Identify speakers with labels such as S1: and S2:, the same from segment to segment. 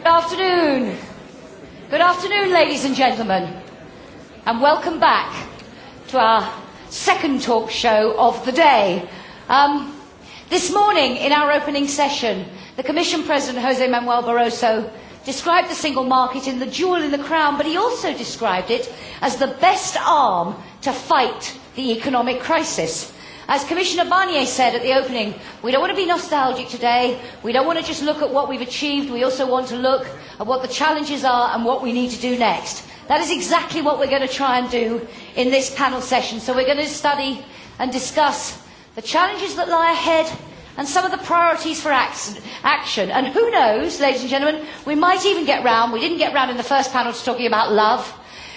S1: Good afternoon. Good afternoon, ladies and gentlemen, and welcome back to our second talk show of the day. Um, this morning, in our opening session, the Commission President Jose Manuel Barroso described the single market in the jewel in the crown, but he also described it as the best arm to fight the economic crisis. As Commissioner Barnier said at the opening, we don't want to be nostalgic today. We don't want to just look at what we've achieved. We also want to look at what the challenges are and what we need to do next. That is exactly what we're going to try and do in this panel session. So we're going to study and discuss the challenges that lie ahead and some of the priorities for action. And who knows, ladies and gentlemen, we might even get round. We didn't get round in the first panel to talking about love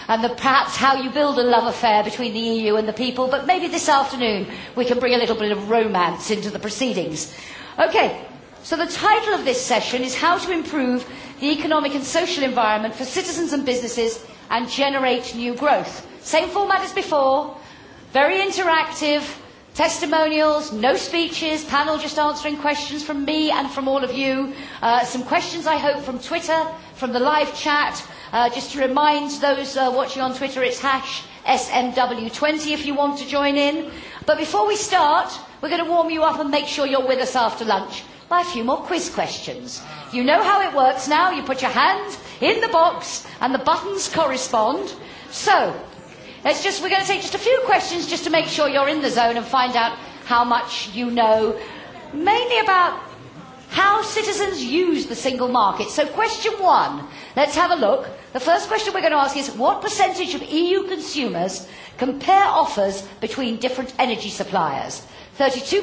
S1: and perhaps how you build a love affair between the EU and the people, but maybe this afternoon we can bring a little bit of romance into the proceedings. Okay, so the title of this session is How to Improve the Economic and Social Environment for Citizens and Businesses and Generate New Growth. Same format as before, very interactive, testimonials, no speeches, panel just answering questions from me and from all of you, some questions I hope from Twitter from the live chat. Just to remind those watching on Twitter, it's hash SMW20 if you want to join in. But before we start, we're going to warm you up and make sure you're with us after lunch by a few more quiz questions. You know how it works now. You put your hand in the box and the buttons correspond. So, let's just, we're going to take just a few questions just to make sure you're in the zone and find out how much you know, mainly about how citizens use the single market. So question one, let's have a look. The first question we're going to ask is what percentage of EU consumers compare offers between different energy suppliers? 32%,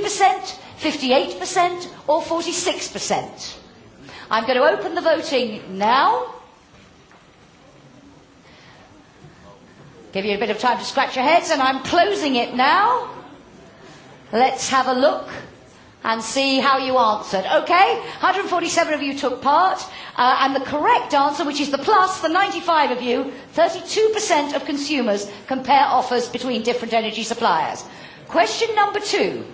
S1: 58% or 46%? I'm going to open the voting now. Give you a bit of time to scratch your heads and I'm closing it now. Let's have a look and see how you answered. Okay? 147 of you took part, and the correct answer, which is the plus, the 95 of you, 32% of consumers compare offers between different energy suppliers. Question number two.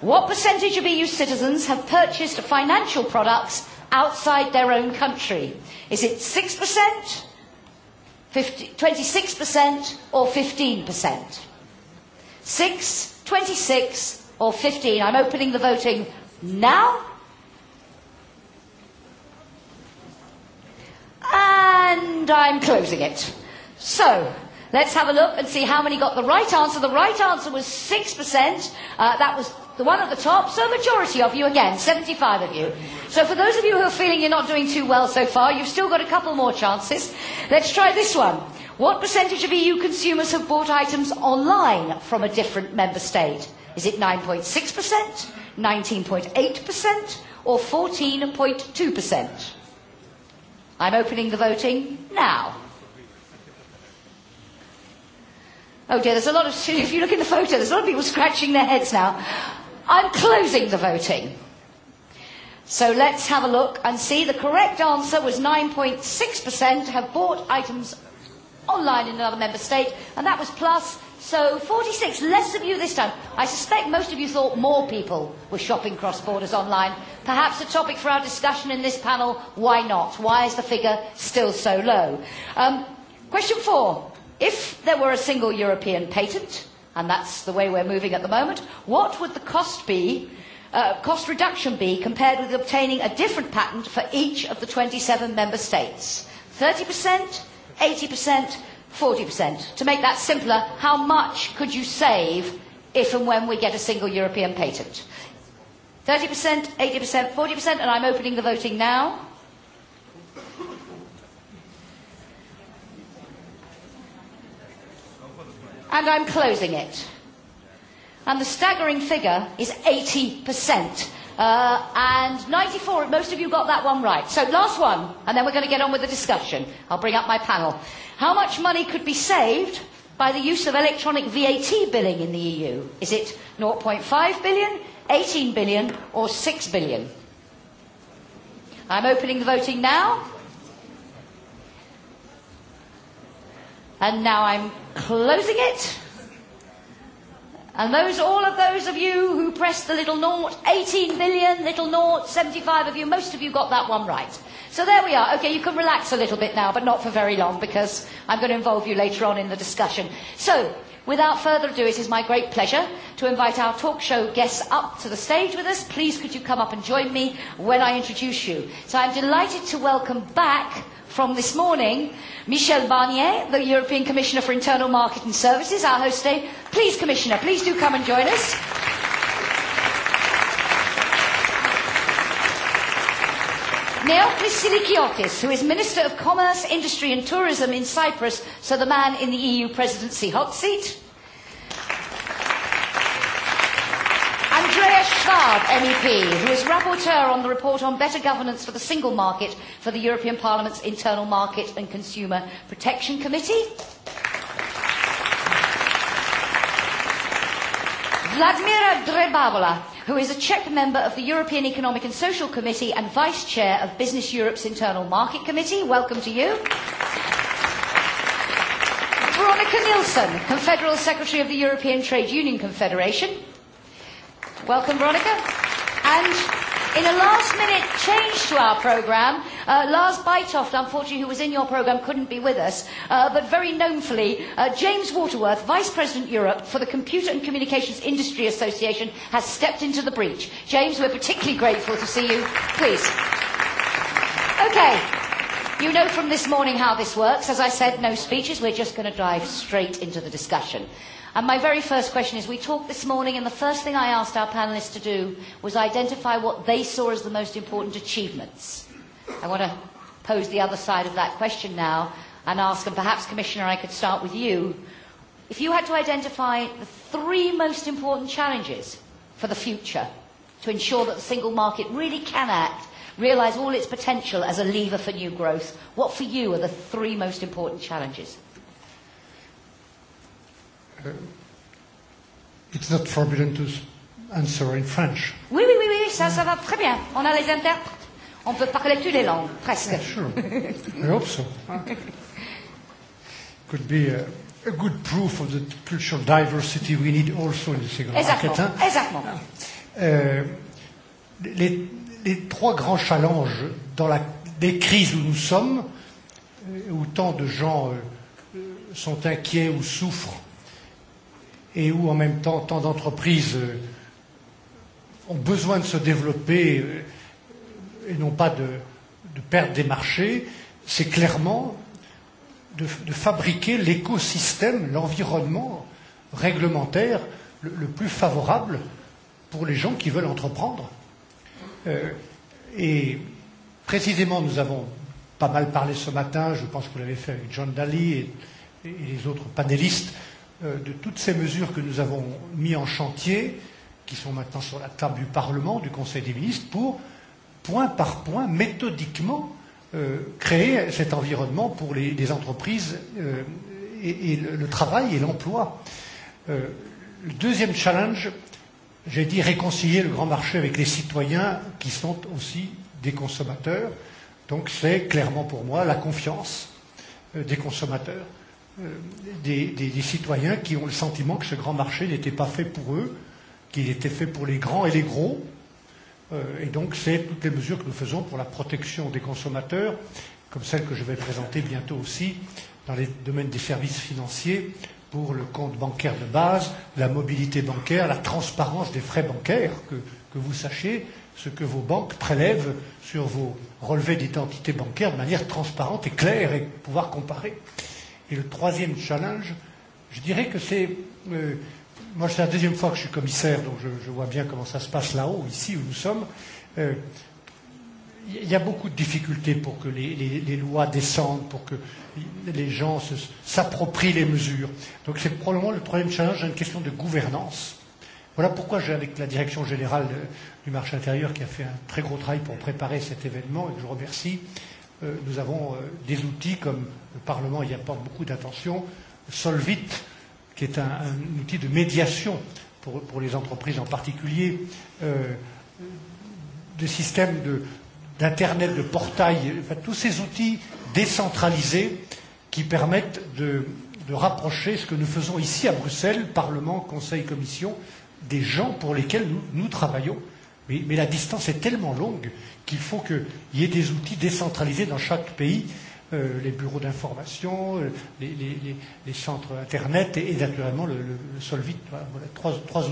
S1: What percentage of EU citizens have purchased financial products outside their own country? Is it 6%, 26% or 15%? 6, 26, or 15. I'm opening the voting now. And I'm closing it. So, let's have a look and see how many got the right answer. The right answer was 6%. That was the one at the top. So, a majority of you again, 75 of you. So, for those of you who are feeling you're not doing too well so far, you've still got a couple more chances. Let's try this one. What percentage of EU consumers have bought items online from a different member state? Is it 9.6%, 19.8%, or 14.2%? I'm opening the voting now. Oh dear, there's a lot of, if you look in the photo, there's a lot of people scratching their heads now. I'm closing the voting. So let's have a look and see. The correct answer was 9.6% have bought items online in another member state, and that was plus So 46, less of you this time. I suspect most of you thought more people were shopping cross borders online. Perhaps a topic for our discussion in this panel, why not? Why is the figure still so low? Um, question four, if there were a single European patent, and that's the way we're moving at the moment, what would the cost be cost reduction be compared with obtaining a different patent for each of the 27 member states? 30%, 80%, 40%. To make that simpler, how much could you save if and when we get a single European patent? 30%, 80%, 40%, and I'm opening the voting now. And I'm closing it. And the staggering figure is 80% and 94, most of you got that one right. So last one, and then we're going to get on with the discussion. I'll bring up my panel. How much money could be saved by the use of electronic VAT billing in the EU? Is it 0.5 billion, 18 billion, or 6 billion? I'm opening the voting now. And now I'm closing it. And those, all of those of you who pressed the little naught, 18 million little naught, 75 of you, most of you got that one right. So there we are. Okay, you can relax a little bit now, but not for very long because I'm going to involve you later on in the discussion. So, without further ado, it is my great pleasure to invite our talk show guests up to the stage with us. Please could you come up and join me when I introduce you. So I'm delighted to welcome back from this morning, Michel Barnier, the European Commissioner for Internal Market and Services, our host today. Please, Commissioner, please do come and join us. Neoklis Silikiotis, who is Minister of Commerce, Industry and Tourism in Cyprus, so the man in the EU presidency hot seat. MEP, who is rapporteur on the report on better governance for the single market for the European Parliament's Internal Market and Consumer Protection Committee. Vladimira Drebavola, who is a Czech member of the European Economic and Social Committee and Vice Chair of Business Europe's Internal Market Committee. Welcome to you. Veronica Nilsson, Confederal Secretary of the European Trade Union Confederation. Welcome, Veronica. And in a last-minute change to our programme, Lars Bytoft, unfortunately, who was in your programme, couldn't be with us, but very knownfully, James Waterworth, Vice President Europe for the Computer and Communications Industry Association, has stepped into the breach. James, we're particularly grateful to see you. Please. Okay. You know from this morning how this works. As I said, no speeches. We're just going to dive straight into the discussion. And my very first question is, we talked this morning, and the first thing I asked our panelists to do was identify what they saw as the most important achievements. I want to pose the other side of that question now and ask, and perhaps, Commissioner, I could start with you. If you had to identify the three most important challenges for the future to ensure that the single market really can act realise all its potential as a lever for new growth. What for you are the three most important challenges?
S2: It's not forbidden to answer in French.
S1: Oui, oui, oui, oui, ça, ça va très bien. On a les interprètes. On peut parler toutes les langues, presque. Sure. I hope so.
S2: Could be a, a good proof of the cultural diversity we need also in the second Exactement. Exactement. Les les trois grands challenges dans la, des crises où nous sommes, où tant de gens sont inquiets ou souffrent, et où en même temps tant d'entreprises ont besoin de se développer et non pas de, de perdre des marchés, c'est clairement de, de fabriquer l'écosystème, l'environnement réglementaire le plus favorable pour les gens qui veulent entreprendre Et précisément, nous avons pas mal parlé ce matin, je pense que vous l'avez fait avec John Daly et, les autres panélistes, de toutes ces mesures que nous avons mises en chantier, qui sont maintenant sur la table du Parlement, du Conseil des ministres, pour, point par point, méthodiquement, créer cet environnement pour les, les entreprises et, et le, travail et l'emploi. le deuxième challenge, j'ai dit réconcilier le grand marché avec les citoyens qui sont aussi des consommateurs. Donc c'est clairement pour moi la confiance des consommateurs, des, des, des citoyens qui ont le sentiment que ce grand marché n'était pas fait pour eux, qu'il était fait pour les grands et les gros. Et donc c'est toutes les mesures que nous faisons pour la protection des consommateurs, comme celles que je vais présenter bientôt aussi dans les domaines des services financiers pour le compte bancaire de base, la mobilité bancaire, la transparence des frais bancaires, que, que vous sachiez ce que vos banques prélèvent sur vos relevés d'identité bancaire de manière transparente et claire et pouvoir comparer. Et le troisième challenge, je dirais que c'est... Euh, moi, c'est la deuxième fois que je suis commissaire, donc je, je vois bien comment ça se passe là-haut, ici où nous sommes il y a beaucoup de difficultés pour que les, les, les lois descendent, pour que les gens s'approprient les mesures. Donc c'est probablement le troisième challenge, une question de gouvernance. Voilà pourquoi j'ai avec la direction générale du marché intérieur qui a fait un très gros travail pour préparer cet événement et que je remercie, nous avons des outils comme le Parlement y apporte beaucoup d'attention, Solvit, qui est un, outil de médiation pour, pour les entreprises en particulier, euh, des systèmes de, d'Internet, de portail, tous ces outils décentralisés qui permettent de, de rapprocher ce que nous faisons ici à Bruxelles, Parlement, Conseil, Commission, des gens pour lesquels nous, nous travaillons. Mais, mais la distance est tellement longue qu'il faut qu'il y ait des outils décentralisés dans chaque pays, les bureaux d'information, les, les, les, centres Internet et, et naturellement le, le, Solvit. Voilà, trois, trois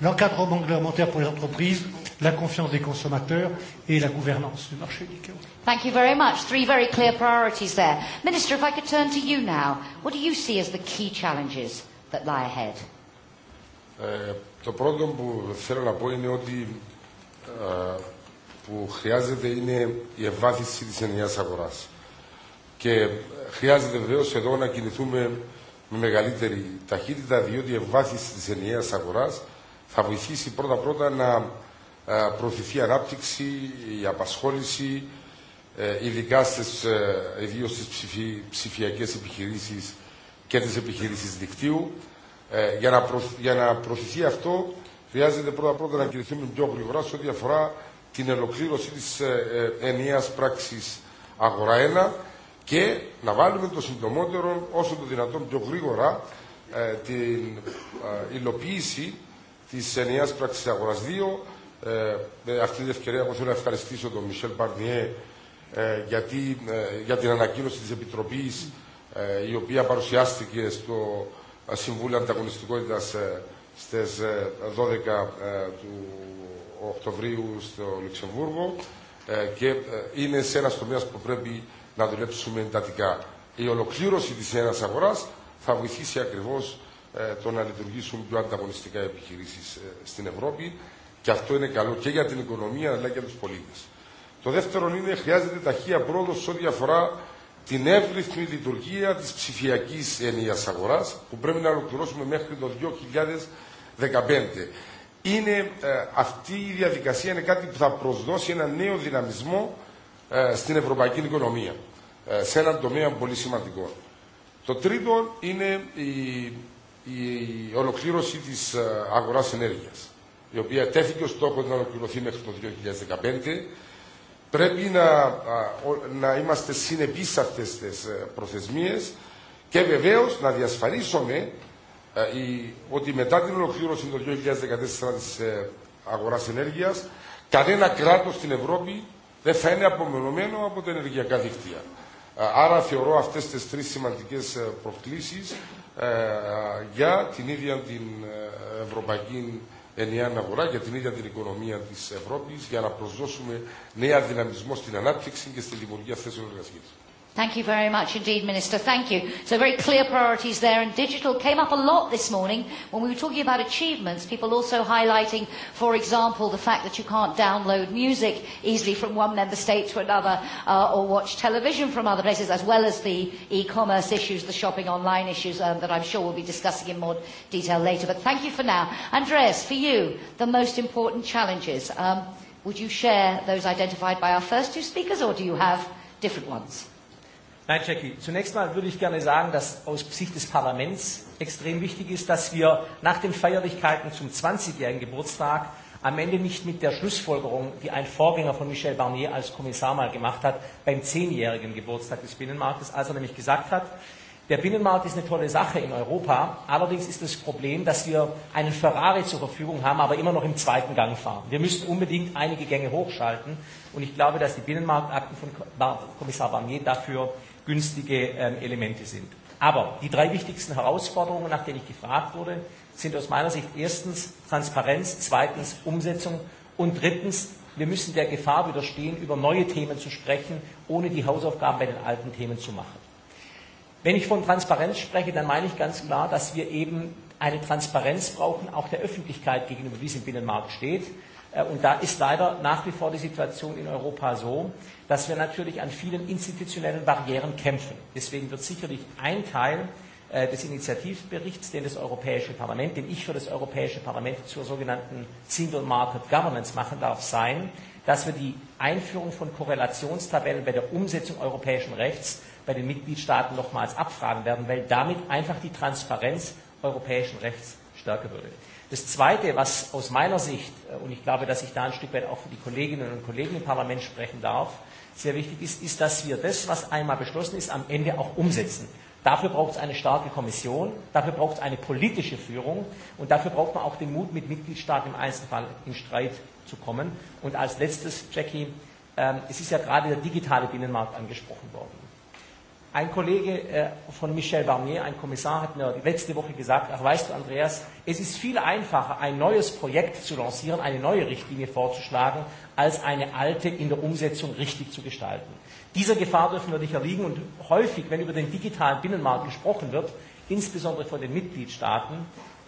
S2: l'encadrement réglementaire pour les entreprises, la confiance des consommateurs et la gouvernance du marché unique.
S1: Thank you very much. Three very clear priorities there. Minister, if I could turn to you now. What do you see as the key challenges that lie ahead?
S3: Το πρώτο που θέλω να πω είναι ότι που χρειάζεται είναι η ευάθυνση της ενιαίας αγοράς. Και χρειάζεται βεβαίω εδώ να κινηθούμε με μεγαλύτερη ταχύτητα, διότι η ευάθυνση της ενιαίας αγοράς θα βοηθήσει πρώτα-πρώτα να ε, προωθηθεί η ανάπτυξη, η απασχόληση, ε, ειδικά στις, ε, ιδίως στις ψηφιακές επιχειρήσεις και τις επιχειρήσεις δικτύου. για, να προ, για να προωθηθεί αυτό χρειάζεται πρώτα-πρώτα να κινηθούμε πιο γρήγορα σε ό,τι αφορά την ολοκλήρωση της ενιαίας πράξης αγορά 1 και να βάλουμε το συντομότερο όσο το δυνατόν πιο γρήγορα την υλοποίηση τη ενιαία πράξη αγορά 2. Ε, με αυτή την ευκαιρία, εγώ θέλω να ευχαριστήσω τον Μισελ Μπαρνιέ γιατί, ε, για την ανακοίνωση τη Επιτροπή ε, η οποία παρουσιάστηκε στο Συμβούλιο Ανταγωνιστικότητα στι 12 του Οκτωβρίου στο Λουξεμβούργο και είναι σε ένα τομέα που πρέπει να δουλέψουμε εντατικά. Η ολοκλήρωση τη ενιαία αγορά θα βοηθήσει ακριβώ ε, το να λειτουργήσουν πιο ανταγωνιστικά επιχειρήσει ε, στην Ευρώπη και αυτό είναι καλό και για την οικονομία αλλά και για του πολίτε. Το δεύτερο είναι χρειάζεται ταχεία πρόοδο σε ό,τι αφορά την εύρυθμη λειτουργία τη ψηφιακή ενιαία αγορά που πρέπει να ολοκληρώσουμε μέχρι το 2015. Είναι, ε, αυτή η διαδικασία είναι κάτι που θα προσδώσει ένα νέο δυναμισμό στην ευρωπαϊκή οικονομία σε έναν τομέα πολύ σημαντικό. Το τρίτο είναι η η ολοκλήρωση της ε, αγοράς ενέργειας, η οποία τέθηκε ως στόχο να ολοκληρωθεί μέχρι το 2015. Πρέπει να, να είμαστε συνεπείς σε αυτές τις ε, προθεσμίες και βεβαίως να διασφαλίσουμε ε, ότι μετά την ολοκλήρωση το 2014 της αγοράς ενέργειας κανένα κράτος στην Ευρώπη δεν θα είναι απομονωμένο από τα ενεργειακά δίκτυα. Άρα θεωρώ αυτές τις τρεις σημαντικές προκλήσεις ε, για την ίδια την ε, ευρωπαϊκή ενιαία αγορά, για την ίδια την οικονομία της Ευρώπης, για να προσδώσουμε νέα δυναμισμό στην ανάπτυξη και στη δημιουργία θέσεων εργασίας.
S1: Thank you very much indeed, Minister. Thank you. So very clear priorities there. And digital came up a lot this morning when we were talking about achievements. People also highlighting, for example, the fact that you can't download music easily from one member state to another or watch television from other places, as well as the e-commerce issues, the shopping online issues that I'm sure we'll be discussing in more detail later. But thank you for now. Andreas, for you, the most important challenges. Would you share those identified by our first two speakers, or do you have different ones?
S4: Nein, Jackie, zunächst mal würde ich gerne sagen, dass aus Sicht des Parlaments extrem wichtig ist, dass wir nach den Feierlichkeiten zum 20-jährigen Geburtstag am Ende nicht mit der Schlussfolgerung, die ein Vorgänger von Michel Barnier als Kommissar mal gemacht hat, beim 10-jährigen Geburtstag des Binnenmarktes, als er nämlich gesagt hat, der Binnenmarkt ist eine tolle Sache in Europa, allerdings ist das Problem, dass wir einen Ferrari zur Verfügung haben, aber immer noch im zweiten Gang fahren. Wir müssen unbedingt einige Gänge hochschalten und ich glaube, dass die Binnenmarktakten von Kommissar Barnier dafür günstige Elemente sind. Aber die drei wichtigsten Herausforderungen, nach denen ich gefragt wurde, sind aus meiner Sicht erstens Transparenz, zweitens Umsetzung und drittens, wir müssen der Gefahr widerstehen, über neue Themen zu sprechen, ohne die Hausaufgaben bei den alten Themen zu machen. Wenn ich von Transparenz spreche, dann meine ich ganz klar, dass wir eben eine Transparenz brauchen, auch der Öffentlichkeit gegenüber, wie es im Binnenmarkt steht. Und da ist leider nach wie vor die Situation in Europa so, dass wir natürlich an vielen institutionellen Barrieren kämpfen. Deswegen wird sicherlich ein Teil des Initiativberichts, den das Europäische Parlament, den ich für das Europäische Parlament zur sogenannten Single Market Governance machen darf, sein, dass wir die Einführung von Korrelationstabellen bei der Umsetzung europäischen Rechts bei den Mitgliedstaaten nochmals abfragen werden, weil damit einfach die Transparenz europäischen Rechts stärker würde. Das Zweite, was aus meiner Sicht, und ich glaube, dass ich da ein Stück weit auch für die Kolleginnen und Kollegen im Parlament sprechen darf, sehr wichtig ist, ist, dass wir das, was einmal beschlossen ist, am Ende auch umsetzen. Dafür braucht es eine starke Kommission, dafür braucht es eine politische Führung und dafür braucht man auch den Mut, mit Mitgliedstaaten im Einzelfall in Streit zu kommen. Und als letztes, Jackie, es ist ja gerade der digitale Binnenmarkt angesprochen worden. Ein Kollege von Michel Barnier, ein Kommissar, hat mir letzte Woche gesagt, ach weißt du, Andreas, es ist viel einfacher, ein neues Projekt zu lancieren, eine neue Richtlinie vorzuschlagen, als eine alte in der Umsetzung richtig zu gestalten. Dieser Gefahr dürfen wir nicht erliegen und häufig, wenn über den digitalen Binnenmarkt gesprochen wird, insbesondere von den Mitgliedstaaten,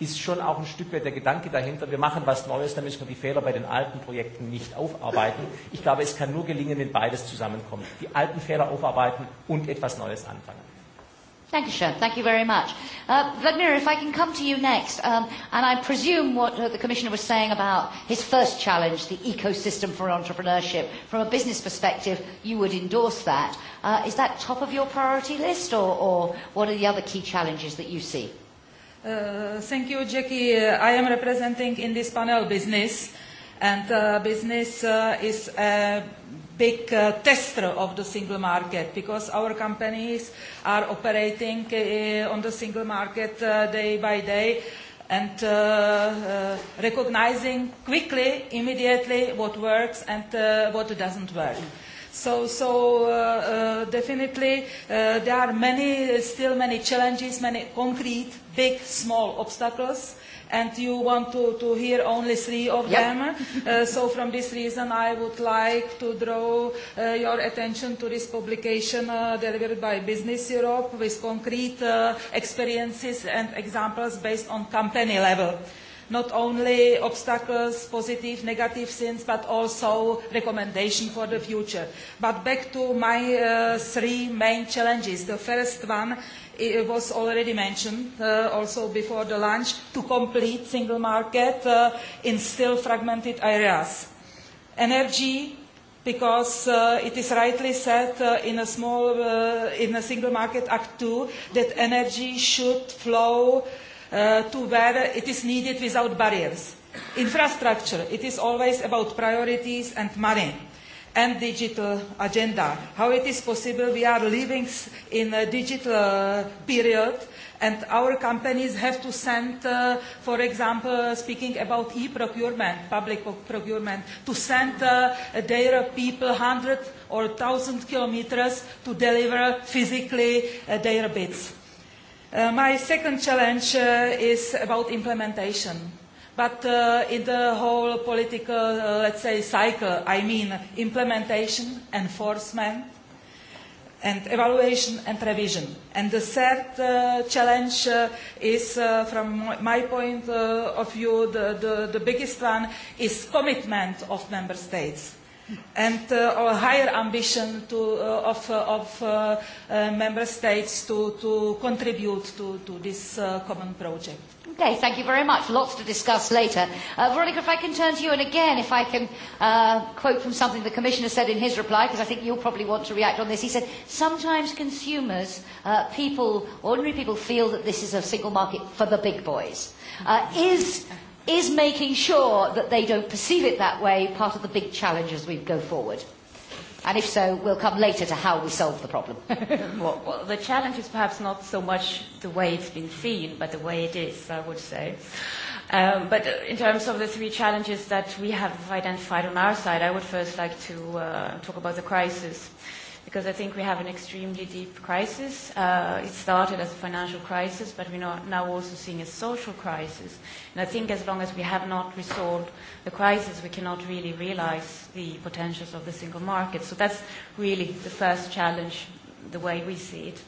S4: ist schon auch ein Stück weit der Gedanke dahinter, wir machen was Neues, dann müssen wir die Fehler bei den alten Projekten nicht aufarbeiten. Ich glaube, es kann nur gelingen, wenn beides zusammenkommt. Die alten Fehler aufarbeiten und etwas Neues anfangen.
S1: Thank you, Sean. Thank you very much. Uh, Vladimir, if I can come to you next, um, and I presume what the Commissioner was saying about his first challenge, the ecosystem for entrepreneurship, from a business perspective, you would endorse that. Uh, is that top of your priority list, or, or what are the other key challenges that you see?
S5: Thank you, Jackie. I am representing in this panel business, and business is a big tester of the single market because our companies are operating on the single market day by day and recognizing quickly, immediately what works and what doesn't work. So, so definitely there are many, still many challenges, many concrete, big, small obstacles and you want to, to hear only three of them. so from this reason, I would like to draw your attention to this publication delivered by Business Europe with concrete experiences and examples based on company level not only obstacles, positive, negative things, but also recommendations for the future. But back to my three main challenges. The first one it was already mentioned also before the lunch, to complete single market in still fragmented areas. Energy, because it is rightly said in a small, in a single market act too, that energy should flow to where it is needed without barriers. Infrastructure, it is always about priorities and money and digital agenda. How it is possible we are living in a digital period and our companies have to send, for example, speaking about e-procurement, public procurement, to send their people 100 or thousand kilometers to deliver physically their bids. My second challenge is about implementation. But in the whole political, let's say, cycle, I mean implementation, enforcement, and evaluation and revision. And the third challenge is, from my point of view, the biggest one is commitment of member states and a higher ambition of member states to contribute to this common project.
S1: Okay, thank you very much. Lots to discuss later. Veronica, if I can turn to you, and again, if I can quote from something the Commissioner said in his reply, because I think you'll probably want to react on this. He said, sometimes consumers, people, ordinary people, feel that this is a single market for the big boys. Is is making sure that they don't perceive it that way part of the big challenge as we go forward? And if so, we'll come later to how we solve the problem.
S6: well, the challenge is perhaps not so much the way it's been seen, but the way it is, I would say. Um, but in terms of the three challenges that we have identified on our side, I would first like to uh, talk about the crisis because I think we have an extremely deep crisis. It started as a financial crisis, but we're now also seeing a social crisis. And I think as long as we have not resolved the crisis, we cannot really realize the potentials of the single market. So that's really the first challenge, the way we see it.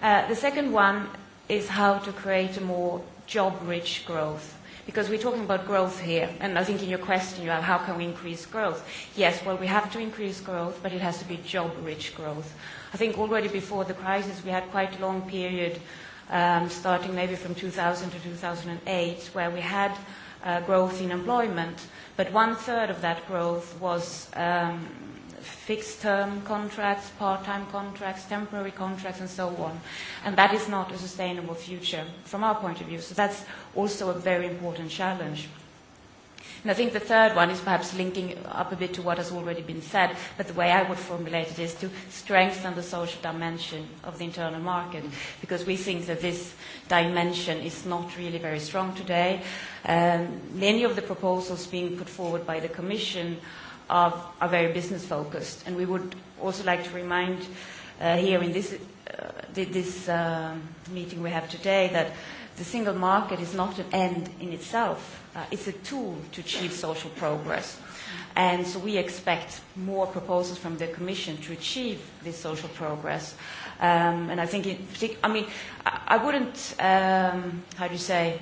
S6: The second one is how to create a more job-rich growth because we're talking about growth here. And I think in your question, you have how can we increase growth? Yes, well, we have to increase growth, but it has to be job-rich growth. I think already before the crisis, we had quite a long period, um, starting maybe from 2000 to 2008, where we had growth in employment, but one-third of that growth was um, fixed-term contracts, part-time contracts, temporary contracts, and so on. And that is not a sustainable future from our point of view. So that's also a very important challenge. And I think the third one is perhaps linking up a bit to what has already been said, but the way I would formulate it is to strengthen the social dimension of the internal market, because we think that this dimension is not really very strong today. Many of the proposals being put forward by the Commission are very business focused. And we would also like to remind here in this this meeting we have today that the single market is not an end in itself. It's a tool to achieve social progress. And so we expect more proposals from the Commission to achieve this social progress. And I think, I mean, I wouldn't, how do you say,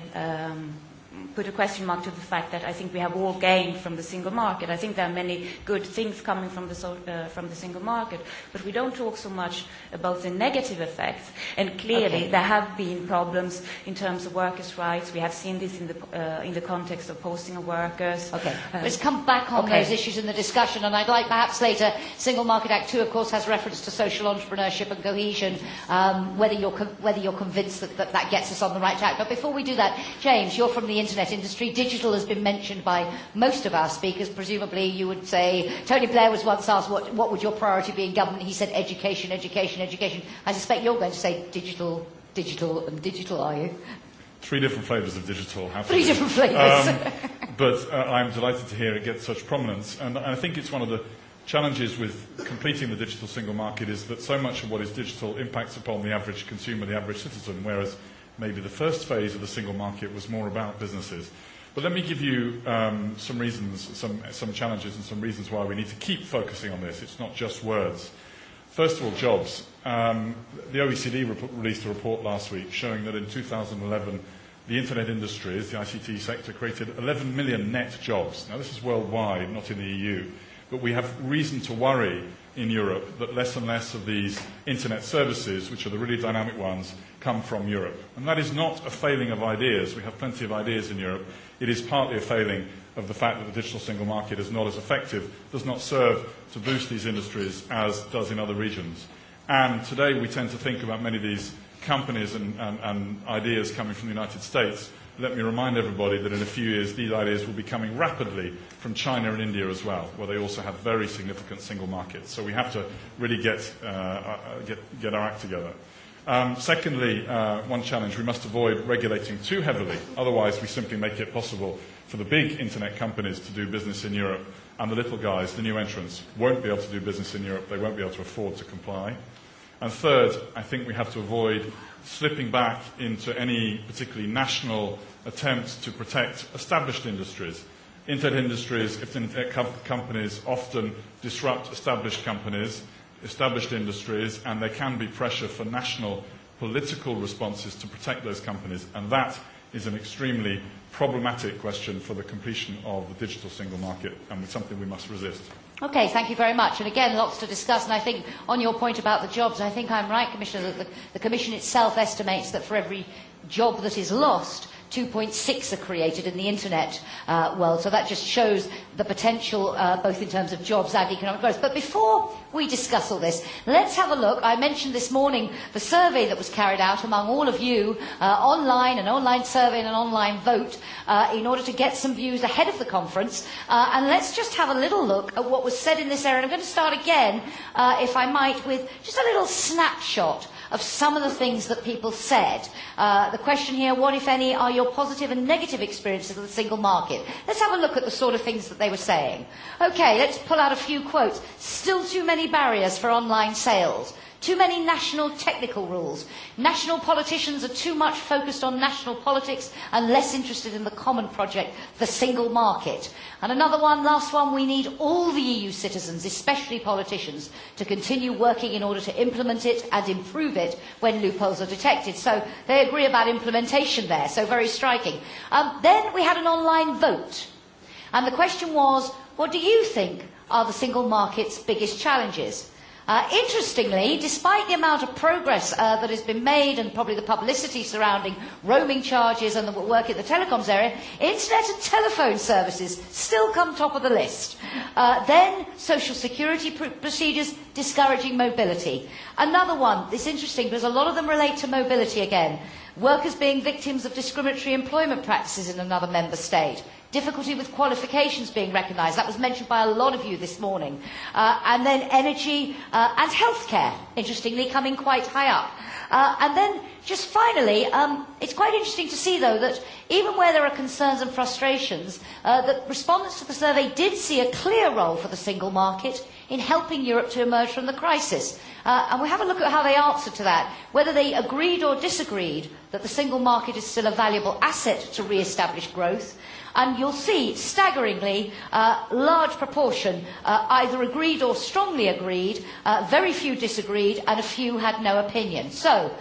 S6: put a question mark to the fact that I think we have all gained from the single market. I think there are many good things coming from the, from the single market, but we don't talk so much about the negative effects. And clearly, there have been problems in terms of workers' rights. We have seen this in the, in the context of posting of workers. Okay. Let's come
S1: back on those issues in the discussion, and I'd like perhaps later, Single Market Act 2, of course, has reference to social entrepreneurship and cohesion, um, whether, you're whether you're convinced that, that that gets us on the right track. But before we do that, James, you're from the internet industry. Digital has been mentioned by most of our speakers. Presumably you would say, Tony Blair was once asked, what, what would your priority be in government? He said, education, education, education. I suspect you're going to say digital, digital and digital, are you?
S7: Three different flavours of digital. Three different flavours. But I'm delighted to hear it gets such prominence. And I think it's one of the challenges with completing the digital single market is that so much of what is digital impacts upon the average consumer, the average citizen, whereas maybe the first phase of the single market was more about businesses. But let me give you um, some reasons, some, some challenges and some reasons why we need to keep focusing on this. It's not just words. First of all, jobs. Um, the OECD released a report last week showing that in 2011, the internet industries, the ICT sector, created 11 million net jobs. Now, this is worldwide, not in the EU. But we have reason to worry in Europe that less and less of these internet services, which are the really dynamic ones, come from Europe. And that is not a failing of ideas. We have plenty of ideas in Europe. It is partly a failing of the fact that the digital single market is not as effective, does not serve to boost these industries as does in other regions. And today we tend to think about many of these companies and, and, and ideas coming from the United States. Let me remind everybody that in a few years these ideas will be coming rapidly from China and India as well, where they also have very significant single markets. So we have to really get, get, get our act together. Secondly, one challenge, we must avoid regulating too heavily. Otherwise, we simply make it possible for the big internet companies to do business in Europe and the little guys, the new entrants, won't be able to do business in Europe. They won't be able to afford to comply. And third, I think we have to avoid slipping back into any particularly national attempts to protect established industries. Internet industries, if internet companies often disrupt established companies, established industries, and there can be pressure for national political responses to protect those companies, and that is an extremely problematic question for the completion of the digital single market, and it's something we must resist.
S1: Okay, thank you very much. And again, lots to discuss. And I think on your point about the jobs, I think I'm right, Commissioner, that the Commission itself estimates that for every job that is lost, 2.6 are created in the internet world. So that just shows the potential, both in terms of jobs and economic growth. But before we discuss all this. Let's have a look. I mentioned this morning the survey that was carried out among all of you, online, an online survey and an online vote, in order to get some views ahead of the conference. And let's just have a little look at what was said in this area. And I'm going to start again, if I might, with just a little snapshot of some of the things that people said. The question here, what, if any, are your positive and negative experiences of the single market? Let's have a look at the sort of things that they were saying. Okay, let's pull out a few quotes. Still too many many barriers for online sales, too many national technical rules. National politicians are too much focused on national politics and less interested in the common project, the single market. And another one, last one, we need all the EU citizens, especially politicians, to continue working in order to implement it and improve it when loopholes are detected. So they agree about implementation there, so very striking. Um, then we had an online vote. And the question was, what do you think? are the single market's biggest challenges. Interestingly, despite the amount of progress that has been made and probably the publicity surrounding roaming charges and the work in the telecoms area, internet and telephone services still come top of the list. Then social security procedures discouraging mobility. Another one that's interesting because a lot of them relate to mobility again. Workers being victims of discriminatory employment practices in another member state difficulty with qualifications being recognised. That was mentioned by a lot of you this morning. And then energy and healthcare, interestingly, coming quite high up. And then just finally, it's quite interesting to see, though, that even where there are concerns and frustrations, that respondents to the survey did see a clear role for the single market in helping Europe to emerge from the crisis. And we have a look at how they answered to that, whether they agreed or disagreed that the single market is still a valuable asset to re-establish growth, and you'll see staggeringly a large proportion either agreed or strongly agreed very few disagreed and a few had no opinion so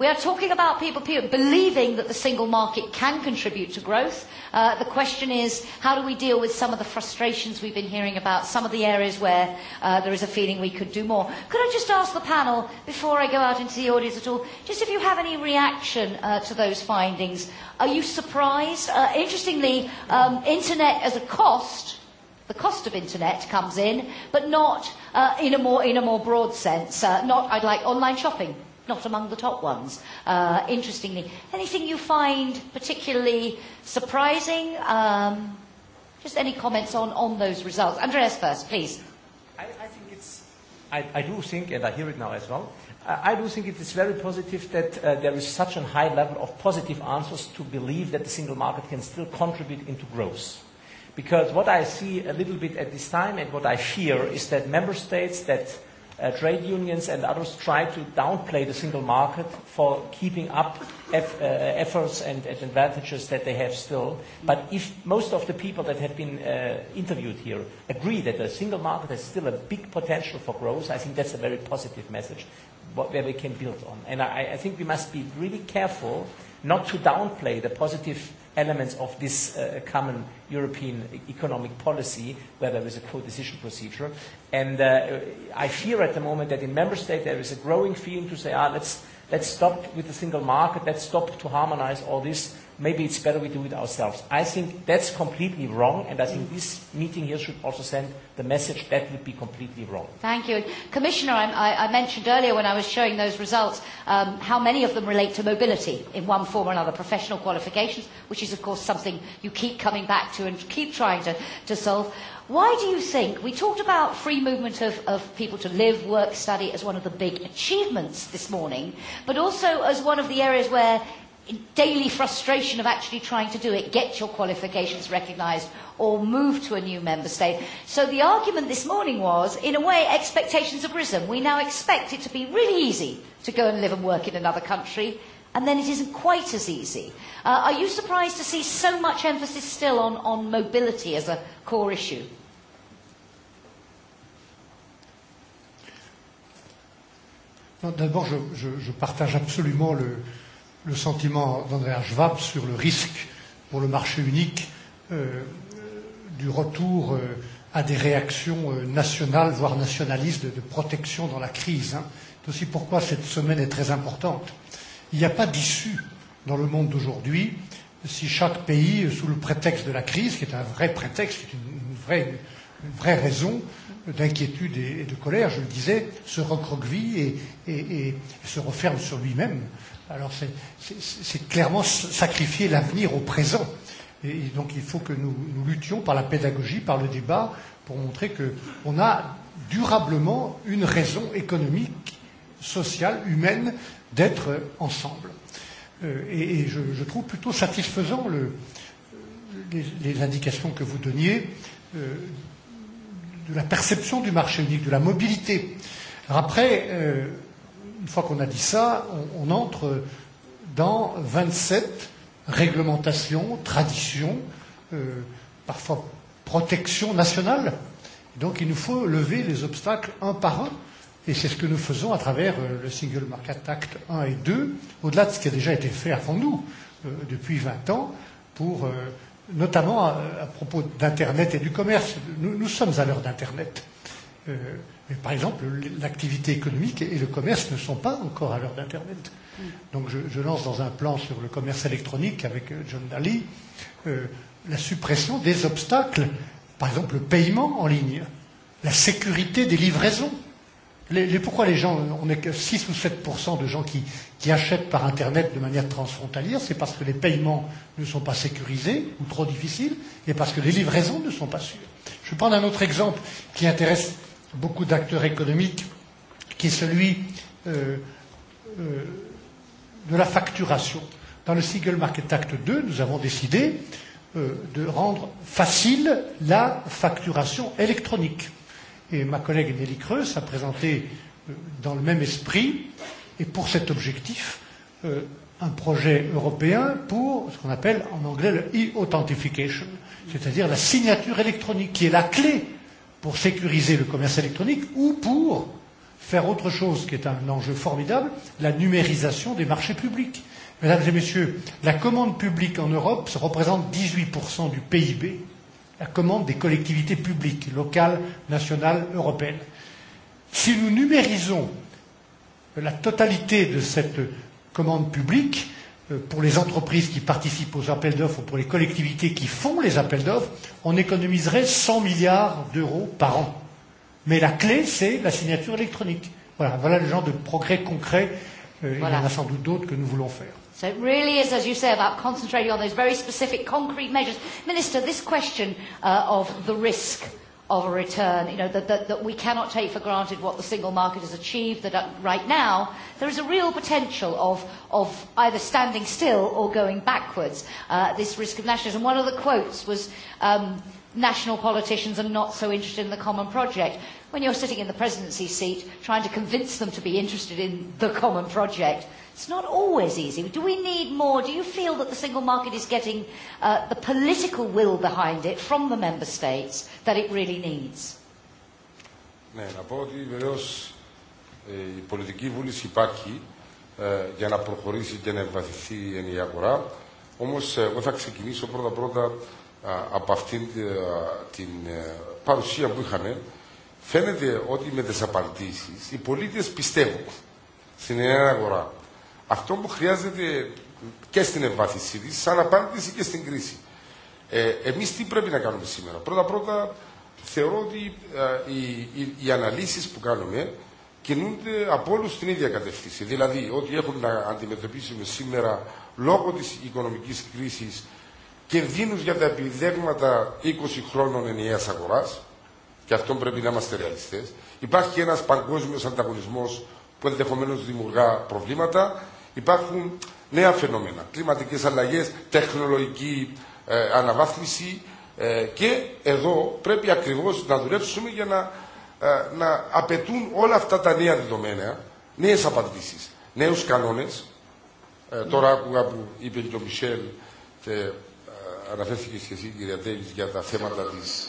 S1: We are talking about people believing that the single market can contribute to growth. The question is, how do we deal with some of the frustrations we've been hearing about, some of the areas where there is a feeling we could do more? Could I just ask the panel, before I go out into the audience at all, just if you have any reaction to those findings? Are you surprised? Interestingly, internet as a cost the cost of internet comes in, but not in a more in a more broad sense. Not I'd like online shopping not among the top ones, uh, interestingly. Anything you find particularly surprising? Um, just any comments on, on those results? Andreas first, please. I,
S8: I think it's,
S4: I, I do think, and I hear it now as well, I do think it is very positive that uh, there is such a high level of positive answers to believe that the single market can still contribute into growth. Because what I see a little bit at this time and what I fear is that member states that trade unions and others try to downplay the single market for keeping up efforts and advantages that they have still. But if most of the people that have been interviewed here agree that the single market has still a big potential for growth, I think that's a very positive message where we can build on. And I think we must be really careful not to downplay the positive elements of this common European economic policy, where there is a co-decision procedure. And I fear at the moment that in member states there is a growing feeling to say, ah, let's let's stop with the single market, let's stop to harmonize all this maybe it's better we do it ourselves. I think that's completely wrong, and I think this meeting here should also send the message that would be completely wrong.
S1: Thank you. Commissioner, I, I mentioned earlier when I was showing those results um, how many of them relate to mobility in one form or another, professional qualifications, which is, of course, something you keep coming back to and keep trying to, to solve. Why do you think we talked about free movement of, of people to live, work, study as one of the big achievements this morning, but also as one of the areas where daily frustration of actually trying to do it, get your qualifications recognised or move to a new member state. So the argument this morning was, in a way, expectations have risen. We now expect it to be really easy to go and live and work in another country, and then it isn't quite as easy. Are you surprised to see so much emphasis still on on mobility as a core issue?
S2: D'abord, je partage absolument le le sentiment d'Andrea Schwab sur le risque pour le marché unique du retour à des réactions nationales, voire nationalistes, de protection dans la crise. C'est aussi pourquoi cette semaine est très importante. Il n'y a pas d'issue dans le monde d'aujourd'hui si chaque pays, sous le prétexte de la crise, qui est un vrai prétexte, qui est une vraie, une vraie raison d'inquiétude et de colère, je le disais, se recroqueville et, et, et se referme sur lui-même. Alors c'est clairement sacrifier l'avenir au présent. Et donc il faut que nous, nous luttions par la pédagogie, par le débat, pour montrer qu'on a durablement une raison économique, sociale, humaine d'être ensemble. Et, je, je trouve plutôt satisfaisant le, les, les indications que vous donniez de la perception du marché unique, de la mobilité. Alors après, une fois qu'on a dit ça, on, entre dans 27 réglementations, traditions, parfois protection nationale. Donc il nous faut lever les obstacles un par un. Et c'est ce que nous faisons à travers le Single Market Act 1 et 2, au-delà de ce qui a déjà été fait avant nous depuis 20 ans, pour notamment à propos d'Internet et du commerce. Nous sommes à l'heure d'Internet. Mais par exemple, l'activité économique et le commerce ne sont pas encore à l'heure d'Internet. Donc je lance dans un plan sur le commerce électronique avec John Daly la suppression des obstacles, par exemple le paiement en ligne, la sécurité des livraisons. Pourquoi les gens, on n'est que 6 ou 7% de gens qui, qui achètent par Internet de manière transfrontalière C'est parce que les paiements ne sont pas sécurisés ou trop difficiles et parce que les livraisons ne sont pas sûres. Je vais prendre un autre exemple qui intéresse beaucoup d'acteurs économiques, qui est celui de la facturation. Dans le Single Market Act 2, nous avons décidé de rendre facile la facturation électronique. Et ma collègue Nelly Creus a présenté dans le même esprit et pour cet objectif un projet européen pour ce qu'on appelle en anglais le e-authentification, c'est-à-dire la signature électronique qui est la clé pour sécuriser le commerce électronique ou pour faire autre chose qui est un enjeu formidable, la numérisation des marchés publics. Mesdames et messieurs, la commande publique en Europe se représente 18% du PIB, la commande des collectivités publiques, locales, nationales, européennes. Si nous numérisons la totalité de cette commande publique, pour les entreprises qui participent aux appels d'offres ou pour les collectivités qui font les appels d'offres, on économiserait 100 milliards d'euros par an. Mais la clé, c'est la signature électronique. Voilà, voilà le genre de progrès concret. Il y en a sans doute d'autres que nous voulons faire.
S1: So it really is, as you say, about concentrating on those very specific concrete measures. Minister, this question of the risk of a return, you know, that, that, that we cannot take for granted what the single market has achieved, that right now there is a real potential of, of either standing still or going backwards, this risk of nationalism. One of the quotes was, um, national politicians are not so interested in the common project. When you're sitting in the presidency seat trying to convince them to be interested in the common project, It's not always easy. Do we need more? Do you feel that the single market is getting uh the political will behind it from the member states that it really needs?
S3: Ναι, να πω ότι βεβαίω ε, η πολιτική βούληση υπάρχει ε, για να προχωρήσει και να εμβαθυνθεί η ενιαία αγορά. Όμω, ε, εγώ θα ξεκινήσω πρώτα-πρώτα από αυτήν την παρουσία που είχαμε. Φαίνεται ότι με τι απαντήσει οι πολίτε πιστεύουν στην ενιαία αγορά αυτό που χρειάζεται και στην ευβάθυνσή τη, σαν απάντηση και στην κρίση. Ε, Εμεί τι πρέπει να κάνουμε σήμερα. Πρώτα-πρώτα, θεωρώ ότι ε, οι, οι, αναλύσει που κάνουμε κινούνται από όλου στην ίδια κατεύθυνση. Δηλαδή, ότι έχουμε να αντιμετωπίσουμε σήμερα λόγω τη οικονομική κρίση κινδύνου για τα επιδέγματα 20 χρόνων ενιαία αγορά, και αυτό πρέπει να είμαστε ρεαλιστέ. Υπάρχει και ένα παγκόσμιο ανταγωνισμό που ενδεχομένω δημιουργά προβλήματα. Υπάρχουν νέα φαινόμενα, κλιματικές αλλαγές, τεχνολογική ε, αναβάθμιση ε, και εδώ πρέπει ακριβώς να δουλέψουμε για να, ε, να απαιτούν όλα αυτά τα νέα δεδομένα, νέες απαντήσεις, νέους κανόνες. τώρα άκουγα που είπε και ο Μισελ και αναφέρθηκε και εσύ κυρία Τέλης για τα θέματα της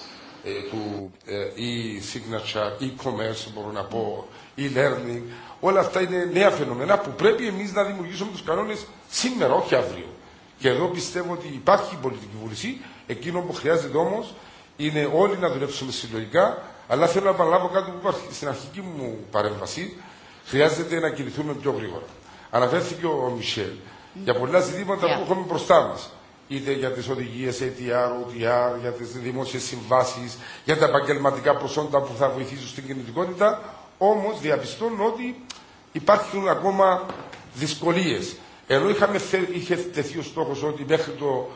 S3: του e-signature, e-commerce μπορώ να πω, e-learning Όλα αυτά είναι νέα φαινομένα που πρέπει εμεί να δημιουργήσουμε του κανόνε σήμερα, όχι αύριο. Και εδώ πιστεύω ότι υπάρχει πολιτική βούληση. Εκείνο που χρειάζεται όμω είναι όλοι να δουλέψουμε συλλογικά. Αλλά θέλω να επαναλάβω κάτι που είπα στην αρχική μου παρέμβαση. Χρειάζεται να κινηθούμε πιο γρήγορα. Αναφέρθηκε ο Μισελ για πολλά ζητήματα yeah. που έχουμε μπροστά μα. Είτε για τι οδηγίε ATR, ε OTR, για τι δημόσιε συμβάσει, για τα επαγγελματικά προσόντα που θα βοηθήσουν στην κινητικότητα. Όμω διαπιστώνω ότι υπάρχουν ακόμα δυσκολίες. Ενώ είχαμε, είχε τεθεί ο στόχο ότι μέχρι το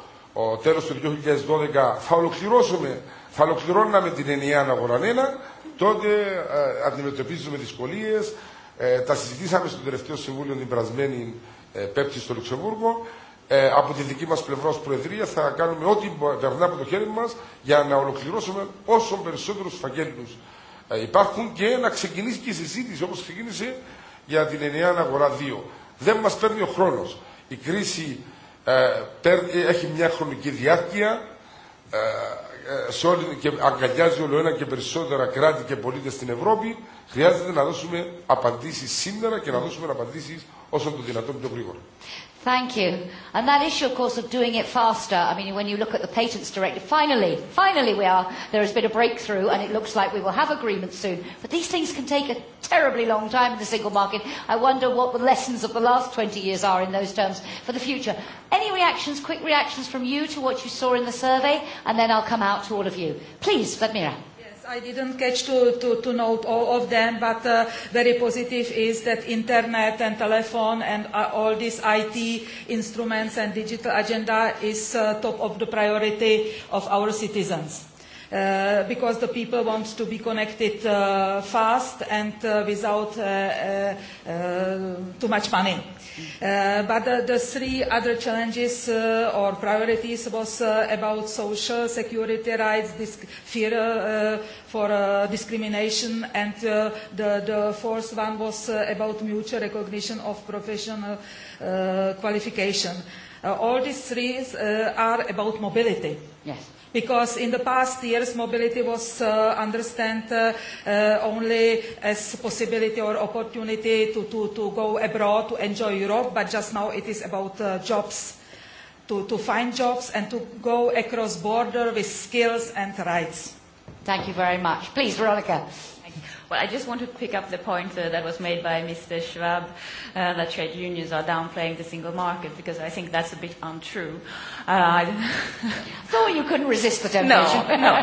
S3: τέλο τέλος του 2012 θα ολοκληρώσουμε, θα ολοκληρώναμε την ενιαία ένα, τότε ε, αντιμετωπίζουμε δυσκολίες. Ε, τα συζητήσαμε στο τελευταίο συμβούλιο την περασμένη ε, Πέμπτη στο Λουξεμβούργο. Ε, από τη δική μας πλευρά ως Προεδρία θα κάνουμε ό,τι περνά από το χέρι μας για να ολοκληρώσουμε όσο περισσότερους φαγγέλους ε, υπάρχουν και να ξεκινήσει και η συζήτηση όπως ξεκίνησε για την ενιαία αγορά 2. Δεν μας παίρνει ο χρόνος. Η κρίση ε, έχει μια χρονική διάρκεια ε, ε, σε και αγκαλιάζει όλο ένα και περισσότερα κράτη και πολίτες στην Ευρώπη. Χρειάζεται να δώσουμε απαντήσεις σήμερα και να δώσουμε απαντήσεις όσο το δυνατόν πιο γρήγορα.
S1: Thank you. And that issue, of course, of doing it faster, I mean, when you look at the Patents Directive, finally, finally we are, there has been a breakthrough and it looks like we will have agreement soon. But these things can take a terribly long time in the single market. I wonder what the lessons of the last 20 years are in those terms for the future. Any reactions, quick reactions from you to what you saw in the survey? And then I'll come out to all of you. Please, Vladimira.
S5: I didn't catch to, to, to note all of them, but very positive is that internet and telephone and all these IT instruments and digital agenda is top of the priority of our citizens because the people want to be connected fast and without too much money. But the three other challenges or priorities was about social security rights, fear for discrimination, and the fourth one was about mutual recognition of professional qualification. All these three are about mobility. Yes because in the past years mobility was understood only as possibility or opportunity to to go abroad to enjoy Europe, but just now it is about jobs, to to find jobs and to go across border with skills and rights. Thank you very much. Please, Veronica. Well, I
S6: just want to pick up the point that was made by Mr. Schwab that trade unions are downplaying the single market because I think that's a bit untrue so you couldn't resist the temptation. No, no.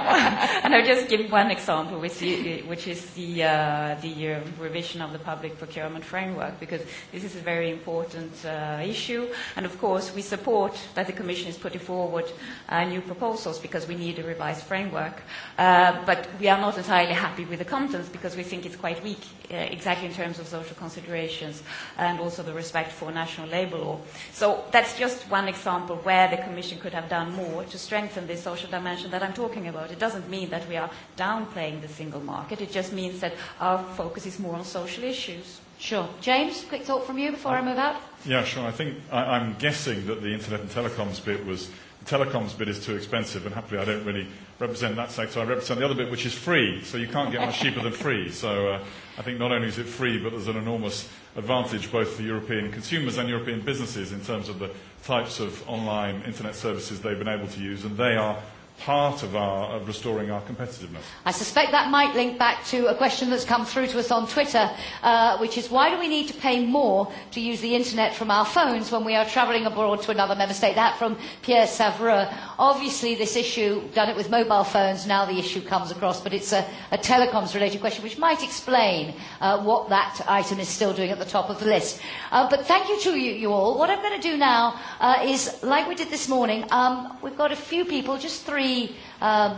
S6: and I'll just give one example, which, which is the, uh, the revision of the public procurement framework, because this is a very important uh, issue. And of course, we support that the Commission is putting forward uh, new proposals because we need a revised framework. Uh, but we are not entirely happy with the contents because we think it's quite weak, uh, exactly in terms of social considerations and also the respect for national labour law. So that's just one example where the Commission could have done more to strengthen this social dimension that I'm talking about. It doesn't mean that we are downplaying the single market. It just means that our focus is more on social issues. Sure. James, quick thought from you before I move out.
S7: Yeah, sure. I think I'm guessing that the Internet and Telecoms bit was telecoms bit is too expensive, and happily I don't really represent that sector. I represent the other bit, which is free. So you can't get much cheaper than free. So I think not only is it free, but there's an enormous advantage both for European consumers and European businesses in terms of the types of online internet services they've been able to use, and they are part of our of restoring our competitiveness.
S1: I suspect that might link back to a question that's come through to us on Twitter, which is why do we need to pay more to use the internet from our phones when we are travelling abroad to another member state? That from Pierre Savreux. Obviously, this issue done it with mobile phones. Now the issue comes across, but it's a, a telecoms-related question, which might explain what that item is still doing at the top of the list. but thank you to you, all. What I'm going to do now is, like we did this morning, um, we've got a few people, just three three um,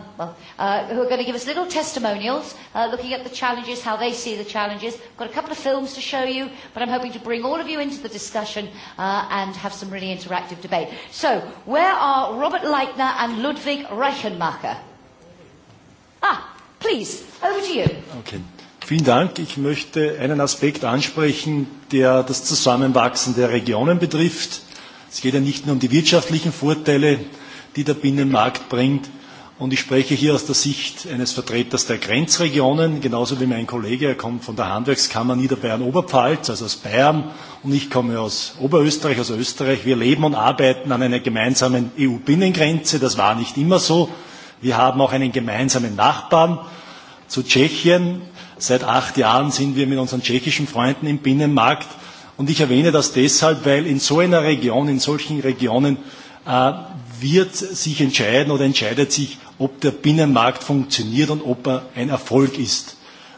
S1: uh, who are going to give us little testimonials, uh, looking at the challenges, how they see the challenges. I've got a couple of films to show you, but I'm hoping to bring all of you into the discussion uh, and have some really interactive debate. So, where are Robert Leitner and Ludwig Reichenmacher? Ah, please, over to you.
S9: Okay. Vielen Dank. Ich möchte einen Aspekt ansprechen, der das Zusammenwachsen der Regionen betrifft. Es geht ja nicht nur um die wirtschaftlichen Vorteile, die der Binnenmarkt bringt. Und ich spreche hier aus der Sicht eines Vertreters der Grenzregionen, genauso wie mein Kollege, er kommt von der Handwerkskammer Niederbayern-Oberpfalz, also aus Bayern, und ich komme aus Oberösterreich, aus Österreich. Wir leben und arbeiten an einer gemeinsamen EU-Binnengrenze, das war nicht immer so. Wir haben auch einen gemeinsamen Nachbarn zu Tschechien. Seit acht Jahren sind wir mit unseren tschechischen Freunden im Binnenmarkt. Und ich erwähne das deshalb, weil in so einer Region, in solchen Regionen wird sich entscheiden oder entscheidet sich, ob der Binnenmarkt funktioniert und ob er ein Erfolg ist.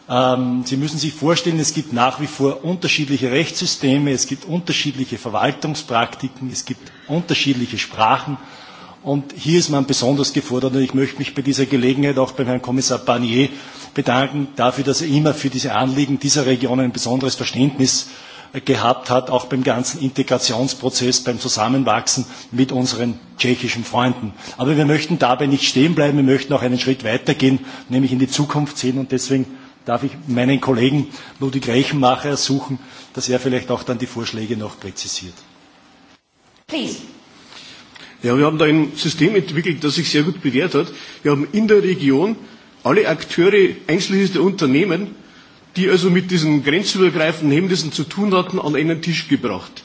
S9: Sie müssen sich vorstellen, es gibt nach wie vor unterschiedliche Rechtssysteme, es gibt unterschiedliche Verwaltungspraktiken, es gibt unterschiedliche Sprachen. Und hier ist man besonders gefordert. Und ich möchte mich bei dieser Gelegenheit auch beim Herrn Kommissar Barnier bedanken dafür, dass er immer für diese Anliegen dieser Region ein besonderes Verständnis gehabt hat, auch beim ganzen Integrationsprozess, beim Zusammenwachsen mit unseren tschechischen Freunden. Aber wir möchten dabei nicht stehen bleiben, wir möchten auch einen Schritt weitergehen, nämlich in die Zukunft sehen. Und deswegen darf ich meinen Kollegen Ludwig Reichenmacher ersuchen, dass er vielleicht auch dann die Vorschläge noch präzisiert. Please. wir haben da ein System entwickelt, das sich sehr gut bewährt
S10: hat. Wir haben in der Region alle Akteure, einschließlich der Unternehmen, die also mit diesen grenzübergreifenden Hemmnissen zu tun hatten, an einen Tisch gebracht.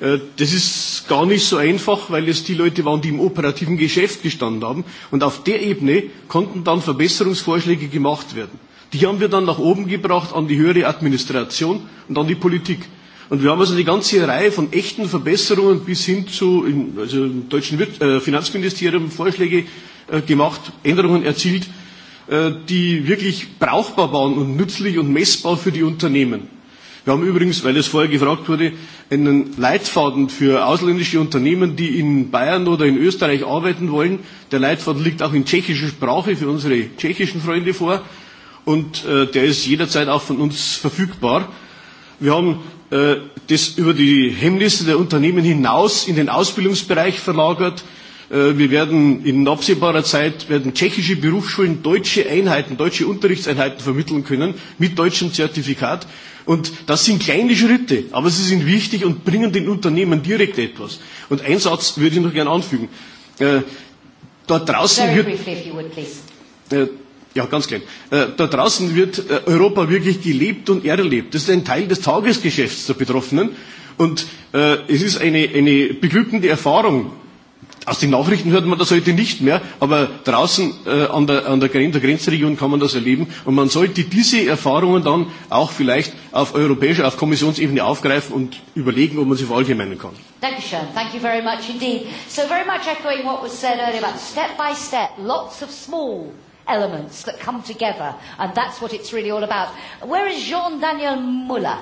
S10: Das ist gar nicht so einfach, weil es die Leute waren, die im operativen Geschäft gestanden haben. Und auf der Ebene konnten dann Verbesserungsvorschläge gemacht werden. Die haben wir dann nach oben gebracht an die höhere Administration und an die Politik. Und wir haben also eine ganze Reihe von echten Verbesserungen bis hin zu im deutschen Finanzministerium Vorschläge gemacht, Änderungen erzielt die wirklich brauchbar waren und nützlich und messbar für die Unternehmen. Wir haben übrigens, weil es vorher gefragt wurde, einen Leitfaden für ausländische Unternehmen, die in Bayern oder in Österreich arbeiten wollen. Der Leitfaden liegt auch in tschechischer Sprache für unsere tschechischen Freunde vor und der ist jederzeit auch von uns verfügbar. Wir haben das über die Hemmnisse der Unternehmen hinaus in den Ausbildungsbereich verlagert. Wir werden in absehbarer Zeit werden tschechische Berufsschulen deutsche Einheiten, deutsche Unterrichtseinheiten vermitteln können mit deutschem Zertifikat. Und das sind kleine Schritte, aber sie sind wichtig und bringen den Unternehmen direkt etwas. Und einen Satz würde ich noch gerne anfügen. Dort ja, ganz klein. Da draußen wird Europa wirklich gelebt und erlebt. Das ist ein Teil des Tagesgeschäfts der Betroffenen. Und es ist eine beglückende Erfahrung Aus den Nachrichten hört man das heute nicht mehr, aber draußen an der an der, Grenzregion kann man das erleben. Und man sollte diese Erfahrungen dann auch vielleicht auf europäischer, auf Kommissionsebene aufgreifen und überlegen, ob man sie verallgemeinern kann.
S1: Thank you, Thank you very much indeed. So very much echoing what was said earlier about step by step, lots of small elements that come together. And that's what it's really all about. Where is Jean-Daniel Muller?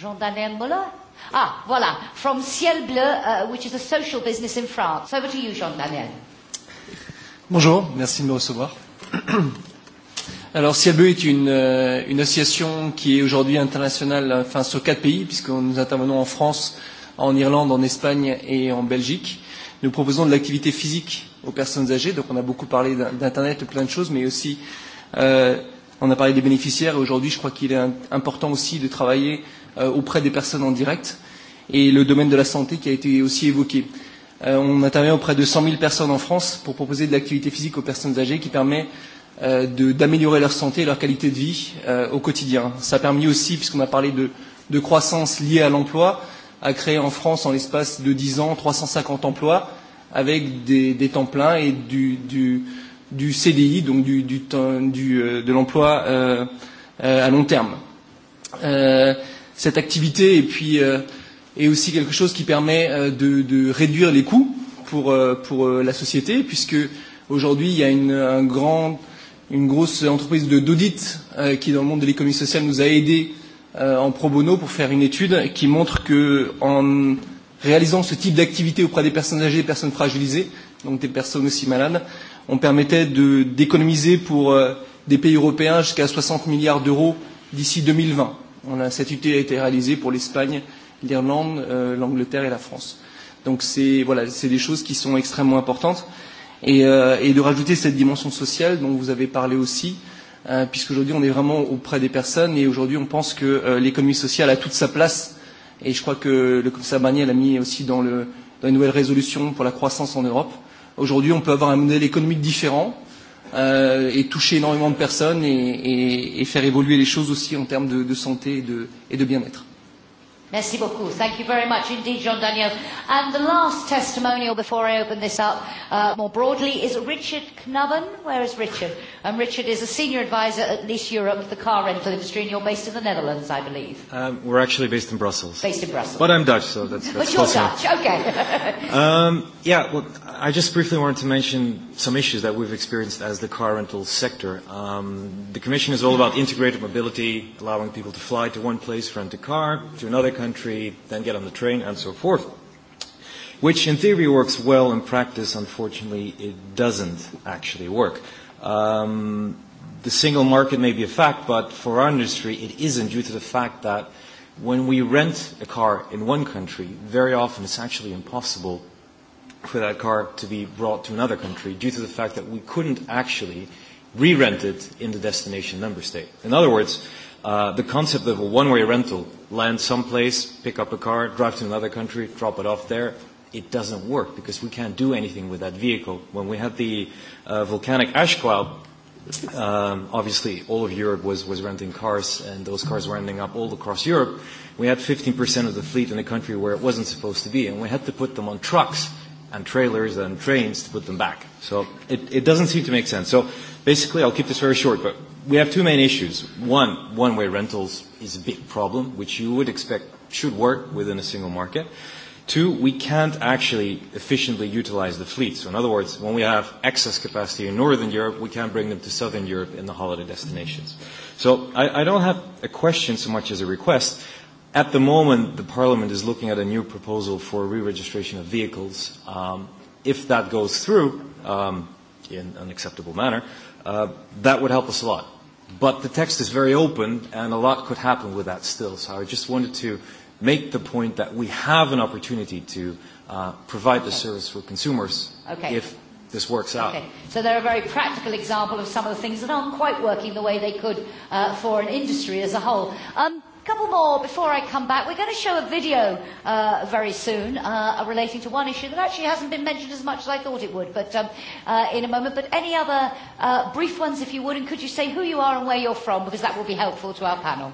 S1: Jean-Daniel Muller? Ah, voilà, from Ciel Bleu, which is a social business in France. Over to you, Jean-Daniel.
S11: Bonjour, merci de me recevoir. Alors Ciel Bleu est une, une association qui est aujourd'hui internationale enfin, sur quatre pays, puisque nous intervenons en France, en Irlande, en Espagne et en Belgique. Nous proposons de l'activité physique aux personnes âgées, donc on a beaucoup parlé d'Internet, plein de choses, mais aussi euh, on a parlé des bénéficiaires, et aujourd'hui je crois qu'il est important aussi de travailler auprès des personnes en direct et le domaine de la santé qui a été aussi évoqué. On intervient auprès de 100 000 personnes en France pour proposer de l'activité physique aux personnes âgées qui permet d'améliorer leur santé et leur qualité de vie au quotidien. Ça a permis aussi, puisqu'on a parlé de croissance liée à l'emploi, à créer en France, en l'espace de 10 ans, 350 emplois avec des temps pleins et du CDI, donc de l'emploi à long terme cette activité et puis est aussi quelque chose qui permet de, de réduire les coûts pour, pour la société, puisque aujourd'hui il y a une, un grand, une grosse entreprise d'audit qui, dans le monde de l'économie sociale, nous a aidés en pro bono pour faire une étude qui montre que en réalisant ce type d'activité auprès des personnes âgées et des personnes fragilisées, donc des personnes aussi malades, on permettait d'économiser pour des pays européens jusqu'à 60 milliards d'euros d'ici 2020. On Cette étude a été réalisée pour l'Espagne, l'Irlande, l'Angleterre et la France. Donc c'est voilà, c'est des choses qui sont extrêmement importantes. Et de rajouter cette dimension sociale dont vous avez parlé aussi, aujourd'hui on est vraiment auprès des personnes et aujourd'hui on pense que l'économie sociale a toute sa place. Et je crois que le commissaire Barnier l'a mis aussi dans, le, dans une nouvelle résolution pour la croissance en Europe. Aujourd'hui on peut avoir un modèle économique différent et toucher énormément de personnes et et, et faire évoluer les choses aussi en termes de de santé et de bien-être.
S1: Merci beaucoup. Thank you very much indeed, John Daniel. And the last testimonial before I open this up uh more broadly is Richard Knoven. Where is Richard? Um Richard is a senior advisor at Lease Europe, the car rental industry, and you're based in the Netherlands, I believe.
S12: Um, we're actually based in Brussels. Based in Brussels. But I'm Dutch, so that's, that's But you're Dutch,
S1: okay.
S12: um, yeah, well, I just briefly wanted to mention some issues that we've experienced as the car rental sector. the Commission is all about integrated mobility, allowing people to fly to one place, rent a car, to another country, then get on the train, and so forth. Which in theory works well, in practice, unfortunately, it doesn't actually work. the single market may be a fact, but for our industry, it isn't due to the fact that when we rent a car in one country, very often it's actually impossible for that car to be brought to another country due to the fact that we couldn't actually re-rent it in the destination member state. In other words, the concept of a one-way rental, land someplace, pick up a car, drive to another country, drop it off there, it doesn't work because we can't do anything with that vehicle. When we had the volcanic ash cloud, um, obviously all of Europe was, was renting cars and those cars were ending up all across Europe. We had 15% of the fleet in a country where it wasn't supposed to be and we had to put them on trucks and trailers and trains to put them back. So it, it doesn't seem to make sense. So basically, I'll keep this very short, but we have two main issues. One, one-way rentals is a big problem, which you would expect should work within a single market. Two, we can't actually efficiently utilize the fleet. So in other words, when we have excess capacity in Northern Europe, we can't bring them to Southern Europe in the holiday destinations. So I, I don't have a question so much as a request. At the moment, the Parliament is looking at a new proposal for re-registration of vehicles. If that goes through in an acceptable manner, that would help us a lot. But the text is very open, and a lot could happen with that still. So I just wanted to make the point that we have an opportunity to provide the service for consumers if this works out. Okay.
S1: So they're a very practical example of some of the things that aren't quite working the way they could for an industry as a whole couple more before I come back. We're going to show a video uh, very soon uh, relating to one issue that actually hasn't been mentioned as much as I thought it would, but um, uh, in a moment. But any other uh, brief ones, if you would, and could you say who you are and where you're from, because that will be helpful to our panel.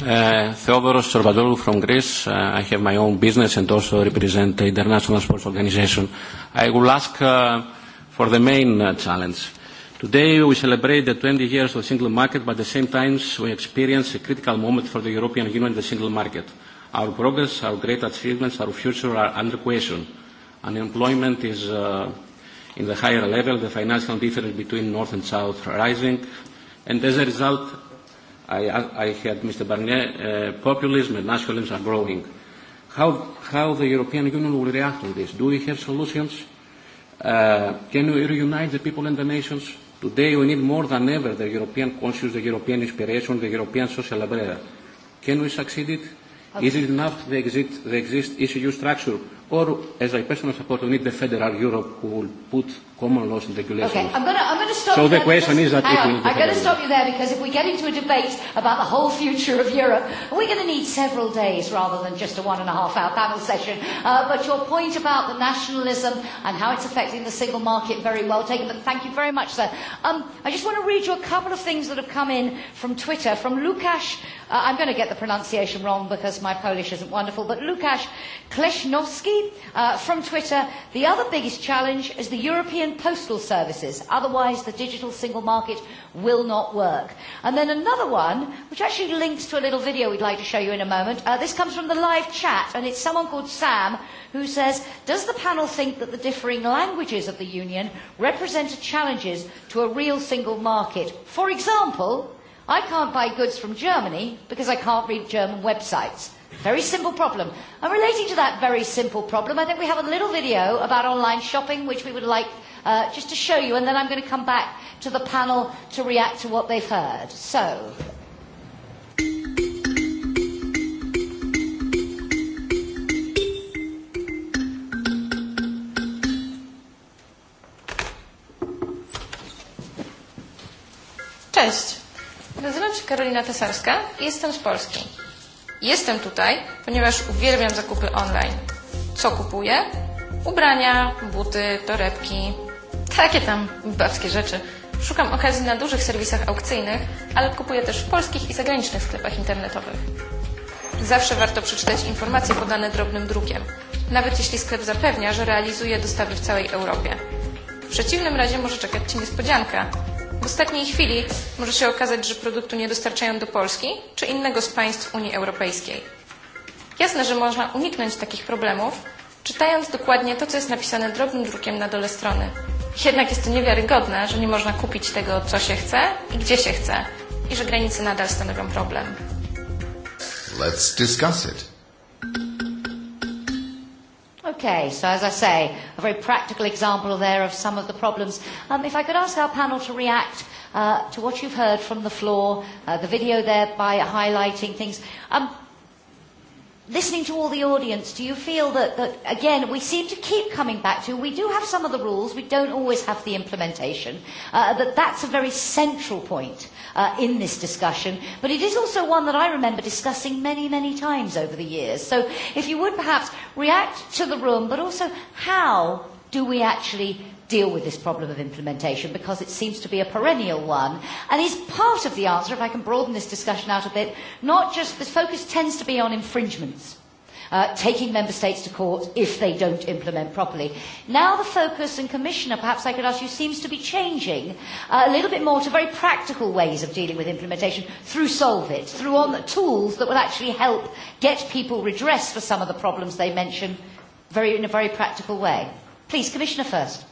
S13: Uh, Theodoros from Greece. I have my own business and also represent the International Sports Organization. I will ask for the main challenge Today we celebrate the 20 years of the single market, but at the same time we experience a critical moment for the European Union and the single market. Our progress, our great achievements, our future are under question. Unemployment is in the higher level, the financial difference between North and South rising, and as a result, I I had Mr. Barnier, populism and nationalism are growing. How the European Union will react to this? Do we have solutions? Can we reunite the people and the nations? Today we need more than ever the European conscience, the European inspiration, the European social umbrella. Can we succeed it? Is it enough the exist the exist ECU structure? Or as I personally support we need the federal Europe who will put common laws and regulations. Okay, I'm going
S1: to, I'm stop so you the question is that I'm going to stop you there because if we get into a debate about the whole future of Europe, we're going to need several days rather than just a one and a half hour panel session. Uh, but your point about the nationalism and how it's affecting the single market, very well taken. But thank you very much, sir. Um, I just want to read you a couple of things that have come in from Twitter, from Lukasz. I'm going to get the pronunciation wrong because my Polish isn't wonderful, but Lukasz uh from Twitter. The other biggest challenge is the European postal services. Otherwise, the digital single market will not work. And then another one, which actually links to a little video we'd like to show you in a moment. This comes from the live chat, and it's someone called Sam who says, does the panel think that the differing languages of the Union represent challenges to a real single market? For example, I can't buy goods from Germany because I can't read German websites. Very simple problem. And relating to that very simple problem, I think we have a little video about online shopping, which we would like just to show you, and then I'm going to come back to the panel to react to what they've heard. So.
S14: Cześć, nazywam się Karolina Tesarska i jestem z Polski. Jestem tutaj, ponieważ uwielbiam zakupy online. Co kupuję? Ubrania, buty, torebki, Takie tam babskie rzeczy. Szukam okazji na dużych serwisach aukcyjnych, ale kupuję też w polskich i zagranicznych sklepach internetowych. Zawsze warto przeczytać informacje podane drobnym drukiem, nawet jeśli sklep zapewnia, że realizuje dostawy w całej Europie. W przeciwnym razie może czekać Ci niespodzianka. W ostatniej chwili może się okazać, że produktu nie dostarczają do Polski czy innego z państw Unii Europejskiej. Jasne, że można uniknąć takich problemów, czytając dokładnie to, co jest napisane drobnym drukiem na dole strony. Jednak jest to niewiarygodne, że nie można kupić tego, co się chce i gdzie się chce, i że granice nadal stanowią problem.
S3: Let's discuss it.
S1: Okay, so as I say, a very practical example there of some of the problems. Um, if I could ask our panel to react uh, to what you've heard from the floor, uh, the video there by highlighting things. Um, listening to all the audience, do you feel that, that, again, we seem to keep coming back to, we do have some of the rules, we don't always have the implementation, that that's a very central point in this discussion, but it is also one that I remember discussing many, many times over the years. So if you would perhaps react to the room, but also how do we actually deal with this problem of implementation because it seems to be a perennial one and is part of the answer, if I can broaden this discussion out a bit, not just the focus tends to be on infringements, taking member states to court if they don't implement properly. Now the focus, and Commissioner, perhaps I could ask you, seems to be changing a little bit more to very practical ways of dealing with implementation through solve it, through on tools that will actually help get people redressed for some of the problems they mention very, in a very practical way. Please, Commissioner first.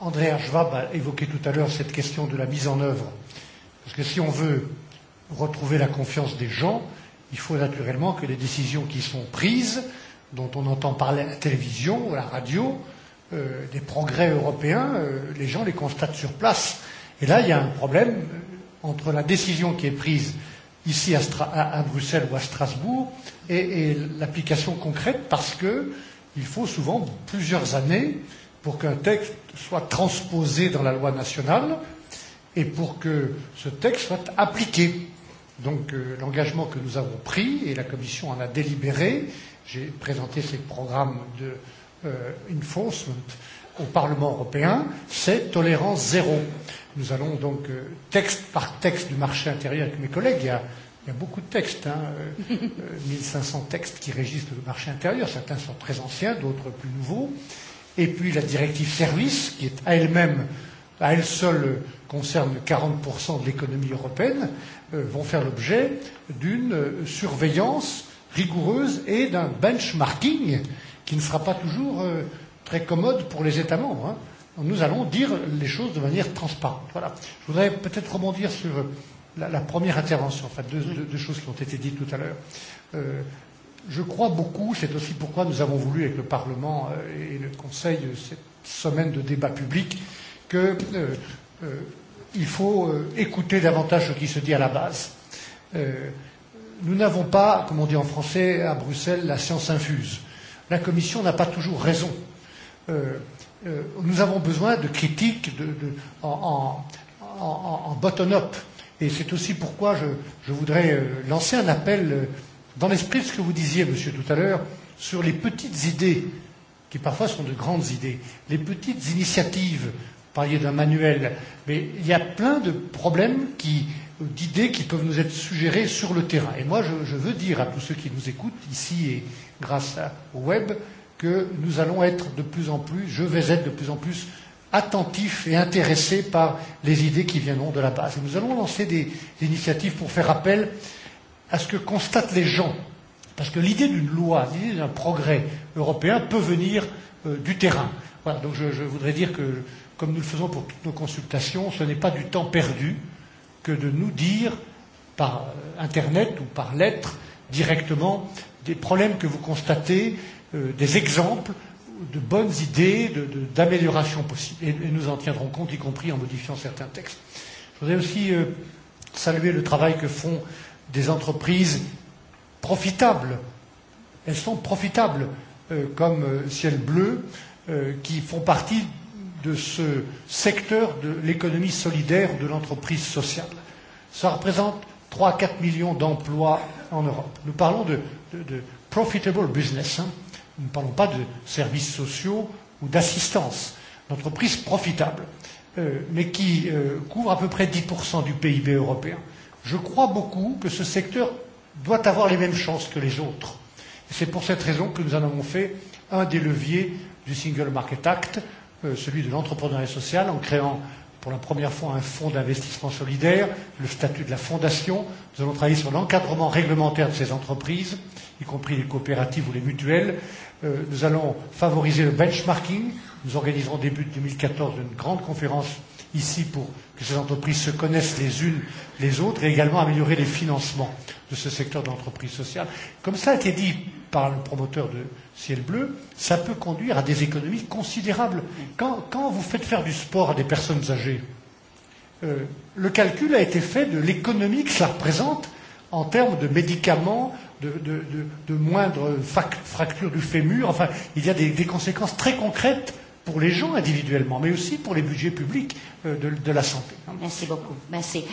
S2: André Schwab a évoqué tout à l'heure cette question de la mise en œuvre. Parce que si on veut retrouver la confiance des gens, il faut naturellement que les décisions qui sont prises, dont on entend parler à la télévision, à la radio, des progrès européens, les gens les constatent sur place. Et là, il y a un problème entre la décision qui est prise ici à Bruxelles ou à Strasbourg et l'application concrète parce que Il faut souvent plusieurs années pour qu'un texte soit transposé dans la loi nationale et pour que ce texte soit appliqué. Donc l'engagement que nous avons pris, et la Commission en a délibéré, j'ai présenté ces programmes de enforcement au Parlement européen, c'est tolérance zéro. Nous allons donc, texte par texte du marché intérieur avec mes collègues, Il y a beaucoup de textes, hein, 1500 textes qui régissent le marché intérieur. Certains sont très anciens, d'autres plus nouveaux. Et puis la directive service, qui est à elle-même, à elle seule, concerne 40% de l'économie européenne, vont faire l'objet d'une surveillance rigoureuse et d'un benchmarking qui ne sera pas toujours très commode pour les États membres. Nous allons dire les choses de manière transparente. Voilà. Je voudrais peut-être rebondir sur la, première intervention, enfin deux, deux, deux choses qui ont été dites tout à l'heure. Euh, je crois beaucoup, c'est aussi pourquoi nous avons voulu avec le Parlement et le Conseil cette semaine de débat public, qu'il euh, faut écouter davantage ce qui se dit à la base. Euh, nous n'avons pas, comme on dit en français, à Bruxelles, la science infuse. La Commission n'a pas toujours raison. Euh, nous avons besoin de critiques de, de, en, en, en bottom-up Et c'est aussi pourquoi je, je voudrais lancer un appel dans l'esprit de ce que vous disiez, monsieur, tout à l'heure, sur les petites idées, qui parfois sont de grandes idées, les petites initiatives. Vous parliez d'un manuel, mais il y a plein de problèmes d'idées qui peuvent nous être suggérées sur le terrain. Et moi, je, je veux dire à tous ceux qui nous écoutent, ici et grâce au web, que nous allons être de plus en plus, je vais être de plus en plus attentifs et intéressés par les idées qui viendront de la base. nous allons lancer des initiatives pour faire appel à ce que constatent les gens. Parce que l'idée d'une loi, l'idée d'un progrès européen peut venir du terrain. Voilà, donc je, je voudrais dire que, comme nous le faisons pour toutes nos consultations, ce n'est pas du temps perdu que de nous dire, par Internet ou par lettre, directement, des problèmes que vous constatez, des exemples de bonnes idées d'amélioration possible. Et nous en tiendrons compte, y compris en modifiant certains textes. Je voudrais aussi saluer le travail que font des entreprises profitables. Elles sont profitables, comme Ciel Bleu, qui font partie de ce secteur de l'économie solidaire de l'entreprise sociale. Ça représente 3 4 millions d'emplois en Europe. Nous parlons de profitable business. Nous ne parlons pas de services sociaux ou d'assistance, d'entreprises profitables, mais qui couvrent à peu près 10% du PIB européen. Je crois beaucoup que ce secteur doit avoir les mêmes chances que les autres. C'est pour cette raison que nous en avons fait un des leviers du Single Market Act, celui de l'entrepreneuriat social, en créant pour la première fois un fonds d'investissement solidaire, le statut de la fondation. Nous allons travailler sur l'encadrement réglementaire de ces entreprises, y compris les coopératives ou les mutuelles. Nous allons favoriser le benchmarking. Nous organiserons début 2014 une grande conférence ici pour que ces entreprises se connaissent les unes les autres et également améliorer les financements de ce secteur de l'entreprise sociale. Comme ça a été dit par le promoteur de ciel bleu, ça peut conduire à des économies considérables. Quand, quand vous faites faire du sport à des personnes âgées, le calcul a été fait de l'économie que cela représente en termes de médicaments, de, de, de, de moindres fractures du fémur. Enfin, il y a des, des conséquences très concrètes pour les gens individuellement, mais aussi pour les budgets publics de la santé. Merci beaucoup.
S1: Merci.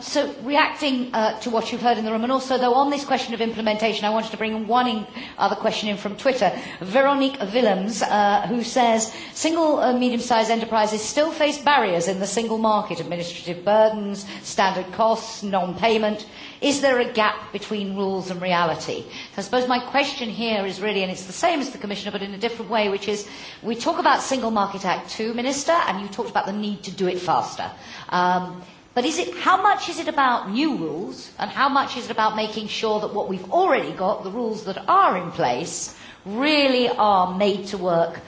S1: So, reacting to what you've heard in the room, and also, though, on this question of implementation, I wanted to bring one other question in from Twitter. Veronique Willems, who says, single and medium-sized enterprises still face barriers in the single market, administrative burdens, standard costs, non-payment. Is there a gap between rules and reality? I suppose my question here is really, and it's the same as the Commissioner, but in a different way, which is we talk about Single Market Act 2, Minister, and you talked about the need to do it faster. Um, But is it, how much is it about new rules and how much is it about making sure that what we've already got, the rules that are in place, really are made to work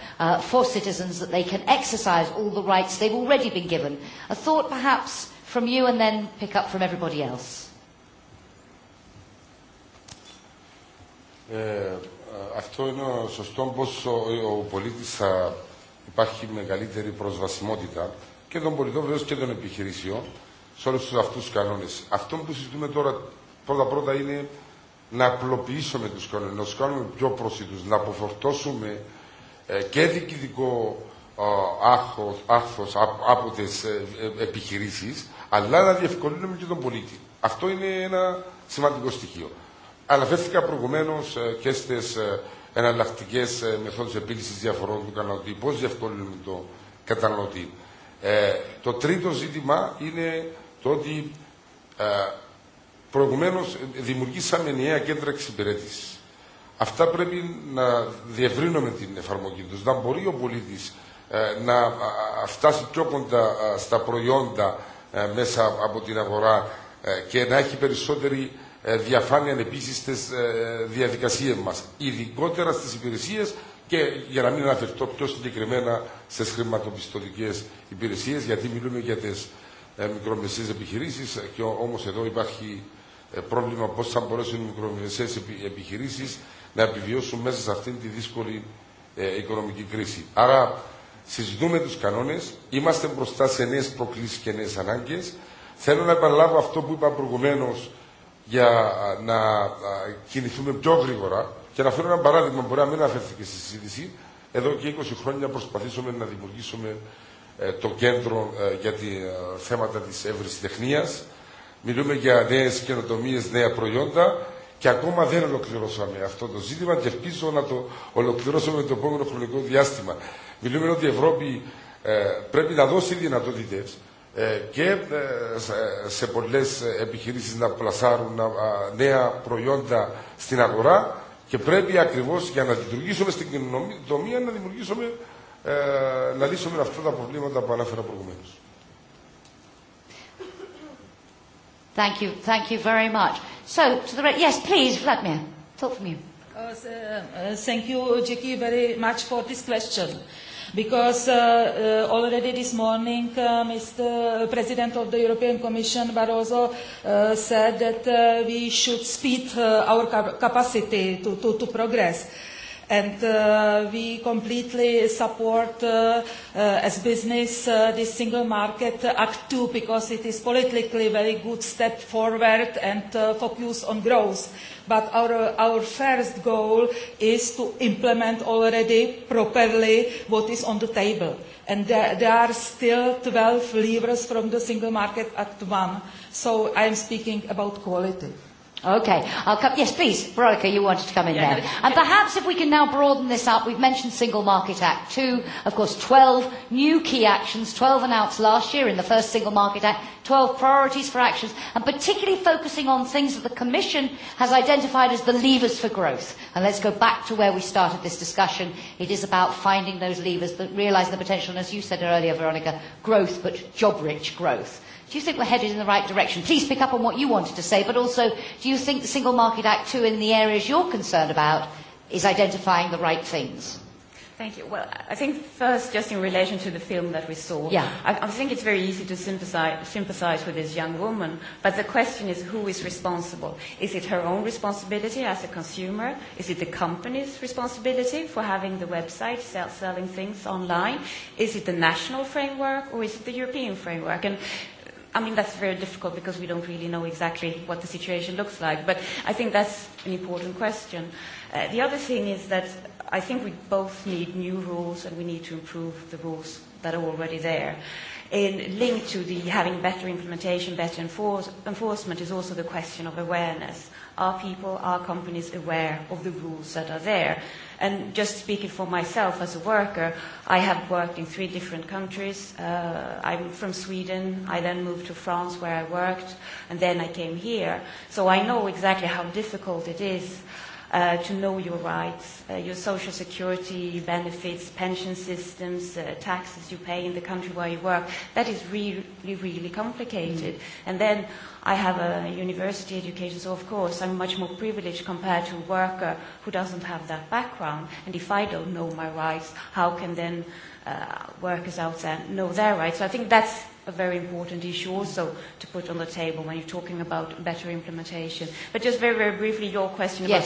S1: for citizens, that they can exercise all the rights they've already been given? A thought perhaps from you and then pick up from everybody else.
S3: Ε, αυτό είναι σωστό πως ο, ο πολίτης θα υπάρχει μεγαλύτερη προσβασιμότητα και των πολιτών βεβαίως και των επιχειρήσεων σε όλους τους αυτούς τους κανόνες. Αυτό που συζητούμε τώρα πρώτα-πρώτα είναι να απλοποιήσουμε τους κανόνες, να τους κάνουμε πιο προσιτούς, να αποφορτώσουμε ε, και διοικητικό ε, άχθος από τις ε, επιχειρήσεις, αλλά να διευκολύνουμε και τον πολίτη. Αυτό είναι ένα σημαντικό στοιχείο. Αναφέρθηκα προηγουμένω ε, και στι ε, εναλλακτικέ ε, μεθόδου επίλυση διαφορών του καταναλωτή. Πώ διευκολύνουμε το καταναλωτή. Ε, το τρίτο ζήτημα είναι το ότι ε, προηγουμένω δημιουργήσαμε νέα κέντρα εξυπηρέτηση. Αυτά πρέπει να διευρύνουμε την εφαρμογή του, να μπορεί ο πολίτη να φτάσει πιο κοντά στα προϊόντα μέσα από την αγορά και να έχει περισσότερη ε, διαφάνεια επίση στι ε, διαδικασίε μα, ειδικότερα στι υπηρεσίε και για να μην αναφερθώ πιο συγκεκριμένα στι χρηματοπιστωτικέ υπηρεσίε, γιατί μιλούμε για τι ε, μικρομεσαίε επιχειρήσει και όμω εδώ υπάρχει πρόβλημα πώ θα μπορέσουν οι μικρομεσαίε επιχειρήσει να επιβιώσουν μέσα σε αυτήν τη δύσκολη οικονομική κρίση. Άρα, συζητούμε του κανόνε, είμαστε μπροστά σε νέε προκλήσει και νέε ανάγκε. Θέλω να επαναλάβω αυτό που είπα προηγουμένω για να κινηθούμε πιο γρήγορα. Και να φέρω ένα παράδειγμα, μπορεί να μην αναφέρθηκε στη συζήτηση. Εδώ και 20 χρόνια προσπαθήσουμε να δημιουργήσουμε ε, το κέντρο ε, για τη ε, θέματα της εύρης τεχνίας. Μιλούμε για νέες καινοτομίες, νέα προϊόντα και ακόμα δεν ολοκληρώσαμε αυτό το ζήτημα και ελπίζω να το ολοκληρώσουμε το επόμενο χρονικό διάστημα. Μιλούμε ότι η Ευρώπη πρέπει να δώσει δυνατότητες ε, και ε, σε πολλές επιχειρήσεις να πλασάρουν νέα προϊόντα στην αγορά και πρέπει ακριβώς για να λειτουργήσουμε στην κοινωνία να δημιουργήσουμε ε, να λύσουμε αυτά τα προβλήματα που ανάφερα προηγουμένως.
S5: Thank you. Thank you very
S1: much. So,
S5: to the yes, please, Vladimir, talk from you. Uh, uh, thank you, Jackie, very much for this question because already this morning Mr. President of the European Commission Barroso said that we should speed our capacity to progress. And we completely support as business this Single Market Act 2 because it is politically a very good step forward and focus on growth. But our our first goal is to implement already properly what is on the table. And there are still 12 levers from the Single Market Act 1. So I am speaking about quality.
S1: Okay, I'll come. Yes, please, Veronica, you wanted to come in there. And perhaps if we can now broaden this up, we've mentioned Single Market Act 2, of course, 12 new key actions, 12 announced last year in the first Single Market Act, 12 priorities for actions, and particularly focusing on things that the Commission has identified as the levers for growth. And let's go back to where we started this discussion. It is about finding those levers, that realising the potential, and as you said earlier, Veronica, growth, but job-rich growth Do you think we're headed in the right direction? Please pick up on what you wanted to say, but also do you think the Single Market Act 2 in the areas you're concerned about is identifying the right things?
S6: Thank you. Well, I think first, just in relation to the film that we saw, yeah. I, I think it's very easy to sympathize, sympathize with this young woman, but the question is who is responsible? Is it her own responsibility as a consumer? Is it the company's responsibility for having the website sell, selling things online? Is it the national framework or is it the European framework? And I mean, that's very difficult because we don't really know exactly what the situation looks like, but I think that's an important question. The other thing is that I think we both need new rules and we need to improve the rules that are already there. In linked to the having better implementation, better enforcement is also the question of awareness are people, are companies aware of the rules that are there? And just speaking for myself as a worker, I have worked in three different countries. I'm from Sweden. I then moved to France where I worked, and then I came here. So I know exactly how difficult it is to know your rights, your social security benefits, pension systems, taxes you pay in the country where you work. That is really, really complicated. And then I have a university education, so of course I'm much more privileged compared to a worker who doesn't have that background. And if I don't know my rights, how can then workers out there know their rights. So I think that's a very important issue also to put on the table when you're talking about better implementation. But just very, very briefly, your question about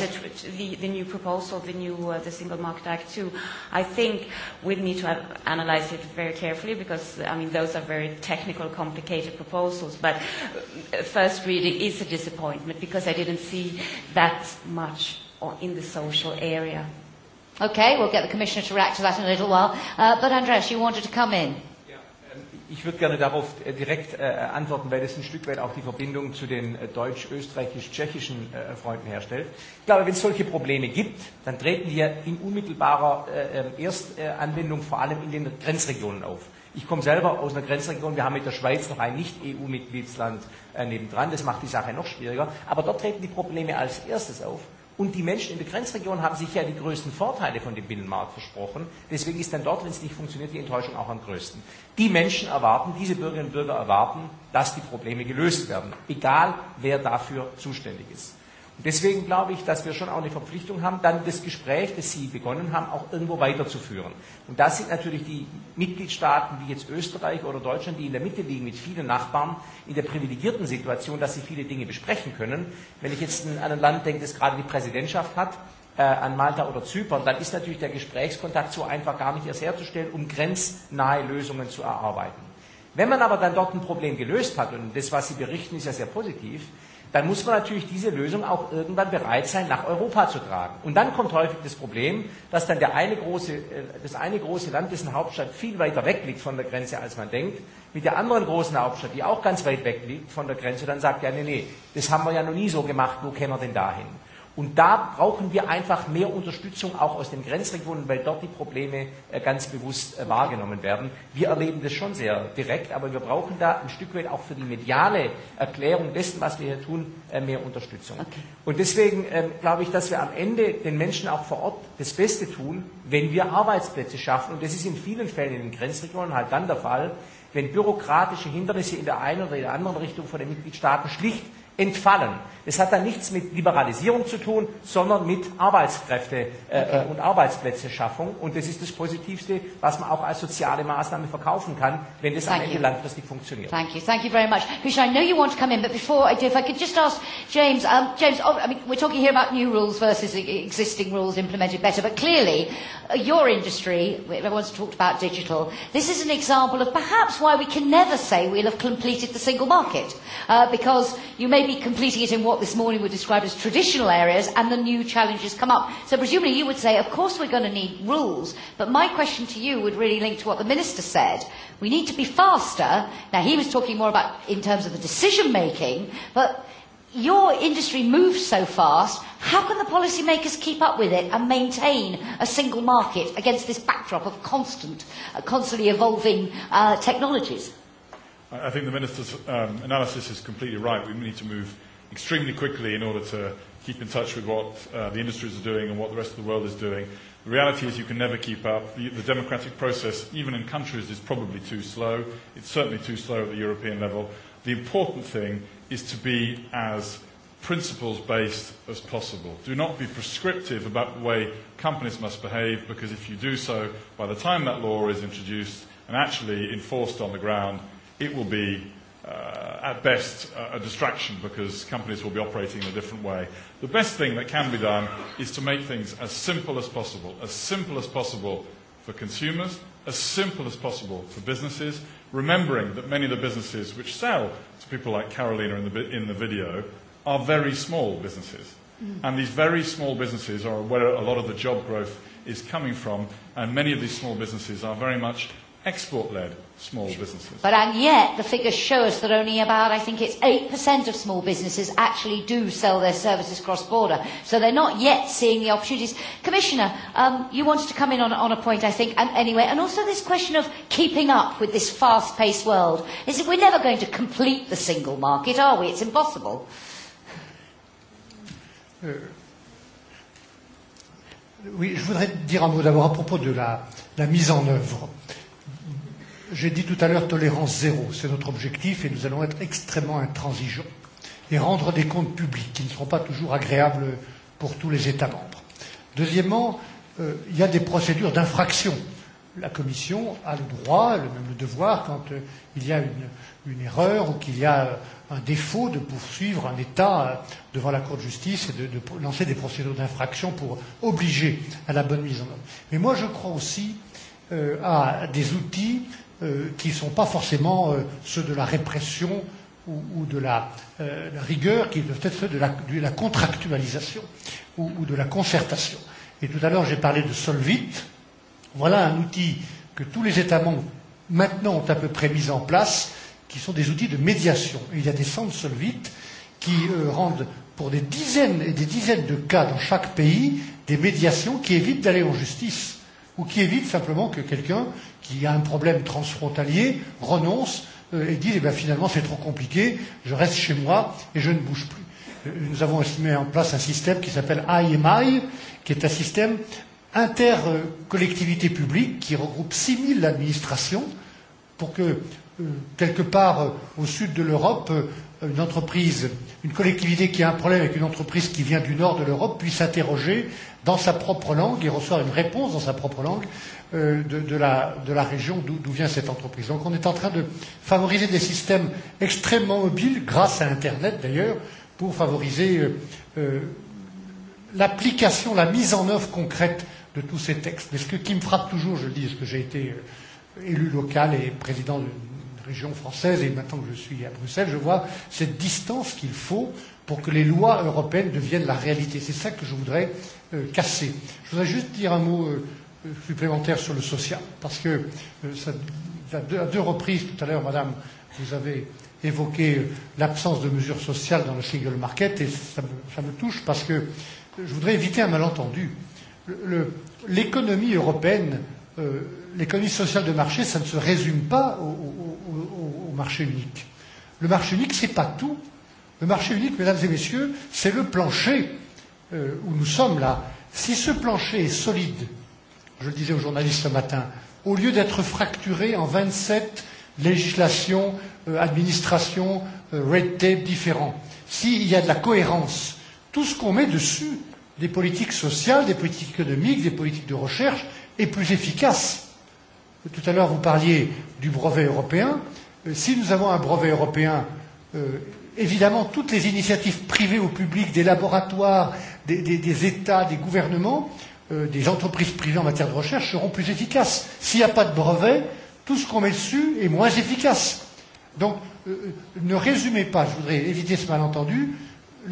S6: the, the new proposal, the new the Single Market Act 2, I think we need to have analyze it very carefully because, I mean, those are very technical, complicated proposals. But first reading is a disappointment because I didn't see that much in the social area. Okay, we'll get the Commissioner to react to that in a little while. But
S1: Andreas, you wanted to come in.
S4: Ich würde gerne darauf direkt antworten, weil das ein Stück weit auch die Verbindung zu den deutsch-österreichisch-tschechischen Freunden herstellt. Ich glaube, wenn es solche Probleme gibt, dann treten die ja in unmittelbarer Erstanwendung vor allem in den Grenzregionen auf. Ich komme selber aus einer Grenzregion. Wir haben mit der Schweiz noch ein Nicht-EU-Mitgliedsland nebendran. Das macht die Sache noch schwieriger. Aber dort treten die Probleme als erstes auf. Und die Menschen in der Grenzregion haben sich ja die größten Vorteile von dem Binnenmarkt versprochen. Deswegen ist dann dort, wenn es nicht funktioniert, die Enttäuschung auch am größten. Die Menschen erwarten, diese Bürgerinnen und Bürger erwarten, dass die Probleme gelöst werden, egal wer dafür zuständig ist. Deswegen glaube ich, dass wir schon auch eine Verpflichtung haben, dann das Gespräch, das Sie begonnen haben, auch irgendwo weiterzuführen. Und das sind natürlich die Mitgliedstaaten wie jetzt Österreich oder Deutschland, die in der Mitte liegen mit vielen Nachbarn, in der privilegierten Situation, dass sie viele Dinge besprechen können. Wenn ich jetzt an ein Land denke, das gerade die Präsidentschaft hat, an Malta oder Zypern, dann ist natürlich der Gesprächskontakt so einfach gar nicht erst herzustellen, um grenznahe Lösungen zu erarbeiten. Wenn man aber dann dort ein Problem gelöst hat, und das, was Sie berichten, ist ja sehr positiv, dann muss man natürlich diese Lösung auch irgendwann bereit sein, nach Europa zu tragen. Und dann kommt häufig das Problem, dass dann der eine große, das eine große Land, dessen Hauptstadt viel weiter weg liegt von der Grenze, als man denkt, mit der anderen großen Hauptstadt, die auch ganz weit weg liegt von der Grenze, dann sagt, ja, nee, nee, das haben wir ja noch nie so gemacht, wo kämen wir denn dahin? Und da brauchen wir einfach mehr Unterstützung auch aus den Grenzregionen, weil dort die Probleme ganz bewusst wahrgenommen werden. Wir erleben das schon sehr direkt, aber wir brauchen da ein Stück weit auch für die mediale Erklärung dessen, was wir hier tun, mehr Unterstützung. Und deswegen glaube ich, dass wir am Ende den Menschen auch vor Ort das Beste tun, wenn wir Arbeitsplätze schaffen. Und das ist in vielen Fällen in den Grenzregionen halt dann der Fall, wenn bürokratische Hindernisse in der einen oder in der anderen Richtung von den Mitgliedstaaten schlicht entfallen. Es hat dann nichts mit Liberalisierung zu tun, sondern mit Arbeitskräfte und Arbeitsplätzeschaffung. Und das ist das Positivste, was man auch als soziale Maßnahme verkaufen kann, wenn das am Ende langfristig funktioniert.
S1: Thank you. Thank you very much. Krishna, I know you want to come in, but before I do, if I could just ask James, um, James, I mean, we're talking here about new rules versus existing rules implemented better, but clearly your industry, everyone's talked about digital, this is an example of perhaps why we can never say we'll have completed the single market. Uh, because you may completing it in what this morning would described as traditional areas and the new challenges come up. So presumably you would say, of course we're going to need rules, but my question to you would really link to what the Minister said. We need to be faster. Now he was talking more about in terms of the decision making, but your industry moves so fast, how can the policymakers keep up with it and maintain a single market against this backdrop of constant, constantly evolving technologies?
S7: I think the Minister's um, analysis is completely right. We need to move extremely quickly in order to keep in touch with what uh, the industries are doing and what the rest of the world is doing. The reality is you can never keep up. The, the democratic process, even in countries, is probably too slow. It's certainly too slow at the European level. The important thing is to be as principles based as possible. Do not be prescriptive about the way companies must behave because if you do so, by the time that law is introduced and actually enforced on the ground, it will be at best a distraction because companies will be operating in a different way. The best thing that can be done is to make things as simple as possible, as simple as possible for consumers, as simple as possible for businesses, remembering that many of the businesses which sell to people like Carolina in the, in the video are very small businesses. And these very small businesses are where a lot of the job growth is coming from, and many of these small businesses are very much export-led small businesses.
S1: But and yet the figures show us that only about, I think it's 8% of small businesses actually do sell their services cross-border. So they're not yet seeing the opportunities. Commissioner, um, you wanted to come in on, on a point, I think, and anyway, and also this question of keeping up with this fast-paced world. Is it, we're never going to complete the single market, are we? It's impossible.
S2: Oui, je voudrais dire un mot d'abord à propos de la, la mise en œuvre. J'ai dit tout à l'heure tolérance zéro, c'est notre objectif et nous allons être extrêmement intransigeants et rendre des comptes publics qui ne seront pas toujours agréables pour tous les États membres. Deuxièmement, il y a des procédures d'infraction. La Commission a le droit, le même devoir, quand il y a une erreur ou qu'il y a un défaut de poursuivre un État devant la Cour de justice et de lancer des procédures d'infraction pour obliger à la bonne mise en œuvre. Mais moi je crois aussi à des outils qui ne sont pas forcément ceux de la répression ou de la rigueur, qui doivent être ceux de la contractualisation ou de la concertation. Et tout à l'heure, j'ai parlé de Solvit. Voilà un outil que tous les États membres, maintenant, ont à peu près mis en place, qui sont des outils de médiation. il y a des centres Solvit qui rendent, pour des dizaines et des dizaines de cas dans chaque pays, des médiations qui évitent d'aller en justice ou qui évite simplement que quelqu'un qui a un problème transfrontalier renonce et dise eh finalement c'est trop compliqué, je reste chez moi et je ne bouge plus. Nous avons aussi mis en place un système qui s'appelle IMI, qui est un système intercollectivité publique qui regroupe 6000 administrations pour que quelque part au sud de l'Europe, une entreprise, une collectivité qui a un problème avec une entreprise qui vient du nord de l'Europe puisse s'interroger dans sa propre langue et recevoir une réponse dans sa propre langue de, de, la, de la région d'où vient cette entreprise. Donc on est en train de favoriser des systèmes extrêmement mobiles, grâce à Internet d'ailleurs, pour favoriser l'application, la mise en œuvre concrète de tous ces textes. Mais ce qui me frappe toujours, je le dis, parce que j'ai été élu local et président région française et maintenant que je suis à Bruxelles, je vois cette distance qu'il faut pour que les lois européennes deviennent la réalité. C'est ça que je voudrais casser. Je voudrais juste dire un mot supplémentaire sur le social, parce que à deux reprises tout à l'heure, Madame, vous avez évoqué l'absence de mesures sociales dans le single market et ça me touche parce que je voudrais éviter un malentendu. L'économie européenne l'économie sociale de marché, ça ne se résume pas au, au, au marché unique. Le marché unique, ce n'est pas tout. Le marché unique, mesdames et messieurs, c'est le plancher euh, où nous sommes là. Si ce plancher est solide, je le disais aux journalistes ce matin, au lieu d'être fracturé en 27 législations, euh, administrations, red tape différents, s'il y a de la cohérence, tout ce qu'on met dessus des politiques sociales, des politiques économiques, des politiques de recherche et plus efficace. Tout à l'heure, vous parliez du brevet européen. Si nous avons un brevet européen, évidemment, toutes les initiatives privées ou publiques, des laboratoires, des, des, des États, des gouvernements, des entreprises privées en matière de recherche seront plus efficaces. S'il n'y a pas de brevet, tout ce qu'on met dessus est moins efficace. Donc, ne résumez pas, je voudrais éviter ce malentendu,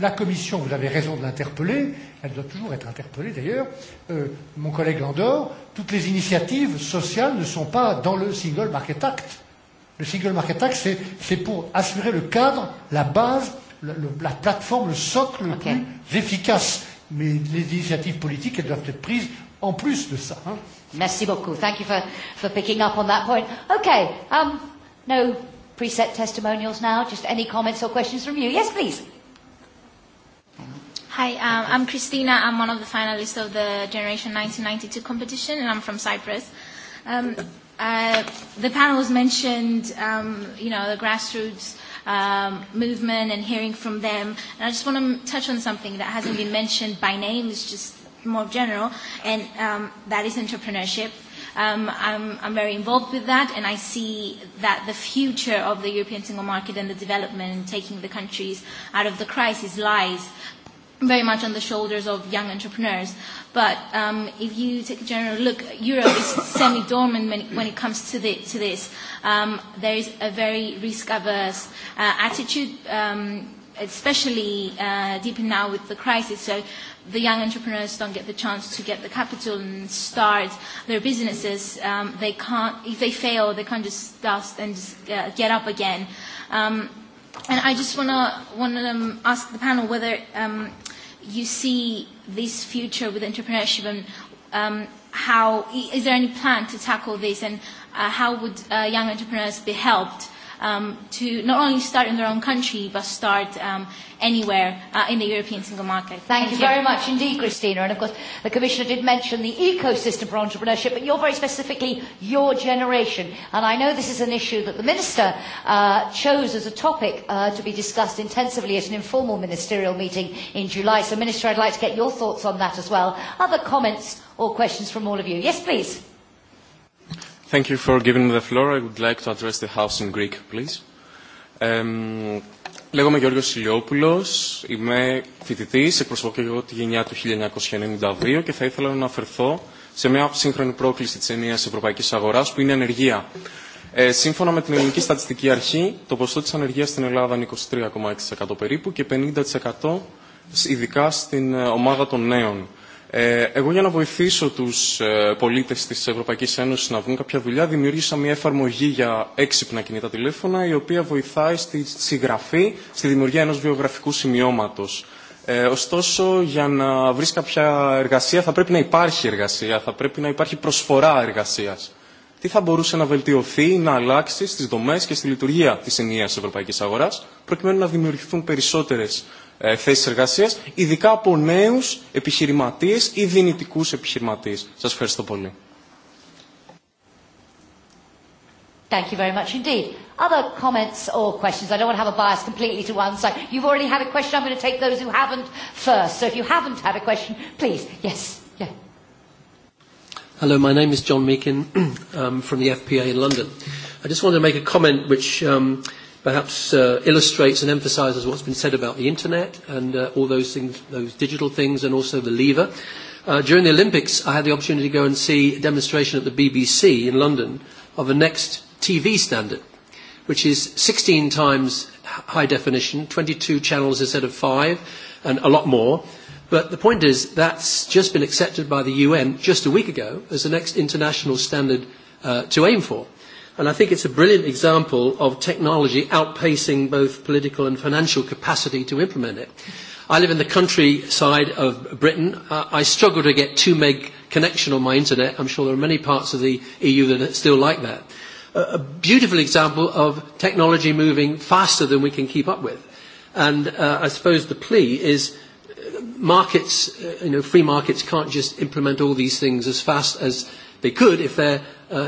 S2: la Commission, vous avez raison de l'interpeller, elle doit toujours être interpellée d'ailleurs, mon collègue Landor, toutes les initiatives sociales ne sont pas dans le Single Market Act. Le Single Market Act, c'est pour assurer le cadre, la base, le la plateforme, le socle le plus efficace. Mais les initiatives politiques, elles doivent être prises en plus de ça.
S1: Merci beaucoup. Thank you for, for picking up on that point. Okay, um, no preset testimonials now, just any comments or questions from you. Yes, please.
S15: Hi, um, I'm Christina. I'm one of the finalists of the Generation 1992 competition, and I'm from Cyprus. Um, uh, the panel has mentioned, um, you know, the grassroots um, movement and hearing from them. And I just want to touch on something that hasn't been mentioned by name. It's just more general, and um, that is entrepreneurship. Um, I'm, I'm very involved with that, and I see that the future of the European single market and the development and taking the countries out of the crisis lies very much on the shoulders of young entrepreneurs. But um, if you take a general look, Europe is semi-dormant when it comes to, the, to this. Um, there is a very risk-averse uh, attitude, um, especially uh, deep now with the crisis. So the young entrepreneurs don't get the chance to get the capital and start their businesses. Um, they can't, if they fail, they can't just dust and just uh, get up again. Um, and I just want to want ask the panel whether um, you see this future with entrepreneurship and um, how is there any plan to tackle this and how would young entrepreneurs be helped um to not only start in their own country, but start anywhere in the European single market.
S1: Thank you very much indeed, Christina. And of course, the Commissioner did mention the ecosystem for entrepreneurship, but you're very specifically your generation. And I know this is an issue that the Minister chose as a topic to be discussed intensively at an informal ministerial meeting in July. So, Minister, I'd like to get your thoughts on that as well. Other comments or questions from all of you? Yes, please.
S16: Thank you for giving me the floor. I would like to address the House in Greek, please. Λέγομαι Γιώργος Σιλιόπουλος, είμαι φοιτητής, εκπροσωπώ και εγώ τη γενιά του 1992 και θα ήθελα να αναφερθώ σε μια σύγχρονη πρόκληση της ενίας ευρωπαϊκής αγοράς που είναι ενεργεία. ανεργία. Ε, σύμφωνα με την Ελληνική Στατιστική Αρχή, το ποσοστό της ανεργίας στην Ελλάδα είναι 23,6% περίπου και 50% ειδικά στην ε, ομάδα των νέων. Ε, εγώ για να βοηθήσω τους ε, πολίτες της Ευρωπαϊκής Ένωσης να βρουν κάποια δουλειά δημιούργησα μια εφαρμογή για έξυπνα κινητά τηλέφωνα η οποία βοηθάει στη συγγραφή, στη δημιουργία ενός βιογραφικού σημειώματος. Ε, ωστόσο, για να βρεις κάποια εργασία θα πρέπει να υπάρχει εργασία, θα πρέπει να υπάρχει προσφορά εργασίας. Τι θα μπορούσε να βελτιωθεί, να αλλάξει στις δομές και στη λειτουργία της ενιαίας ευρωπαϊκής αγοράς προκειμένου να δημιουργηθούν περισσότερες θέσεις εργασίας, ειδικά από νέους επιχειρηματίες ή δυνητικούς επιχειρηματίες. Σας ευχαριστώ πολύ.
S1: Thank you very much indeed. Other comments or questions? I don't want to have a bias completely to one side. You've already had a question. I'm going to take those who haven't first. So if you haven't had a question, please. Yes. Yeah.
S17: Hello, my name is John Meakin um, from the FPA in London. I just wanted to make a comment which um, perhaps illustrates and emphasizes what's been said about the internet and all those things, those digital things, and also the lever. During the Olympics, I had the opportunity to go and see a demonstration at the BBC in London of a next TV standard, which is 16 times high definition, 22 channels instead of five, and a lot more. But the point is that's just been accepted by the UN just a week ago as the next international standard to aim for. And I think it's a brilliant example of technology outpacing both political and financial capacity to implement it. I live in the countryside of Britain. I struggle to get two meg connection on my internet. I'm sure there are many parts of the EU that are still like that. A beautiful example of technology moving faster than we can keep up with. And I suppose the plea is markets, you know, free markets can't just implement all these things as fast as They could if they're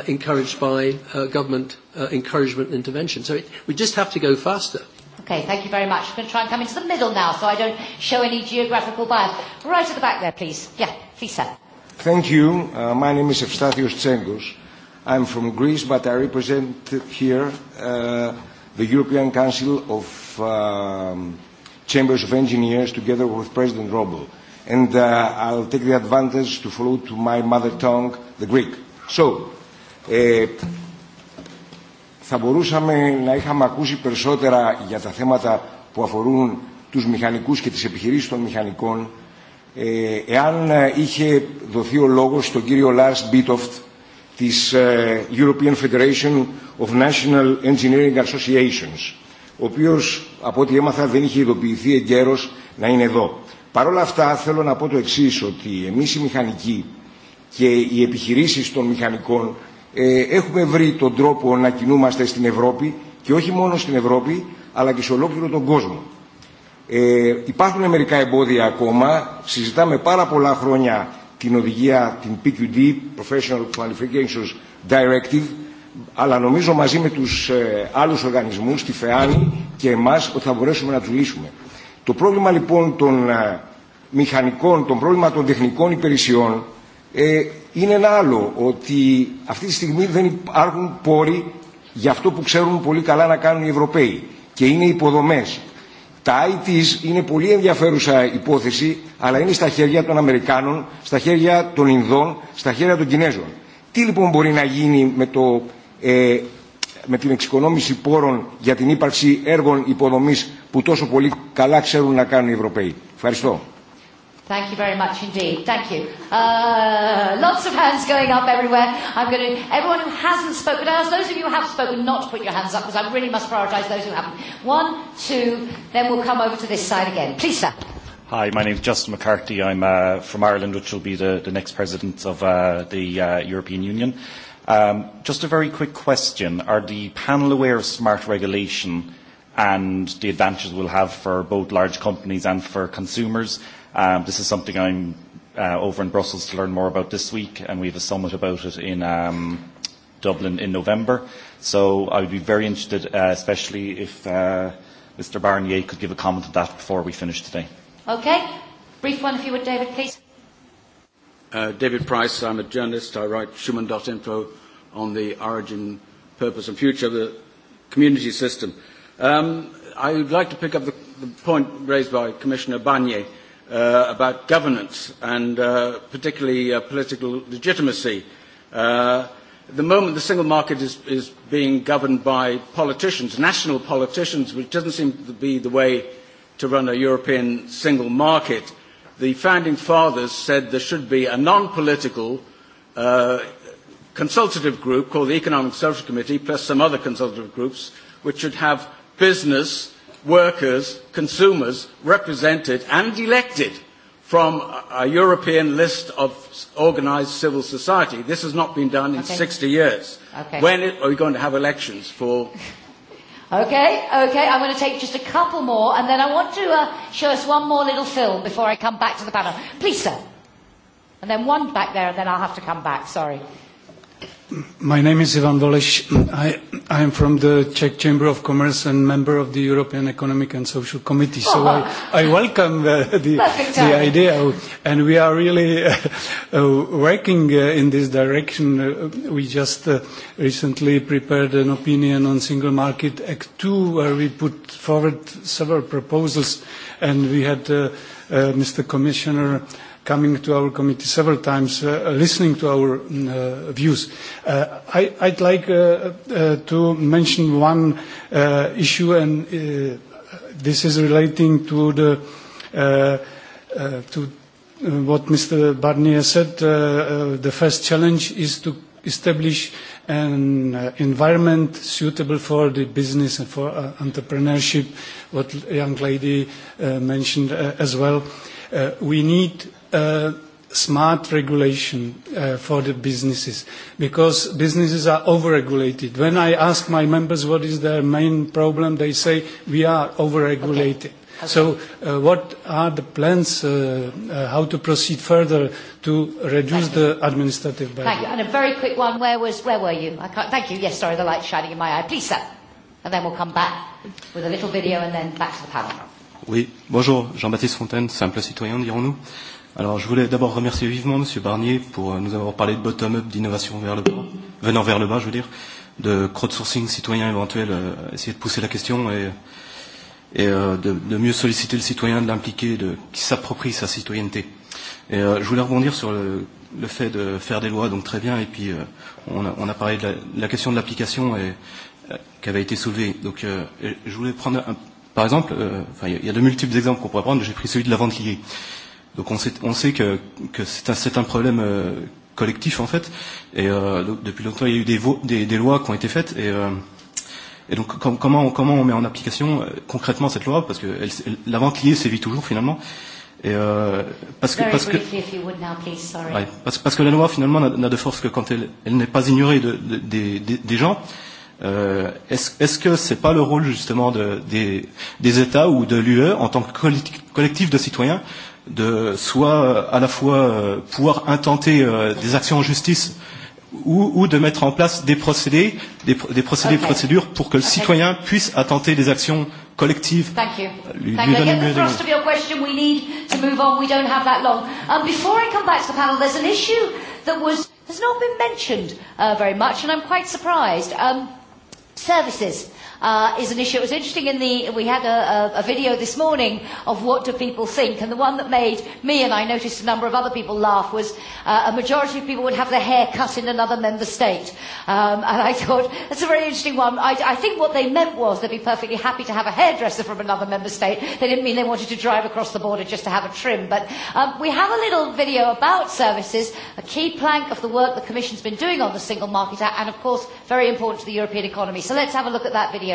S17: encouraged by government encouragement and intervention. So we just have to go faster.
S1: Okay, thank you very much. I'm going to try and come into the middle now so I don't show any geographical bias. Right at the back there, please. Yeah, please, sir.
S18: Thank you. my name is Evstathios Tsengos. I'm from Greece, but I represent here the European Council of Chambers of Engineers together with President Robel and uh, I'll take the advantage to follow to my mother tongue, the Greek. So, ε, θα μπορούσαμε να είχαμε ακούσει περισσότερα για τα θέματα που αφορούν τους μηχανικούς και τις επιχειρήσεις των μηχανικών ε, εάν ε, είχε δοθεί ο λόγος στον κύριο Lars Bitoft της European Federation of National Engineering Associations ο οποίος από ό,τι έμαθα δεν είχε ειδοποιηθεί εγκαίρως να είναι εδώ. Παρ' όλα αυτά θέλω να πω το εξή ότι εμείς οι μηχανικοί και οι επιχειρήσεις των μηχανικών ε, έχουμε βρει τον τρόπο να κινούμαστε στην Ευρώπη και όχι μόνο στην Ευρώπη αλλά και σε ολόκληρο τον κόσμο. Ε, υπάρχουν μερικά εμπόδια ακόμα. Συζητάμε πάρα πολλά χρόνια την οδηγία, την PQD, Professional Qualifications Directive, αλλά νομίζω μαζί με τους ε, άλλους οργανισμούς, τη ΦΕΑΝΗ και εμάς, ότι θα μπορέσουμε να τους λύσουμε. Το πρόβλημα λοιπόν των μηχανικών, το πρόβλημα των τεχνικών υπηρεσιών ε, είναι ένα άλλο, ότι αυτή τη στιγμή δεν υπάρχουν πόροι για αυτό που ξέρουν πολύ καλά να κάνουν οι Ευρωπαίοι και είναι υποδομές. Τα ITs είναι πολύ ενδιαφέρουσα υπόθεση, αλλά είναι στα χέρια των Αμερικάνων, στα χέρια των Ινδών, στα χέρια των Κινέζων. Τι λοιπόν μπορεί να γίνει με το ε, με την εξοικονόμηση πόρων για την ύπαρξη έργων υποδομής που τόσο πολύ καλά ξέρουν να κάνουν οι Ευρωπαίοι. Ευχαριστώ.
S1: Thank you very much indeed. Thank you. Uh, lots of hands going up everywhere. I'm going to, everyone who hasn't spoken, ask those of you who have spoken not to put your hands up because I really must prioritize those who haven't. One, two, then we'll come over to this side again. Please, sir.
S12: Hi, my name is Justin McCarthy. I'm uh, from Ireland, which will be the, the next president of uh, the uh, European Union. Just a very quick question. Are the panel aware of smart regulation and the advantages we'll have for both large companies and for consumers? This is something I'm over in Brussels to learn more about this week, and we have a summit about it in Dublin in November. So I would be very interested, especially if Mr. Barnier could give a comment on that before we finish today.
S1: Okay. Brief one, if you would, David, please.
S19: David Price. I'm a journalist. I write Schumann.info on the origin, purpose and future of the community system. I would like to pick up the point raised by Commissioner Barnier about governance and particularly political legitimacy. At the moment, the single market is being governed by politicians, national politicians, which doesn't seem to be the way to run a European single market the founding fathers said there should be a non-political consultative group called the Economic Social Committee, plus some other consultative groups, which should have business, workers, consumers represented and elected from a European list of organized civil society. This has not been done in 60 years. When are we going to have elections for
S1: Okay, okay, I'm going to take just a couple more and then I want to uh, show us one more little film before I come back to the panel. Please, sir. And then one back there and then I'll have to come back, sorry.
S20: My name is Ivan Voleš. I am from the Czech Chamber of Commerce and member of the European Economic and Social Committee. So I welcome the idea. And we are really working in this direction. We just recently prepared an opinion on Single Market Act 2 where we put forward several proposals. And we had Mr. Commissioner coming to our committee several times, listening to our views. I'd like to mention one issue, and this is relating to the to what Mr. Barnier said. The first challenge is to establish an environment suitable for the business and for entrepreneurship, what young lady mentioned as well. We need smart regulation for the businesses because businesses are overregulated. When I ask my members what is their main problem, they say we are overregulated. So what are the plans how to proceed further to reduce the administrative burden?
S1: And a very quick one. Where was where were you? I can't. Thank you. Yes, sorry, the light's shining in my eye. Please, sir. And then we'll come back with a little video and then back to the panel.
S21: Oui. Bonjour, Jean-Baptiste Fontaine, simple citoyen, dirons-nous. Alors, je voulais d'abord remercier vivement Monsieur Barnier pour nous avoir parlé de bottom-up, d'innovation vers le bas, venant vers le bas, je veux dire, de crowdsourcing citoyen éventuel, essayer de pousser la question et, et de, de mieux solliciter le citoyen, de l'impliquer, de qui s'approprie sa citoyenneté. Et je voulais rebondir sur le, fait de faire des lois, donc très bien, et puis on, a, on a parlé de la, question de l'application et, qui avait été soulevée. Donc, je voulais prendre, par exemple, il y a de multiples exemples qu'on pourrait prendre, j'ai pris celui de la vente liée. Donc on sait, on sait que, que c'est un, un problème collectif en fait. Et depuis longtemps, il y a eu des, des, lois qui ont été faites. Et, et donc comment, comment on met en application concrètement cette loi Parce que la vente liée sévit toujours finalement. Et parce, que, parce, que, parce, que la loi finalement n'a de force que quand elle, n'est pas ignorée de, des, des gens. est-ce, est-ce que c'est pas le rôle justement de, des, des États ou de l'UE en tant que collectif de citoyens de soit à la fois pouvoir intenter des actions en justice ou de mettre en place des procédés, des procédés, procédures pour que le citoyen puisse attenter des actions collectives.
S1: Thank you. Thank you. I get the thrust of your question. We need to move on. We don't have that long. And before I come back to the panel, there's an issue that was has not been mentioned uh, very much, and I'm quite surprised. Um, services is an issue. It was interesting in the we had a a video this morning of what do people think, and the one that made me and I noticed a number of other people laugh was a majority of people would have their hair cut in another member state, and I thought that's a very interesting one. I think what they meant was they'd be perfectly happy to have a hairdresser from another member state. They didn't mean they wanted to drive across the border just to have a trim. But we have a little video about services, a key plank of the work the Commission's been doing on the Single Market and of course very important to the European economy. So let's have a look at that video.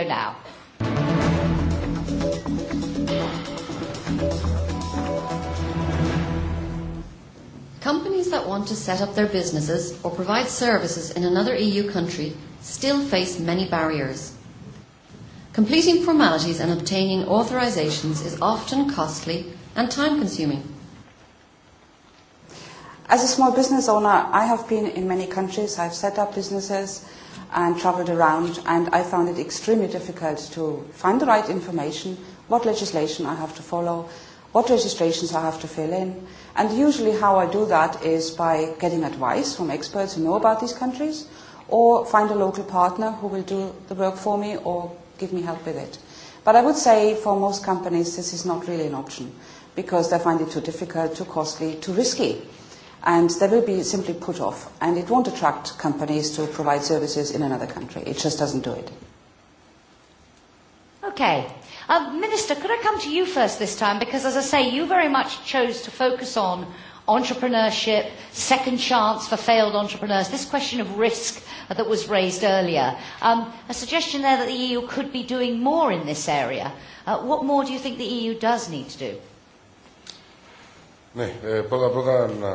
S1: Companies that want to set up their businesses or provide services in another EU country still face many barriers. Completing formalities and obtaining authorizations
S14: is often costly and time consuming. As
S5: a small business owner, I have been in many countries. I've set up businesses and travelled around and I found it extremely difficult to find the right information, what legislation I have to follow, what registrations I have to fill in. And usually how I do that is by getting advice from experts who know about these countries or find a local partner who will do the work for me or give me help with it. But I would say for most companies this is not really an option because they find it too difficult, too costly, too risky and they will be simply put off. And it won't attract companies to provide services in another country. It just doesn't do it. Okay.
S1: Minister, could I come to you first this time? Because, as I say, you very much chose to focus on entrepreneurship, second chance for failed entrepreneurs, this question of risk that was raised earlier. Um, a suggestion there that the EU could be doing more in this area. what more do you think the EU does need to do?
S3: Ναι, ε, πρώτα πρώτα να,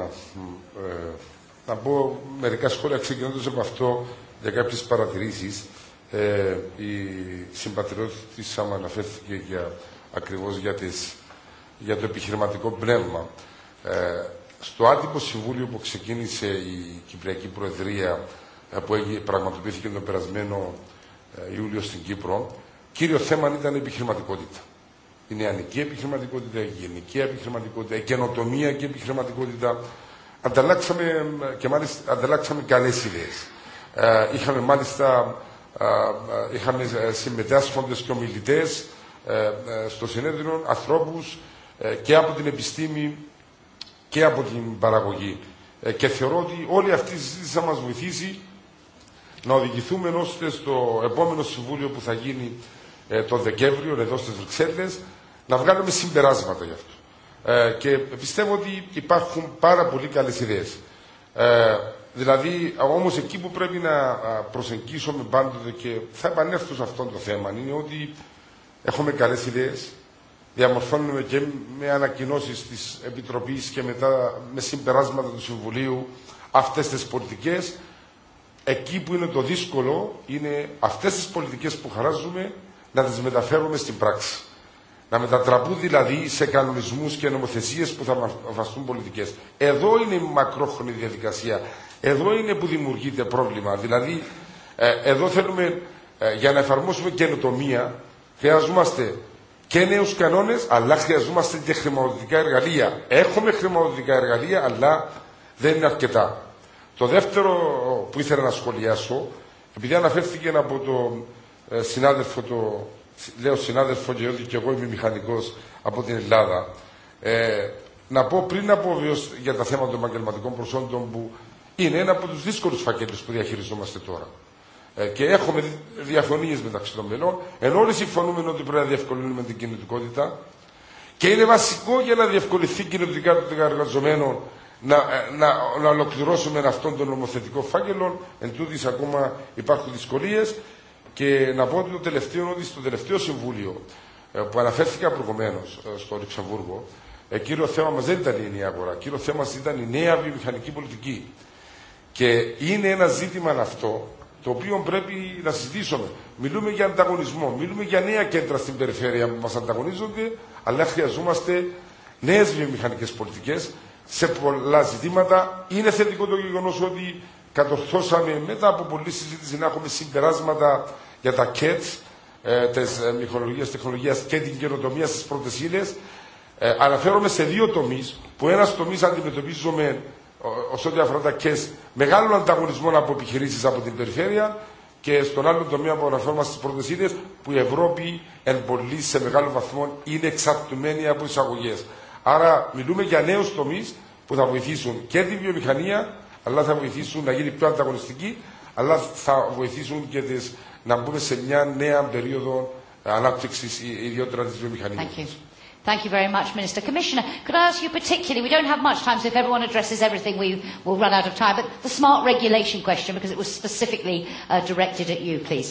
S3: ε, να πω μερικά σχόλια ξεκινώντα από αυτό για κάποιε παρατηρήσει. Ε, η συμπατριώτησα μου αναφέρθηκε για, ακριβώς για, για το επιχειρηματικό πνεύμα. Ε, στο άτυπο συμβούλιο που ξεκίνησε η Κυπριακή Προεδρία ε, που πραγματοποιήθηκε τον περασμένο Ιούλιο στην Κύπρο, κύριο θέμα ήταν η επιχειρηματικότητα η νεανική επιχειρηματικότητα, η γενική επιχειρηματικότητα, η καινοτομία και επιχειρηματικότητα. Ανταλλάξαμε, και μάλιστα, ανταλλάξαμε καλές ιδέες. Ε, είχαμε μάλιστα ε, ε, είχαμε συμμετάσχοντες και ομιλητέ στο συνέδριο ανθρώπου και από την επιστήμη και από την παραγωγή. Και θεωρώ ότι όλη αυτή η συζήτηση θα μας βοηθήσει να οδηγηθούμε ώστε στο επόμενο συμβούλιο που θα γίνει τον Δεκέμβριο εδώ στις Βρυξέλλες να βγάλουμε συμπεράσματα γι' αυτό. Ε, και πιστεύω ότι υπάρχουν πάρα πολύ καλέ ιδέε. Ε, δηλαδή, όμω εκεί που πρέπει να προσεγγίσουμε πάντοτε και θα επανέλθω σε αυτό το θέμα είναι ότι έχουμε καλέ ιδέε. Διαμορφώνουμε και με ανακοινώσει τη Επιτροπή και μετά με συμπεράσματα του Συμβουλίου αυτέ τι πολιτικέ. Εκεί που είναι το δύσκολο είναι αυτές τις πολιτικές που χαράζουμε να τις μεταφέρουμε στην πράξη. Να μετατραπούν δηλαδή σε κανονισμού και νομοθεσίε που θα βαστούν πολιτικέ. Εδώ είναι η μακρόχρονη διαδικασία. Εδώ είναι που δημιουργείται πρόβλημα. Δηλαδή, ε, εδώ θέλουμε ε, για να εφαρμόσουμε καινοτομία χρειαζόμαστε και νέου κανόνε, αλλά χρειαζόμαστε και χρηματοδοτικά εργαλεία. Έχουμε χρηματοδοτικά εργαλεία, αλλά δεν είναι αρκετά. Το δεύτερο που ήθελα να σχολιάσω, επειδή αναφέρθηκε από τον ε, συνάδελφο το λέω συνάδελφο και εγώ είμαι μηχανικός από την Ελλάδα, ε, να πω πριν από για τα θέματα των επαγγελματικών προσόντων που είναι ένα από τους δύσκολους φακέλους που διαχειριζόμαστε τώρα. Ε, και έχουμε διαφωνίες μεταξύ των μελών, ενώ όλοι συμφωνούμε ότι πρέπει να διευκολύνουμε την κινητικότητα και είναι βασικό για να διευκολυνθεί η κινητικότητα των εργαζομένων να, ε, να, να ολοκληρώσουμε αυτόν τον νομοθετικό φάκελο. Εν τούτης ακόμα υπάρχουν δυσκολίες και να πω ότι το τελευταίο, ότι στο τελευταίο συμβούλιο ε, που αναφέρθηκα προηγουμένω ε, στο Λουξεμβούργο, ε, κύριο θέμα μα δεν ήταν η νέα αγορά. Κύριο θέμα μα ήταν η νέα βιομηχανική πολιτική. Και είναι ένα ζήτημα αυτό το οποίο πρέπει να συζητήσουμε. Μιλούμε για ανταγωνισμό, μιλούμε για νέα κέντρα στην περιφέρεια που μα ανταγωνίζονται, αλλά χρειαζόμαστε νέε βιομηχανικέ πολιτικέ σε πολλά ζητήματα. Είναι θετικό το γεγονό ότι κατορθώσαμε μετά από πολλή συζήτηση να έχουμε συμπεράσματα για τα CATS, ε, τη ε, μηχανολογία τεχνολογία και την καινοτομία στι πρώτε ύλε. Ε, αναφέρομαι σε δύο τομεί που ένα τομεί αντιμετωπίζουμε ω ό,τι αφορά τα ΚΕΤ μεγάλων ανταγωνισμών από επιχειρήσει από την περιφέρεια και στον άλλο τομέα που αναφέρομαι στι πρώτε ύλε που η Ευρώπη εν πολύ σε μεγάλο βαθμό είναι εξαρτημένη από εισαγωγέ. Άρα μιλούμε για νέου τομεί που θα βοηθήσουν και τη βιομηχανία αλλά θα βοηθήσουν να γίνει πιο ανταγωνιστική αλλά θα βοηθήσουν και τις να μπούμε σε μια νέα περίοδο ανάπτυξη ιδιότερα τη βιομηχανία.
S1: Thank you very much, Minister. Commissioner, could I ask you particularly, we don't have much time, so if everyone addresses everything, we will run out of time, but the smart regulation question, because it was specifically directed at you, please.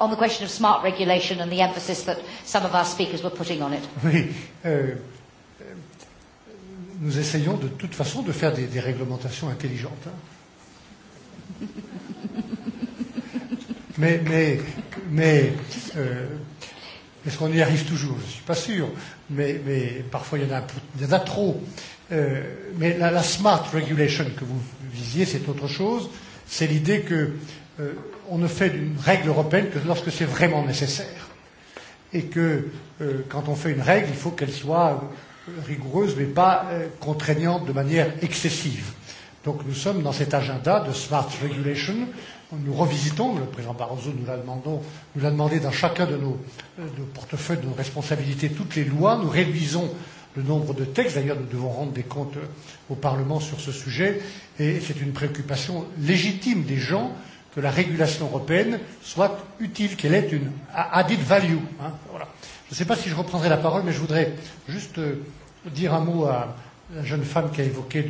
S1: On the question of smart regulation and the emphasis that some of our speakers were putting on it.
S2: Oui. Nous essayons de toute façon de faire des réglementations intelligentes. Mais, mais, mais euh, est-ce qu'on y arrive toujours Je ne suis pas sûr. Mais, mais parfois, il y en a, il y en a trop. Euh, mais la, la smart regulation que vous visiez, c'est autre chose. C'est l'idée que euh, on ne fait d'une règle européenne que lorsque c'est vraiment nécessaire. Et que euh, quand on fait une règle, il faut qu'elle soit rigoureuse, mais pas euh, contraignante de manière excessive. Donc nous sommes dans cet agenda de smart regulation nous revisitons, le président Barroso nous l'a demandé dans chacun de nos portefeuilles, de nos responsabilités, toutes les lois, nous réduisons le nombre de textes, d'ailleurs nous devons rendre des comptes au Parlement sur ce sujet, et c'est une préoccupation légitime des gens que la régulation européenne soit utile, qu'elle ait une added value. Je ne sais pas si je reprendrai la parole, mais je voudrais juste dire un mot à la jeune femme qui a évoqué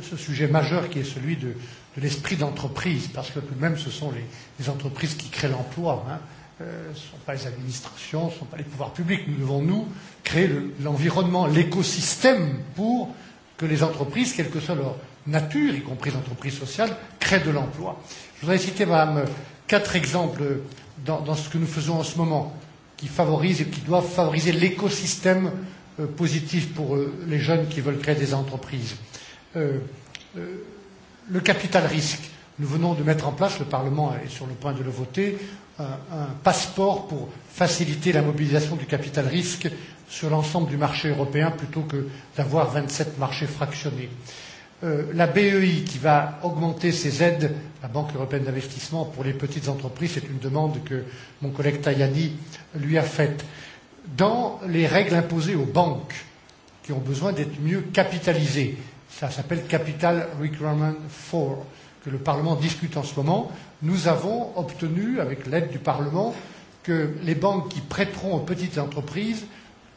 S2: ce sujet majeur qui est celui de de l'esprit d'entreprise, parce que tout de même, ce sont les, les entreprises qui créent l'emploi. Hein. Euh, ce ne sont pas les administrations, ce ne sont pas les pouvoirs publics. Nous devons, nous, créer l'environnement, l'écosystème pour que les entreprises, quelle que soit leur nature, y compris l'entreprise entreprises créent de l'emploi. Je voudrais citer, madame, quatre exemples dans, dans ce que nous faisons en ce moment, qui favorisent et qui doivent favoriser l'écosystème positif pour les jeunes qui veulent créer des entreprises. Euh, le capital risque. Nous venons de mettre en place, le Parlement est sur le point de le voter, un passeport pour faciliter la mobilisation du capital risque sur l'ensemble du marché européen plutôt que d'avoir 27 marchés fractionnés. La BEI qui va augmenter ses aides, la Banque européenne d'investissement pour les petites entreprises, c'est une demande que mon collègue Tajani lui a faite. Dans les règles imposées aux banques qui ont besoin d'être mieux capitalisées, ça s'appelle Capital Requirement 4, que le Parlement discute en ce moment, nous avons obtenu, avec l'aide du Parlement, que les banques qui prêteront aux petites entreprises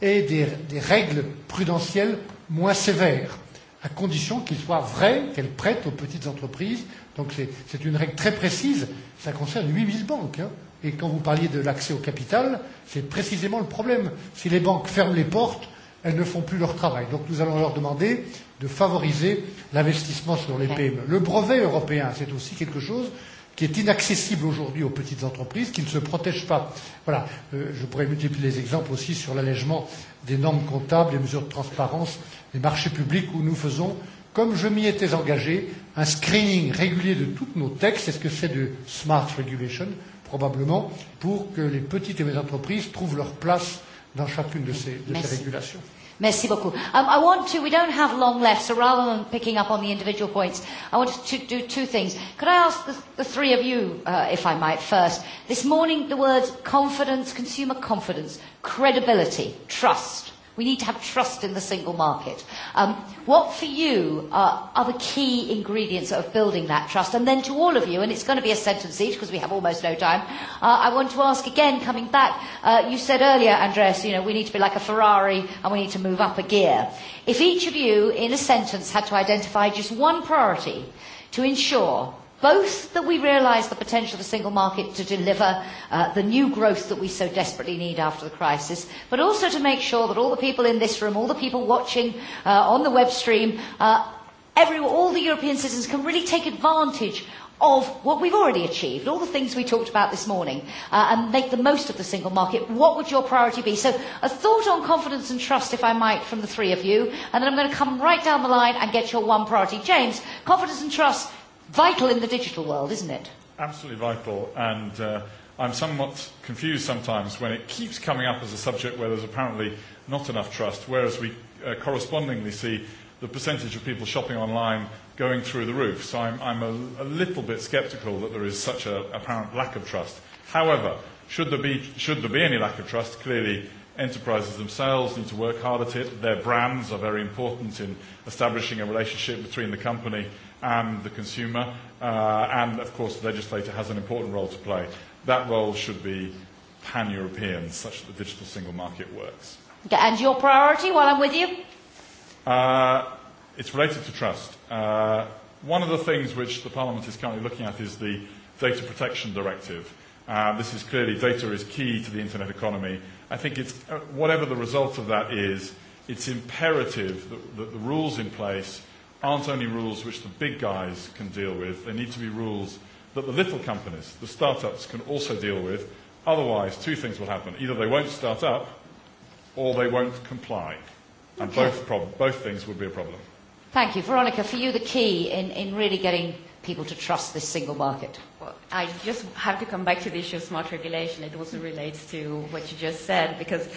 S2: aient des règles prudentielles moins sévères, à condition qu'il soit vrai qu'elles prêtent aux petites entreprises. Donc c'est une règle très précise, ça concerne 8000 banques. Et quand vous parliez de l'accès au capital, c'est précisément le problème. Si les banques ferment les portes, elles ne font plus leur travail. Donc nous allons leur demander de favoriser l'investissement sur les PME. Le brevet européen, c'est aussi quelque chose qui est inaccessible aujourd'hui aux petites entreprises, qui ne se protègent pas. Voilà, je pourrais multiplier les exemples aussi sur l'allègement des normes comptables, les mesures de transparence, des marchés publics où nous faisons, comme je m'y étais engagé, un screening régulier de tous nos textes. Est-ce que c'est de smart regulation Probablement, pour que les petites et moyennes entreprises trouvent leur place dans chacune de ces, de ces régulations.
S1: Merci beaucoup. Um, I want to, we don't have long left, so rather than picking up on the individual points, I want to do two things. Could I ask the, the three of you, uh, if I might, first? This morning, the words confidence, consumer confidence, credibility, trust, We need to have trust in the single market. What for you are the key ingredients of building that trust? And then to all of you, and it's going to be a sentence each because we have almost no time, I want to ask again, coming back, you said earlier, Andreas, you know, we need to be like a Ferrari and we need to move up a gear. If each of you, in a sentence, had to identify just one priority to ensure both that we realise the potential of the single market to deliver the new growth that we so desperately need after the crisis, but also to make sure that all the people in this room, all the people watching on the web stream, all the European citizens can really take advantage of what we've already achieved, all the things we talked about this morning, and make the most of the single market. What would your priority be? So a thought on confidence and trust, if I might, from the three of you, and then I'm going to come right down the line and get your one priority. James, confidence and trust vital in the digital world, isn't it?
S7: Absolutely vital, and I'm somewhat confused sometimes when it keeps coming up as a subject where there's apparently not enough trust, whereas we correspondingly see the percentage of people shopping online going through the roof. So I'm, I'm a, a little bit skeptical that there is such an apparent lack of trust. However, should there, be, should there be any lack of trust, clearly enterprises themselves need to work hard at it. Their brands are very important in establishing a relationship between the company and the consumer. And, of course, the legislator has an important role to play. That role should be pan-European, such that the digital single market works.
S1: And your priority, while I'm with you?
S7: It's related to trust. One of the things which the Parliament is currently looking at is the Data Protection Directive. This is clearly data is key to the internet economy I think it's, whatever the result of that is, it's imperative that, that the rules in place aren't only rules which the big guys can deal with, they need to be rules that the little companies, the startups, can also deal with. Otherwise, two things will happen. Either they won't start up or they won't comply. And both, both things would be a problem.
S1: Thank you. Veronica, for you, the key in, in really getting people to trust this single market.
S6: I just have to come back to the issue of smart regulation. It also relates to what you just said, because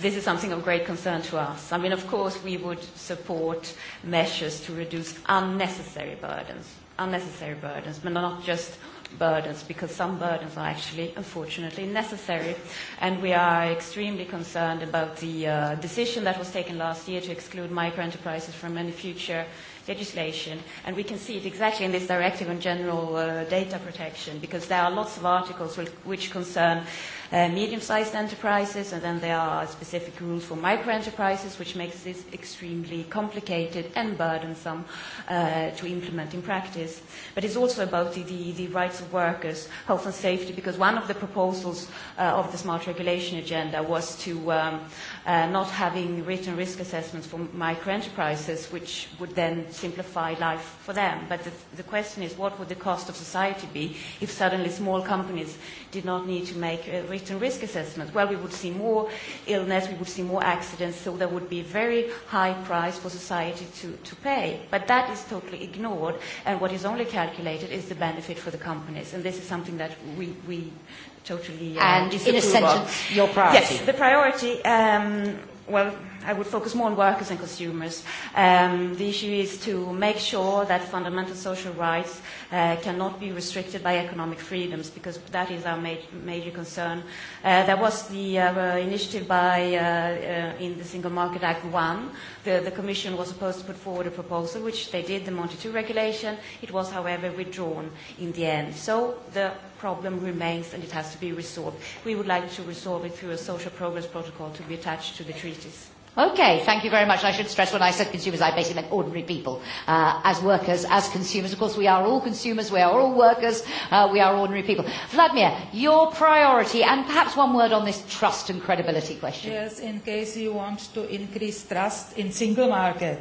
S6: this is something of great concern to us. I mean, of course, we would support measures to reduce unnecessary burdens, unnecessary burdens, but not just burdens, because some burdens are actually, unfortunately, necessary. And we are extremely concerned about the decision that was taken last year to exclude micro enterprises from any future legislation, and we can see it exactly in this directive on general data protection, because there are lots of articles which concern medium-sized enterprises, and then there are specific rules for micro-enterprises, which makes this extremely complicated and burdensome to implement in practice. But it's also about the rights of workers, health and safety, because one of the proposals of the smart regulation agenda was to not having written risk assessments for micro-enterprises, which would then simplify life for them. But the question is, what would the cost of society be if suddenly small companies did not need to make a written risk assessment? Well, we would see more illness, we would see more accidents, so there would be a very high price for society to, to pay. But that is totally ignored, and what is only calculated is the benefit for the companies. And this is something that we, we totally uh, And in a sentence, your priority. Yes, the priority, um, well I would focus more on workers and consumers. The issue is to make sure that fundamental social rights cannot be restricted by economic freedoms, because that is our major concern. There was the initiative by in the Single Market Act 1. The Commission was supposed to put forward a proposal, which they did, the Monty II regulation. It was, however, withdrawn in the end. So the problem remains and it has to be resolved. We would like to resolve it through a social progress protocol to be attached to the treaties.
S1: Okay, thank you very much. I should stress when I said consumers, I basically meant ordinary people. As workers, as consumers, of course, we are all consumers, we are all workers, we are ordinary people. Vladimir, your priority, and perhaps one word on this trust and credibility question.
S5: Yes, in case you want to increase trust in single market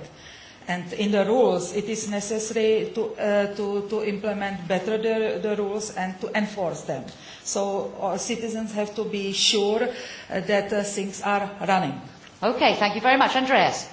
S5: and in the rules, it is necessary to to to implement better the the rules and to enforce them. So citizens have to be sure that things are running. Okay, thank you very much. Andreas.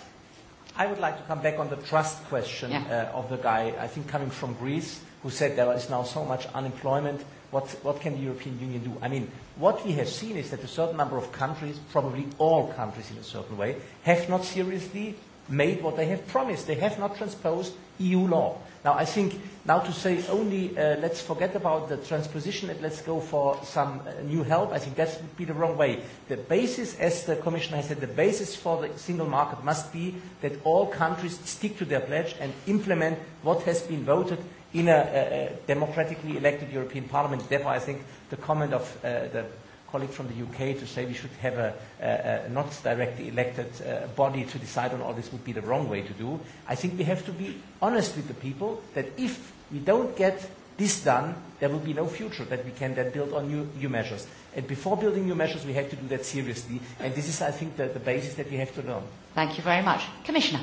S4: I would like to come back on the trust question of the guy, I think coming from Greece, who said there is now so much unemployment. What, what can the European Union do? I mean, what we have seen is that a certain number of countries, probably all countries in a certain way, have not seriously made what they have promised. They have not transposed EU law. Now, I think now to say only let's forget about the transposition and let's go for some new help, I think that would be the wrong way. The basis, as the Commissioner has said, the basis for the single market must be that all countries stick to their pledge and implement what has been voted in a democratically elected European Parliament. Therefore, I think the comment of the colleague from the UK to say we should have a not directly elected body to decide on all this would be the wrong way to do. I think we have to be honest with the people that if we don't get this done, there will be no future that we can then build on new, new measures. And before building new measures, we have to do that seriously. And this is, I think, the,
S1: the basis that we have to learn. Thank you very much. Commissioner.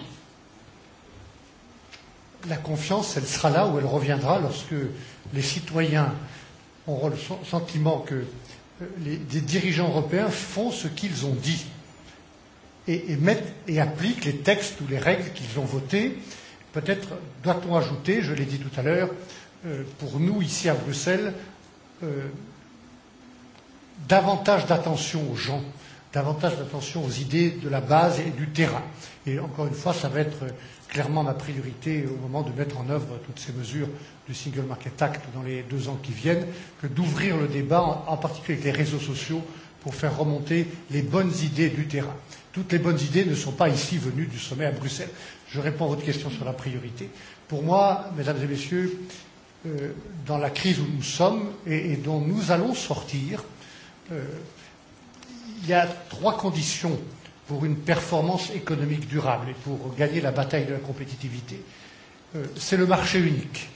S2: La confiance, elle sera là où elle reviendra lorsque les citoyens auront le sentiment que les, les dirigeants européens font ce qu'ils ont dit et, et, mettent, et appliquent les textes ou les règles qu'ils ont votées. Peut-être doit-on ajouter, je l'ai dit tout à l'heure, pour nous ici à Bruxelles, davantage d'attention aux gens, davantage d'attention aux idées de la base et du terrain. Et encore une fois, ça va être clairement ma priorité au moment de mettre en œuvre toutes ces mesures du Single Market Act dans les deux ans qui viennent, que d'ouvrir le débat, en particulier avec les réseaux sociaux, pour faire remonter les bonnes idées du terrain. Toutes les bonnes idées ne sont pas ici venues du sommet à Bruxelles. Je réponds à votre question sur la priorité. Pour moi, mesdames et messieurs, dans la crise où nous sommes et dont nous allons sortir, il y a trois conditions pour une performance économique durable et pour gagner la bataille de la compétitivité. C'est le marché unique,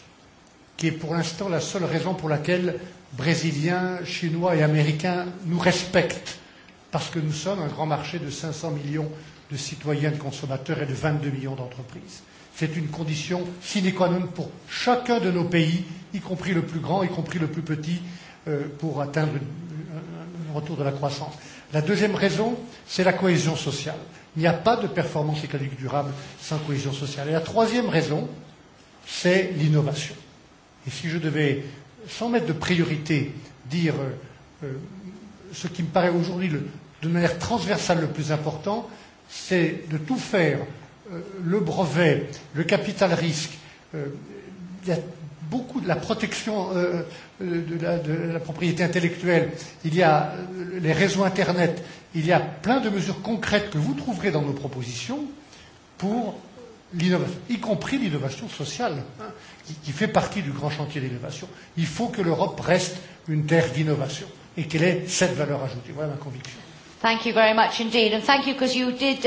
S2: qui est pour l'instant la seule raison pour laquelle Brésiliens, Chinois et Américains nous respectent, parce que nous sommes un grand marché de 500 millions de citoyens, de consommateurs et de 22 millions d'entreprises. C'est une condition sine qua non pour chacun de nos pays, y compris le plus grand, y compris le plus petit, pour atteindre un retour de la croissance. La deuxième raison, c'est la cohésion sociale. Il n'y a pas de performance économique durable sans cohésion sociale. Et la troisième raison, c'est l'innovation. Et si je devais, sans mettre de priorité, dire ce qui me paraît aujourd'hui de manière transversale le plus important, c'est de tout faire, le brevet, le capital risque, beaucoup de la protection de la de la propriété intellectuelle, il y a les réseaux internet, il y a plein de mesures concrètes que vous trouverez dans nos propositions pour l'innovation, y compris l'innovation sociale, qui fait partie du grand chantier d'innovation. Il faut que l'Europe reste une terre d'innovation et qu'elle ait cette valeur ajoutée. Voilà ma conviction.
S1: Thank you very much indeed. And thank you because you did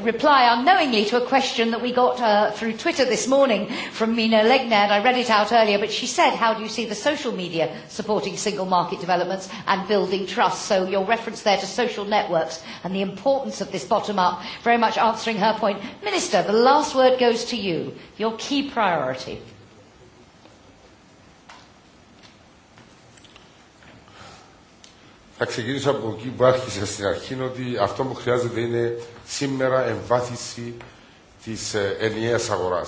S1: reply unknowingly to a question that we got through Twitter this morning from Mina Legnad. I read it out earlier, but she said, how do you see the social media supporting single market developments and building trust? So your reference there to social networks and the importance of this bottom-up, very much answering her point. Minister, the last word goes to you, your key priority.
S3: Θα ξεκινήσω από εκεί που άρχισα στην αρχή, ότι αυτό που χρειάζεται είναι σήμερα εμβάθυνση τη ε, ενιαία αγορά.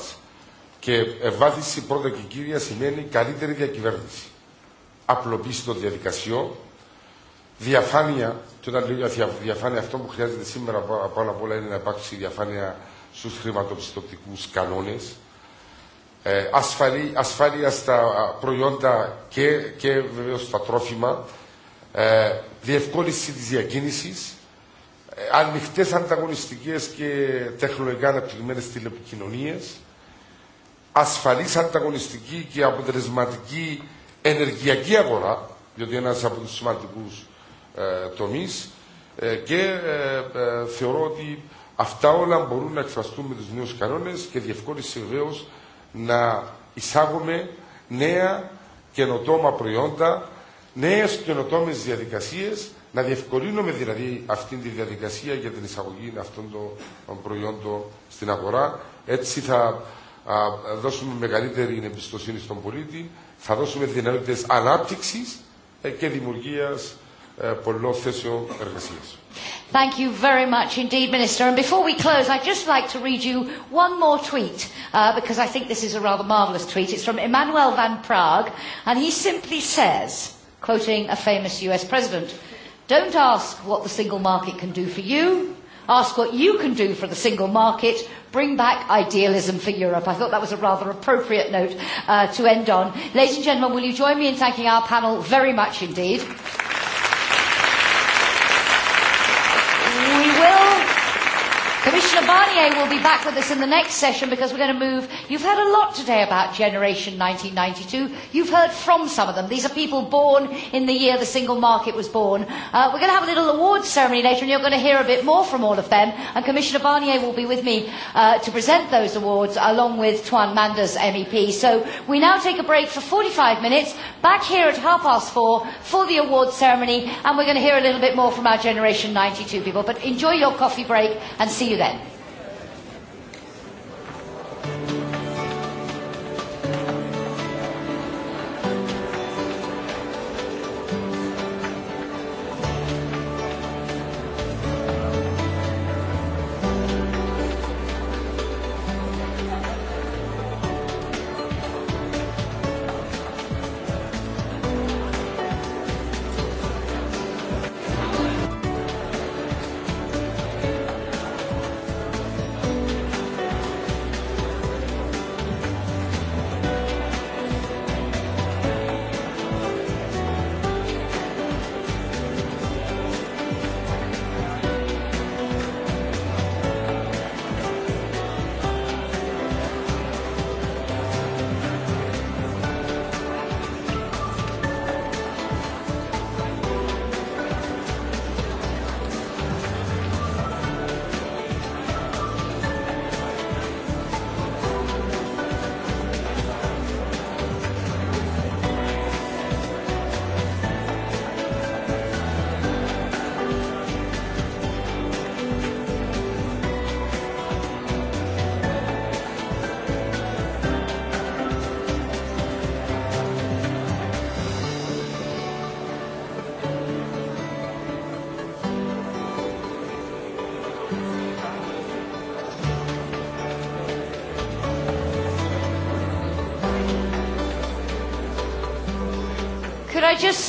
S3: Και εμβάθυνση πρώτα και κύρια σημαίνει καλύτερη διακυβέρνηση. Απλοποίηση των διαδικασιών, διαφάνεια, και όταν λέω διαφάνεια, αυτό που χρειάζεται σήμερα πάνω απ' όλα είναι να υπάρξει διαφάνεια στου χρηματοπιστωτικού κανόνε, ε, ασφάλεια στα προϊόντα και, και βεβαίω στα τρόφιμα, ε, διευκόλυνση της διακίνησης, ε, ανοιχτές ανταγωνιστικές και τεχνολογικά αναπτυγμένες τηλεπικοινωνίες, ασφαλής ανταγωνιστική και αποτελεσματική ενεργειακή αγορά, διότι ένας από τους σημαντικούς ε, τομείς, ε, και ε, ε, θεωρώ ότι αυτά όλα μπορούν να εκφραστούν με τους νέους κανόνες και διευκόλυνση βεβαίω να εισάγουμε νέα καινοτόμα προϊόντα νέε καινοτόμε διαδικασίε, να διευκολύνουμε δηλαδή αυτή τη διαδικασία για την εισαγωγή αυτών των προϊόντων στην αγορά. Έτσι θα δώσουμε μεγαλύτερη εμπιστοσύνη στον πολίτη, θα δώσουμε δυνατότητε ανάπτυξη ε, και δημιουργία ε, πολλών θέσεων εργασία.
S1: Thank you very much indeed, Minister. And before we close, I'd just like to read you one more tweet, uh, because I think this is a rather marvellous tweet. It's from Emmanuel van Praag, and he simply says, quoting a famous US president. Don't ask what the single market can do for you. Ask what you can do for the single market. Bring back idealism for Europe. I thought that was a rather appropriate note to end on. Ladies and gentlemen, will you join me in thanking our panel very much indeed. Commissioner Barnier will be back with us in the next session because we're going to move. You've heard a lot today about Generation 1992. You've heard from some of them. These are people born in the year the single market was born. Uh, we're going to have a little awards ceremony later and you're going to hear a bit more from all of them. And Commissioner Barnier will be with me uh, to present those awards along with Tuan Manders MEP. So we now take a break for 45 minutes back here at half past four for the awards ceremony and we're going to hear a little bit more from our Generation 92 people. But enjoy your coffee break and see you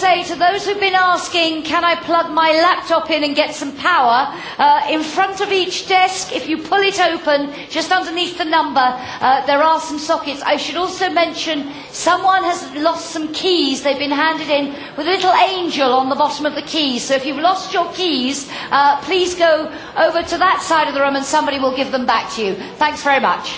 S1: say to those who've been asking, can I plug my laptop in and get some power, in front of each desk, if you pull it open, just underneath the number, there are some sockets. I should also mention someone has lost some keys. They've been handed in with a little angel on the bottom of the keys. So if you've lost your keys, please go over to that side of the room and somebody will give them back to you. Thanks very much.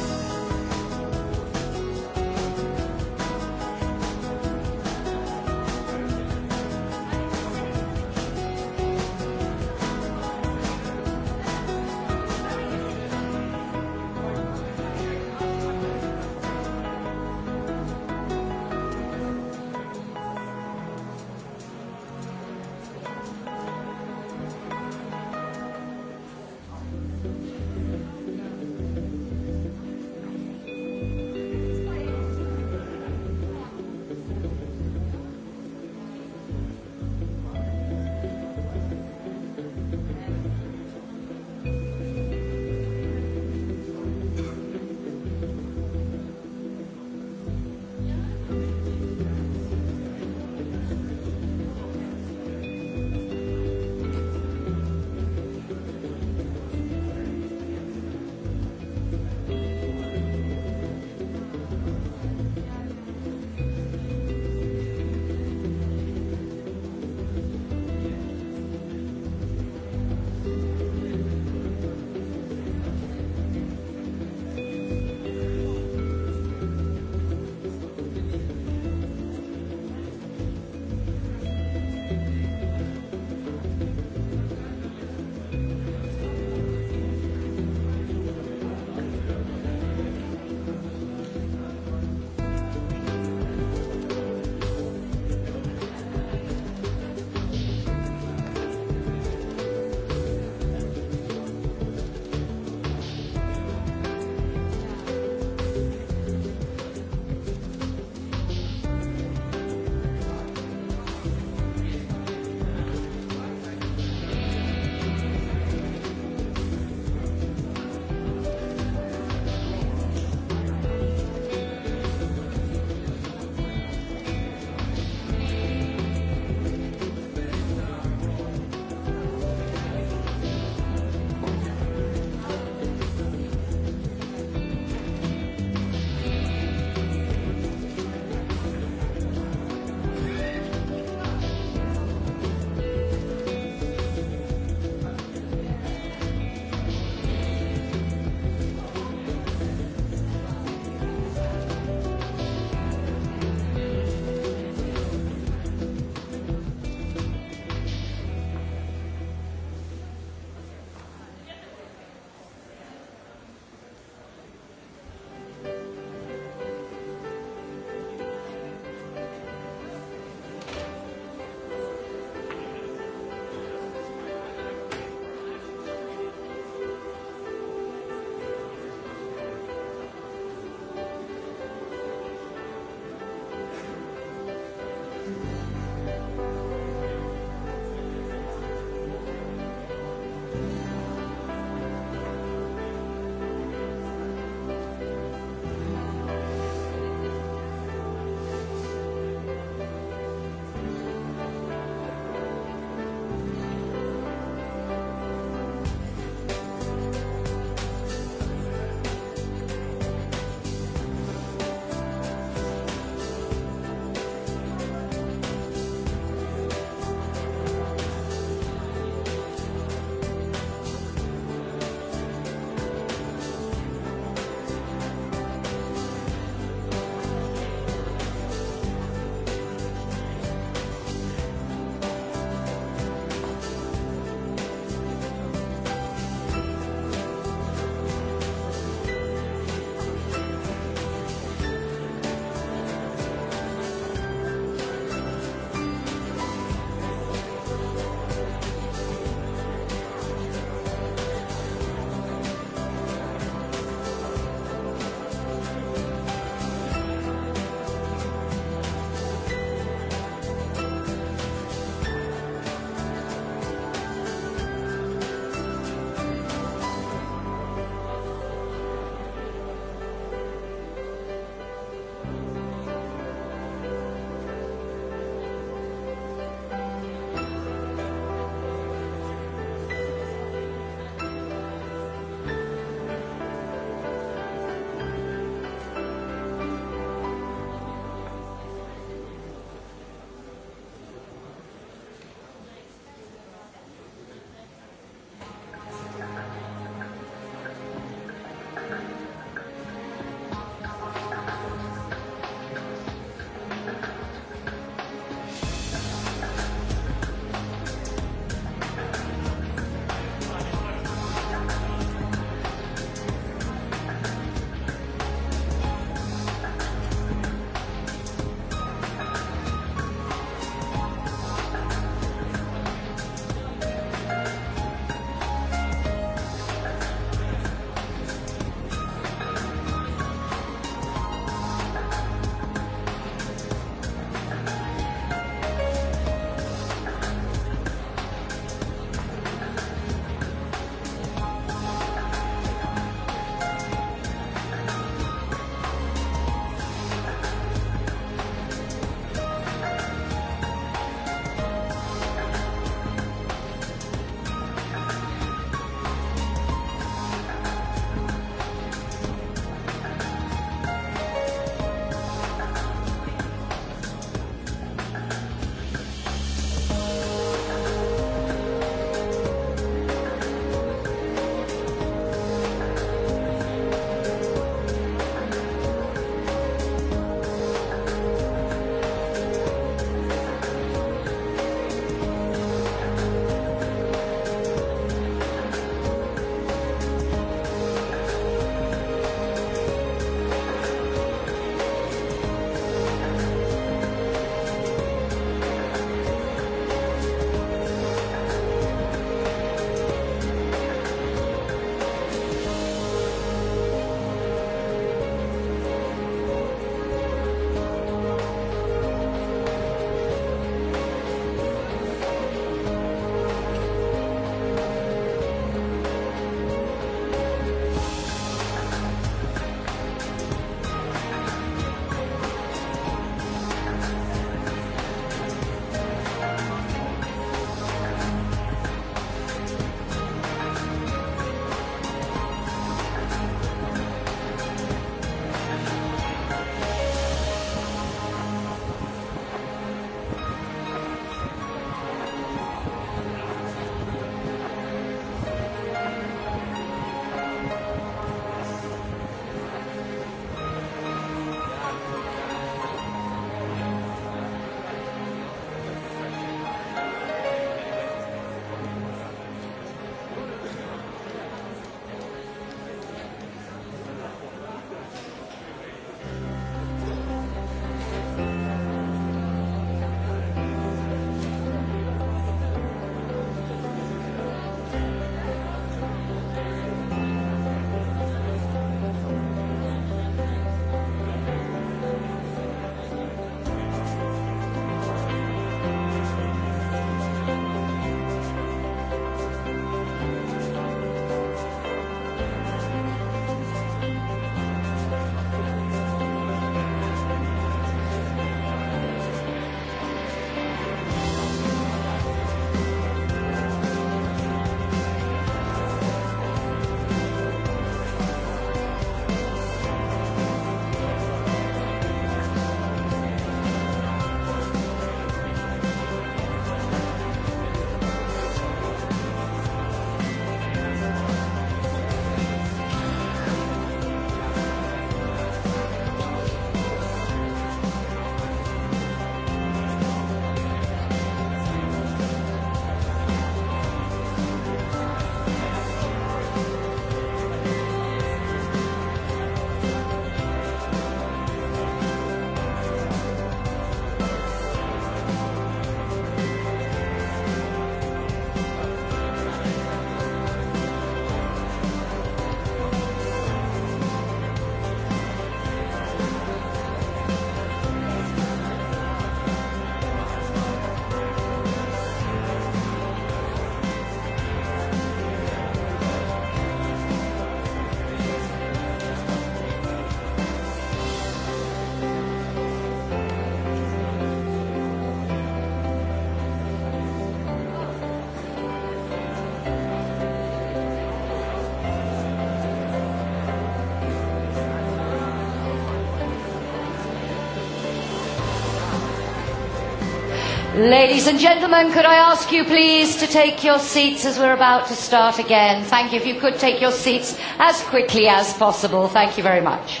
S1: Ladies and gentlemen, could I ask you please to take your seats as we're about to start again? Thank you. If you could take your seats as quickly as possible. Thank you very much.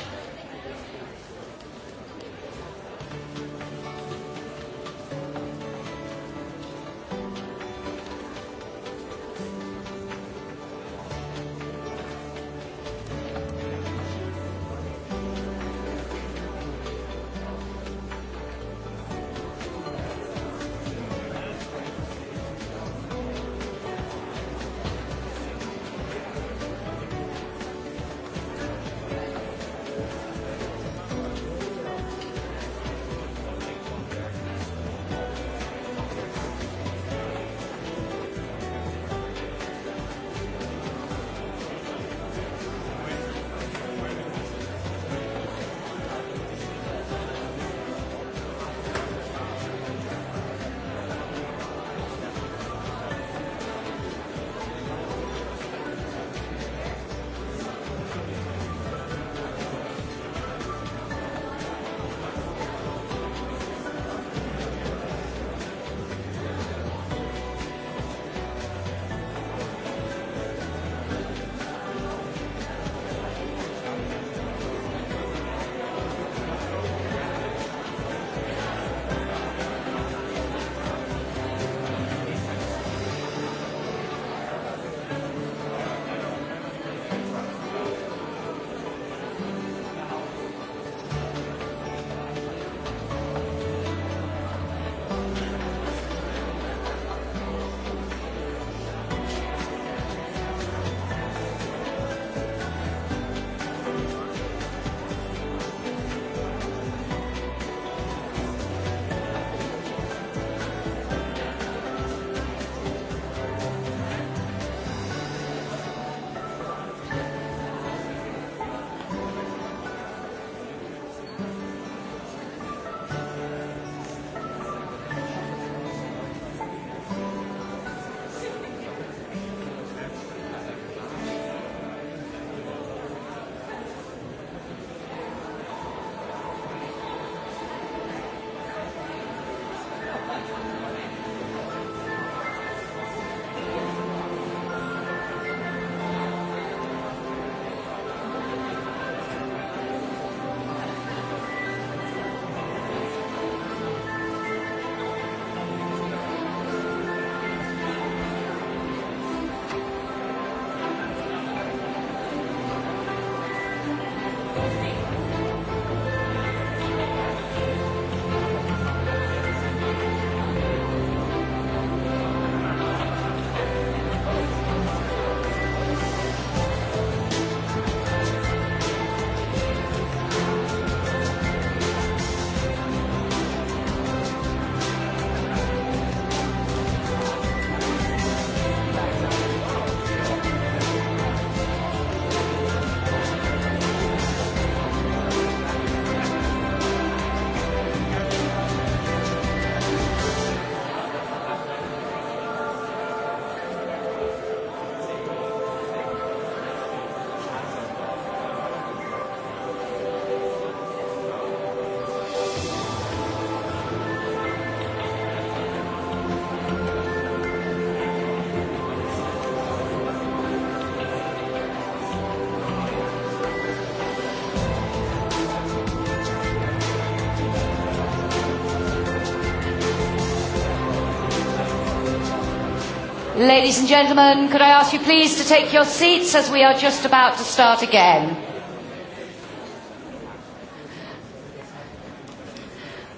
S1: Ladies and gentlemen, could I ask you please to take your seats as we are just about to start again.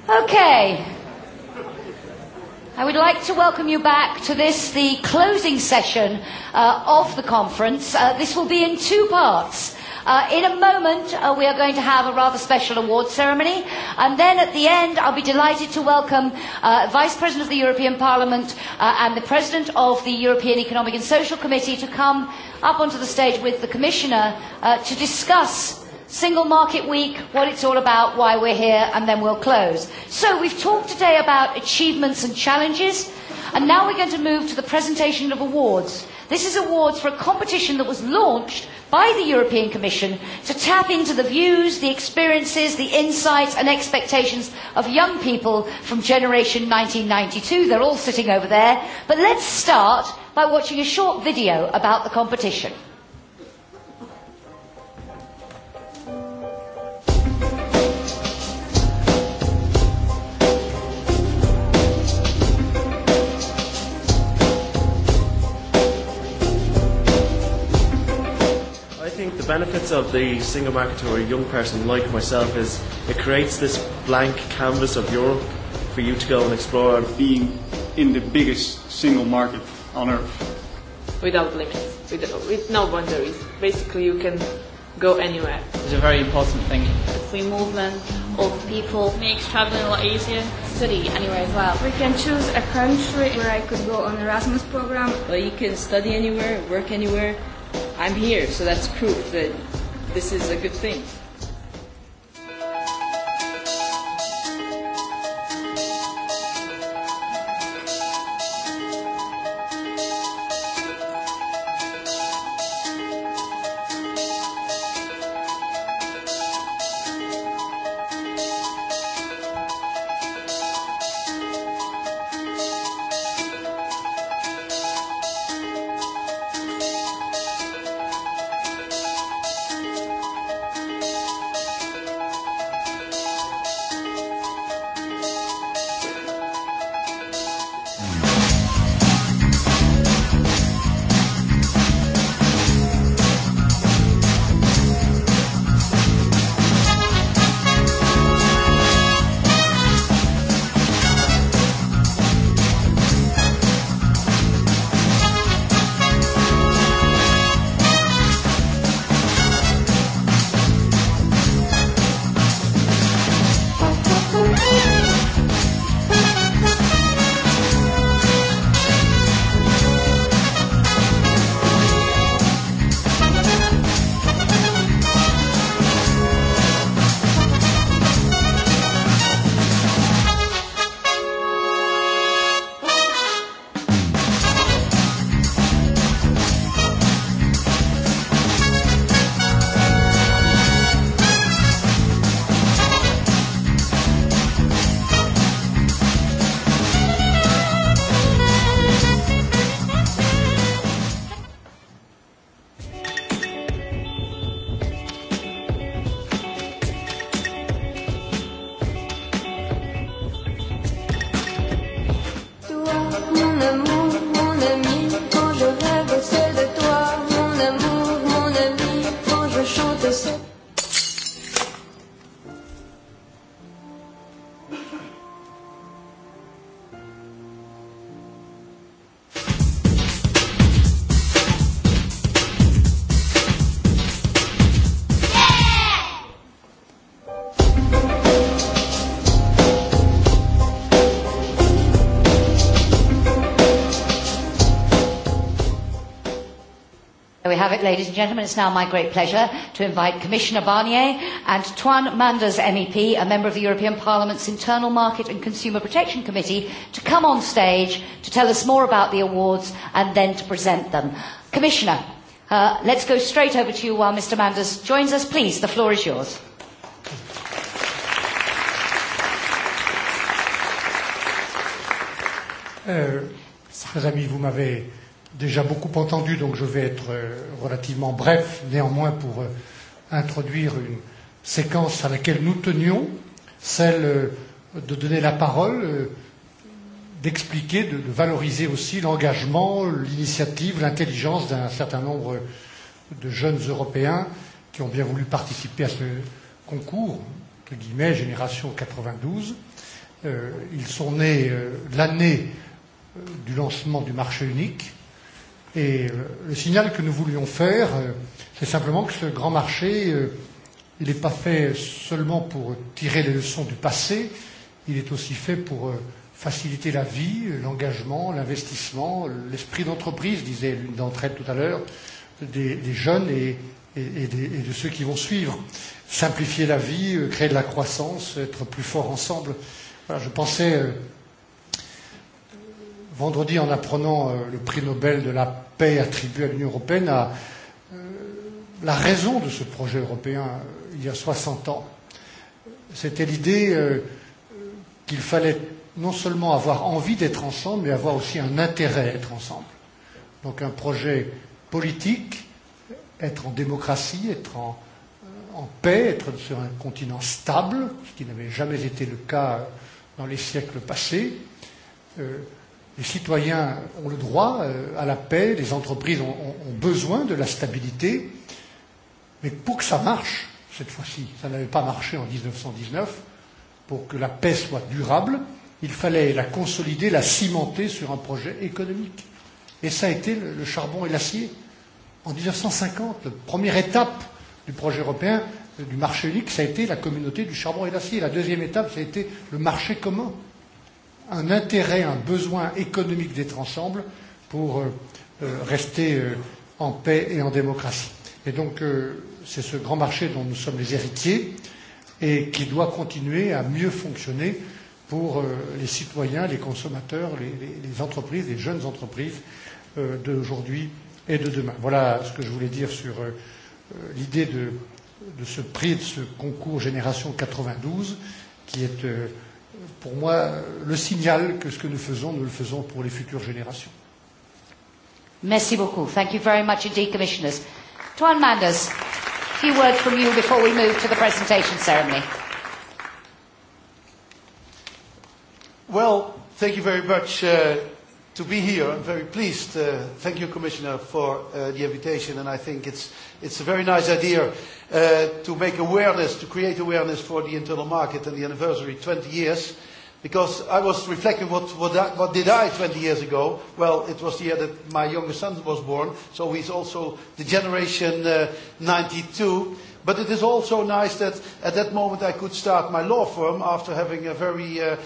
S1: Okay. I would like to welcome you back to this, the closing session of the conference. This will be in two parts. In a moment, we are going to have a rather special award ceremony, and then at the end, I'll be delighted to welcome Vice President of the European Parliament, and the President of the European Economic and Social Committee to come up onto the stage with the Commissioner to discuss Single Market Week, what it's all about, why we're here, and then we'll close. So we've talked today about achievements and challenges, and now we're going to move to the presentation of awards. This is awards for a competition that was launched by the European Commission to tap into the views, the experiences, the insights and expectations of young people from Generation 1992. They're all sitting over there. But let's start by watching a short video about the competition.
S22: think the
S23: benefits of the single market to a young person like myself is it creates this blank canvas of Europe for you to go and explore. Being in the biggest single market
S17: on earth.
S14: Without limits, with, with no boundaries. Basically, you can go anywhere. It's a
S17: very important thing.
S14: Free movement of people makes traveling a lot easier. Study anywhere as well. We can choose a country where I could go on Erasmus program. Or you can study anywhere, work anywhere I'm here, so that's proof that this is a good thing.
S1: have it, ladies and gentlemen, it's now my great pleasure to invite Commissioner Barnier and Tuan Manders MEP, a member of the European Parliament's Internal Market and Consumer Protection Committee, to come on stage to tell us more about the awards and then to present them. Commissioner, let's go straight over to you while Mr. Manders joins us. Please, the floor is yours.
S2: vous m'avez déjà beaucoup entendu, donc je vais être relativement bref, néanmoins pour introduire une séquence à laquelle nous tenions, celle de donner la parole, d'expliquer, de valoriser aussi l'engagement, l'initiative, l'intelligence d'un certain nombre de jeunes Européens qui ont bien voulu participer à ce concours, entre guillemets, Génération 92. Ils sont nés l'année du lancement du marché unique Et le signal que nous voulions faire, c'est simplement que ce grand marché, il n'est pas fait seulement pour tirer les leçons du passé, il est aussi fait pour faciliter la vie, l'engagement, l'investissement, l'esprit d'entreprise, disait l'une d'entre elles tout à l'heure, des, des jeunes et, et, et, des, et de ceux qui vont suivre. Simplifier la vie, créer de la croissance, être plus fort ensemble. Voilà, je pensais vendredi en apprenant le prix Nobel de la paix attribué à l'Union européenne à la raison de ce projet européen il y a 60 ans. C'était l'idée qu'il fallait non seulement avoir envie d'être ensemble, mais avoir aussi un intérêt à être ensemble. Donc un projet politique, être en démocratie, être en, en paix, être sur un continent stable, ce qui n'avait jamais été le cas dans les siècles passés, Les citoyens ont le droit à la paix, les entreprises ont besoin de la stabilité, mais pour que ça marche, cette fois-ci, ça n'avait pas marché en 1919, pour que la paix soit durable, il fallait la consolider, la cimenter sur un projet économique. Et ça a été le charbon et l'acier. En 1950, la première étape du projet européen du marché unique, ça a été la communauté du charbon et de l'acier. La deuxième étape, ça a été le marché commun un intérêt, un besoin économique d'être ensemble pour rester en paix et en démocratie. Et donc, c'est ce grand marché dont nous sommes les héritiers et qui doit continuer à mieux fonctionner pour les citoyens, les consommateurs, les entreprises, les jeunes entreprises d'aujourd'hui et de demain. Voilà ce que je voulais dire sur l'idée de ce prix, de ce concours Génération 92, qui est pour moi, le signal que ce que nous faisons, nous le faisons pour les futures générations.
S1: Merci beaucoup. Thank you very much indeed, Commissioners. Tuan Manders, a few words from you before we move to the presentation ceremony.
S24: Well, thank you very much to be here. I'm very pleased. Thank you, Commissioner, for the invitation, and I think it's it's a very nice idea to make awareness, to create awareness for the internal market and the anniversary 20 years Because I was reflecting what, what, what did I 20 years ago? Well, it was the year that my youngest son was born, so he's also the generation 92. But it is also nice that at that moment I could start my law firm after having a very, uh,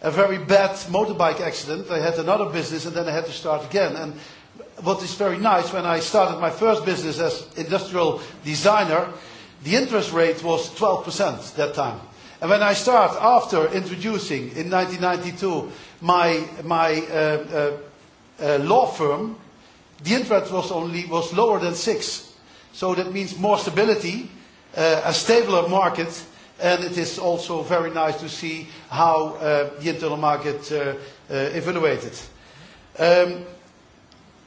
S24: a very bad motorbike accident. I had another business and then I had to start again. And what is very nice, when I started my first business as industrial designer, the interest rate was 12% that time. And when I start after introducing in 1992 my my law firm, the interest was only was lower than six. So that means more stability, a stabler market, and it is also very nice to see how the internal market evaluated.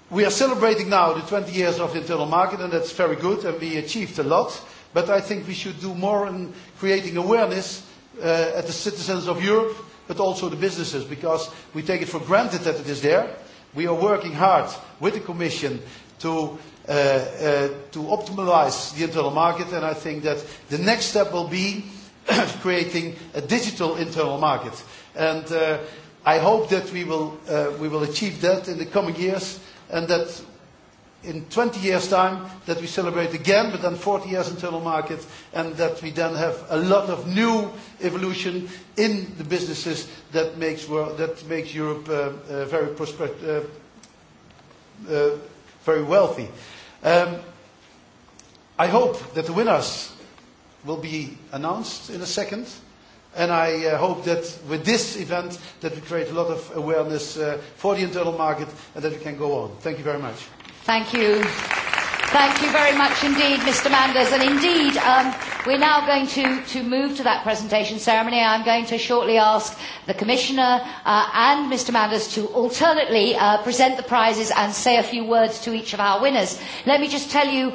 S24: We are celebrating now the 20 years of the internal market, and that's very good, and we achieved a lot. But I think we should do more in creating awareness at the citizens of Europe, but also the businesses, because we take it for granted that it is there. We are working hard with the Commission to to optimize the internal market, and I think that the next step will be creating a digital internal market. And I hope that we will we will achieve that in the coming years, and that in 20 years' time that we celebrate again, but then 40 years internal market, and that we then have a lot of new evolution in the businesses that makes, that makes Europe very, uh, very wealthy. Um, I hope that the winners will be announced in a second. And I hope that with this event that we create a lot of awareness for the internal market and that we can go on. Thank you very much.
S1: Thank you. Thank you very much indeed, Mr. Manders. And indeed, um, we're now going to, to move to that presentation ceremony. I'm going to shortly ask the Commissioner and Mr. Manders to alternately present the prizes and say a few words to each of our winners. Let me just tell you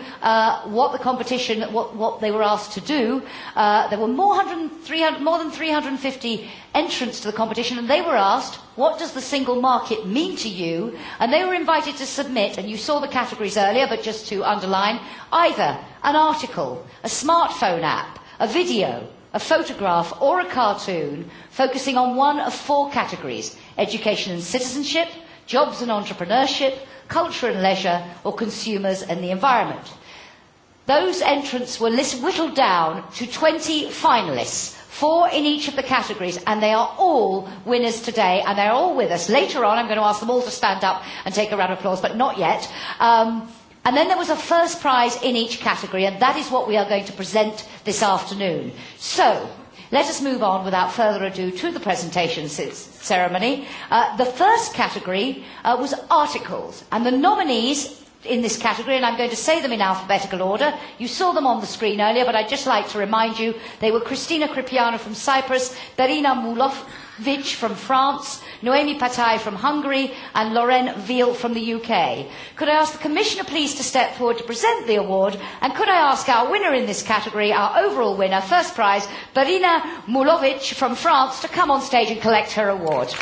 S1: what the competition, what, what they were asked to do. there were more, more than 350 entrants to the competition, and they were asked what does the single market mean to you? And they were invited to submit, and you saw the categories earlier, but just to underline, either an article, a smartphone app, a video, a photograph or a cartoon focusing on one of four categories, education and citizenship, jobs and entrepreneurship, culture and leisure, or consumers and the environment. Those entrants were whittled down to 20 finalists Four in each of the categories, and they are all winners today, and they're all with us. Later on, I'm going to ask them all to stand up and take a round of applause, but not yet. Um, and then there was a first prize in each category, and that is what we are going to present this afternoon. So, let us move on without further ado to the presentation ceremony. Uh, the first category uh, was articles, and the nominees in this category, and I'm going to say them in alphabetical order. You saw them on the screen earlier, but I'd just like to remind you they were Christina Kripiana from Cyprus, Berina Mulovic from France, Noemi Patai from Hungary, and Lorraine Veal from the UK. Could I ask the Commissioner please to step forward to present the award, and could I ask our winner in this category, our overall winner, first prize, Berina Mulovic from France, to come on stage and collect her award.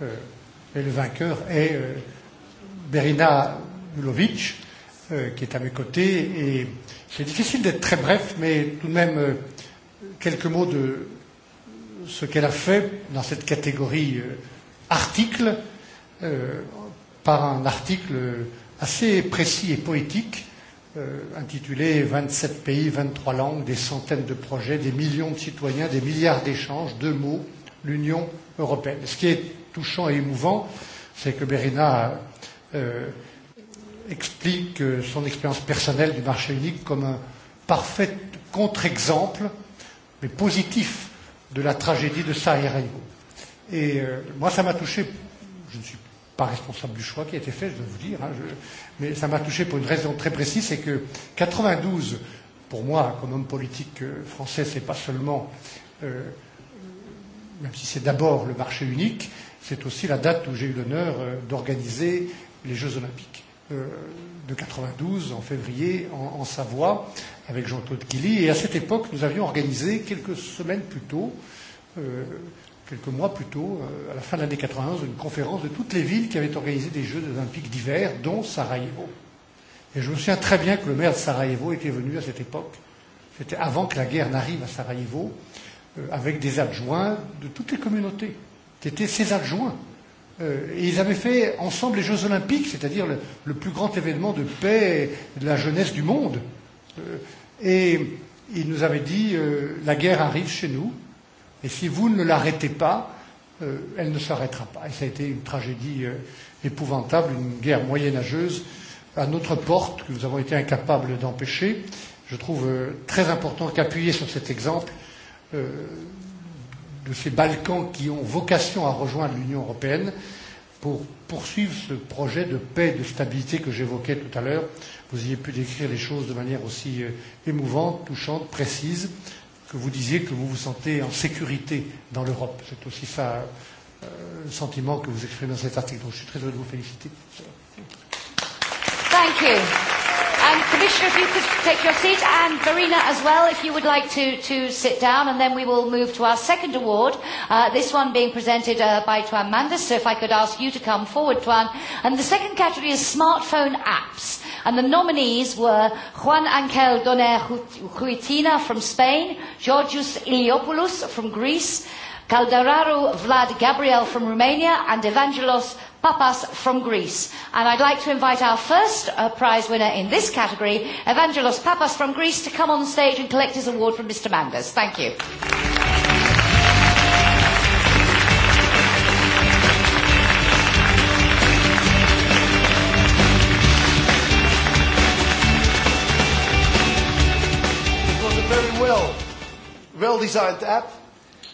S2: et le vainqueur est Berina Mulovic, qui est à mes côtés. Et c'est difficile d'être très bref, mais tout de même quelques mots de ce qu'elle a fait dans cette catégorie article, par un article assez précis et poétique, intitulé 27 pays, 23 langues, des centaines de projets, des millions de citoyens, des milliards d'échanges, deux mots, l'Union européenne. Ce qui est touchant et émouvant, c'est que Berina explique son expérience personnelle du marché unique comme un parfait contre-exemple, mais positif, de la tragédie de Sarajevo. Et moi, ça m'a touché, je ne suis pas responsable du choix qui a été fait, je dois vous dire, mais ça m'a touché pour une raison très précise, c'est que 92, pour moi, comme homme politique français, c'est pas seulement, même si c'est d'abord le marché unique, c'est aussi la date où j'ai eu l'honneur d'organiser les Jeux Olympiques de 92 en février en Savoie avec Jean-Claude Guilly, Et à cette époque, nous avions organisé quelques semaines plus tôt, quelques mois plus tôt, à la fin de l'année 91, une conférence de toutes les villes qui avaient organisé des Jeux Olympiques d'hiver, dont Sarajevo. Et je me souviens très bien que le maire de Sarajevo était venu à cette époque. C'était avant que la guerre n'arrive à Sarajevo, avec des adjoints de toutes les communautés qui était ses adjoints. Et ils avaient fait ensemble les Jeux Olympiques, c'est-à-dire le plus grand événement de paix de la jeunesse du monde. Et il nous avait dit la guerre arrive chez nous, et si vous ne l'arrêtez pas, elle ne s'arrêtera pas. Et ça a été une tragédie épouvantable, une guerre moyenâgeuse à notre porte que nous avons été incapables d'empêcher. Je trouve très important qu'appuyer sur cet exemple de ces Balkans qui ont vocation à rejoindre l'Union européenne pour poursuivre ce projet de paix et de stabilité que j'évoquais tout à l'heure. Vous ayez pu décrire les choses de manière aussi émouvante, touchante, précise, que vous disiez que vous vous sentez en sécurité dans l'Europe. C'est aussi ça le sentiment que vous exprimez dans cet article. Donc je suis très heureux de vous féliciter.
S1: Thank you. And Commissioner, if you could take your seat, and Verena as well, if you would like to, to sit down, and then we will move to our second award, uh, this one being presented uh, by Tuan Mandis. so if I could ask you to come forward, Tuan. And the second category is smartphone apps, and the nominees were Juan Angel Doner Huitina from Spain, Georgios Iliopoulos from Greece, Caldararu Vlad Gabriel from Romania and Evangelos Papas from Greece. And I'd like to invite our first prize winner in this category, Evangelos Papas from Greece, to come on stage and collect his award from Mr. Mangas. Thank you.
S24: It was a very well, well-designed app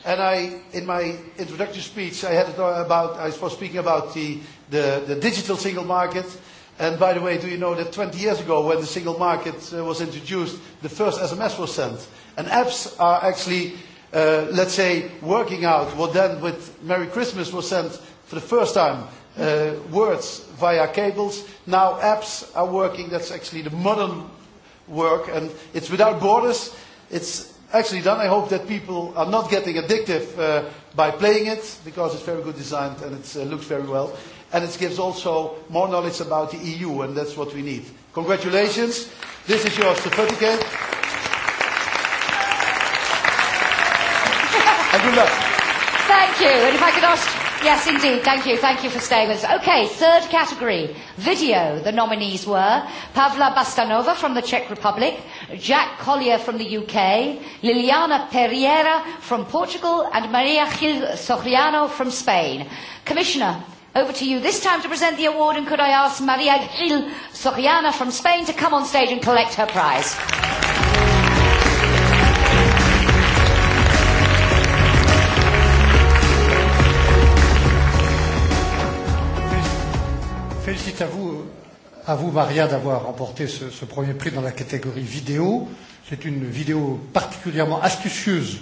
S24: And I, in my introductory speech, I had about, I was speaking about the, the, the digital single market. And by the way, do you know that 20 years ago, when the single market was introduced, the first SMS was sent. And apps are actually, let's say, working out what then with Merry Christmas was sent for the first time, words via cables. Now apps are working. That's actually the modern work. And it's without borders. It's actually done, I hope that people are not getting addictive by playing it because it's very good designed and it looks very well. And it gives also more knowledge about the EU and that's what we need. Congratulations. This is your certificate.
S3: And good luck.
S1: Thank you. And if I could ask Yes, indeed. Thank you. Thank you for staying with us. Okay, third category, video. The nominees were Pavla Bastanova from the Czech Republic, Jack Collier from the UK, Liliana Pereira from Portugal, and Maria Gil Soriano from Spain. Commissioner, over to you this time to present the award, and could I ask Maria Gil Soriano from Spain to come on stage and collect her prize
S2: à vous, Maria, d'avoir remporté ce, ce premier prix dans la catégorie vidéo. C'est une vidéo particulièrement astucieuse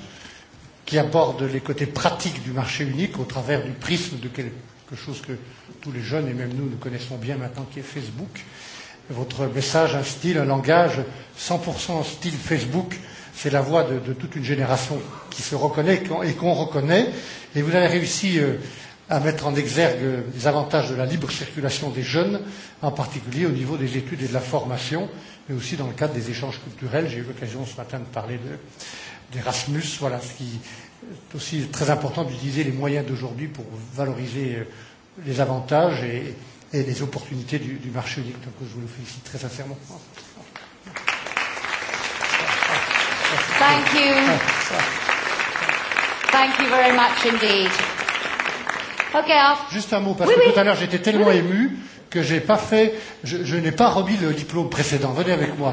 S2: qui aborde les côtés pratiques du marché unique au travers du prisme de quelque chose que tous les jeunes et même nous, nous connaissons bien maintenant, qui est Facebook. Votre message, un style, un langage 100% style Facebook, c'est la voix de, de toute une génération qui se reconnaît et qu'on reconnaît. Et vous avez réussi à mettre en exergue les avantages de la libre circulation des jeunes, en particulier au niveau des études et de la formation, mais aussi dans le cadre des échanges culturels. J'ai eu l'occasion ce matin de parler d'Erasmus, voilà, ce qui est aussi très important d'utiliser les moyens d'aujourd'hui pour valoriser les avantages et, et les opportunités du, du marché unique. Donc je vous le félicite très sincèrement.
S1: Thank you. Thank you very much indeed.
S2: Juste un mot, parce que tout à l'heure j'étais tellement ému que j'ai pas fait, je, n'ai pas remis le diplôme précédent. Venez avec moi.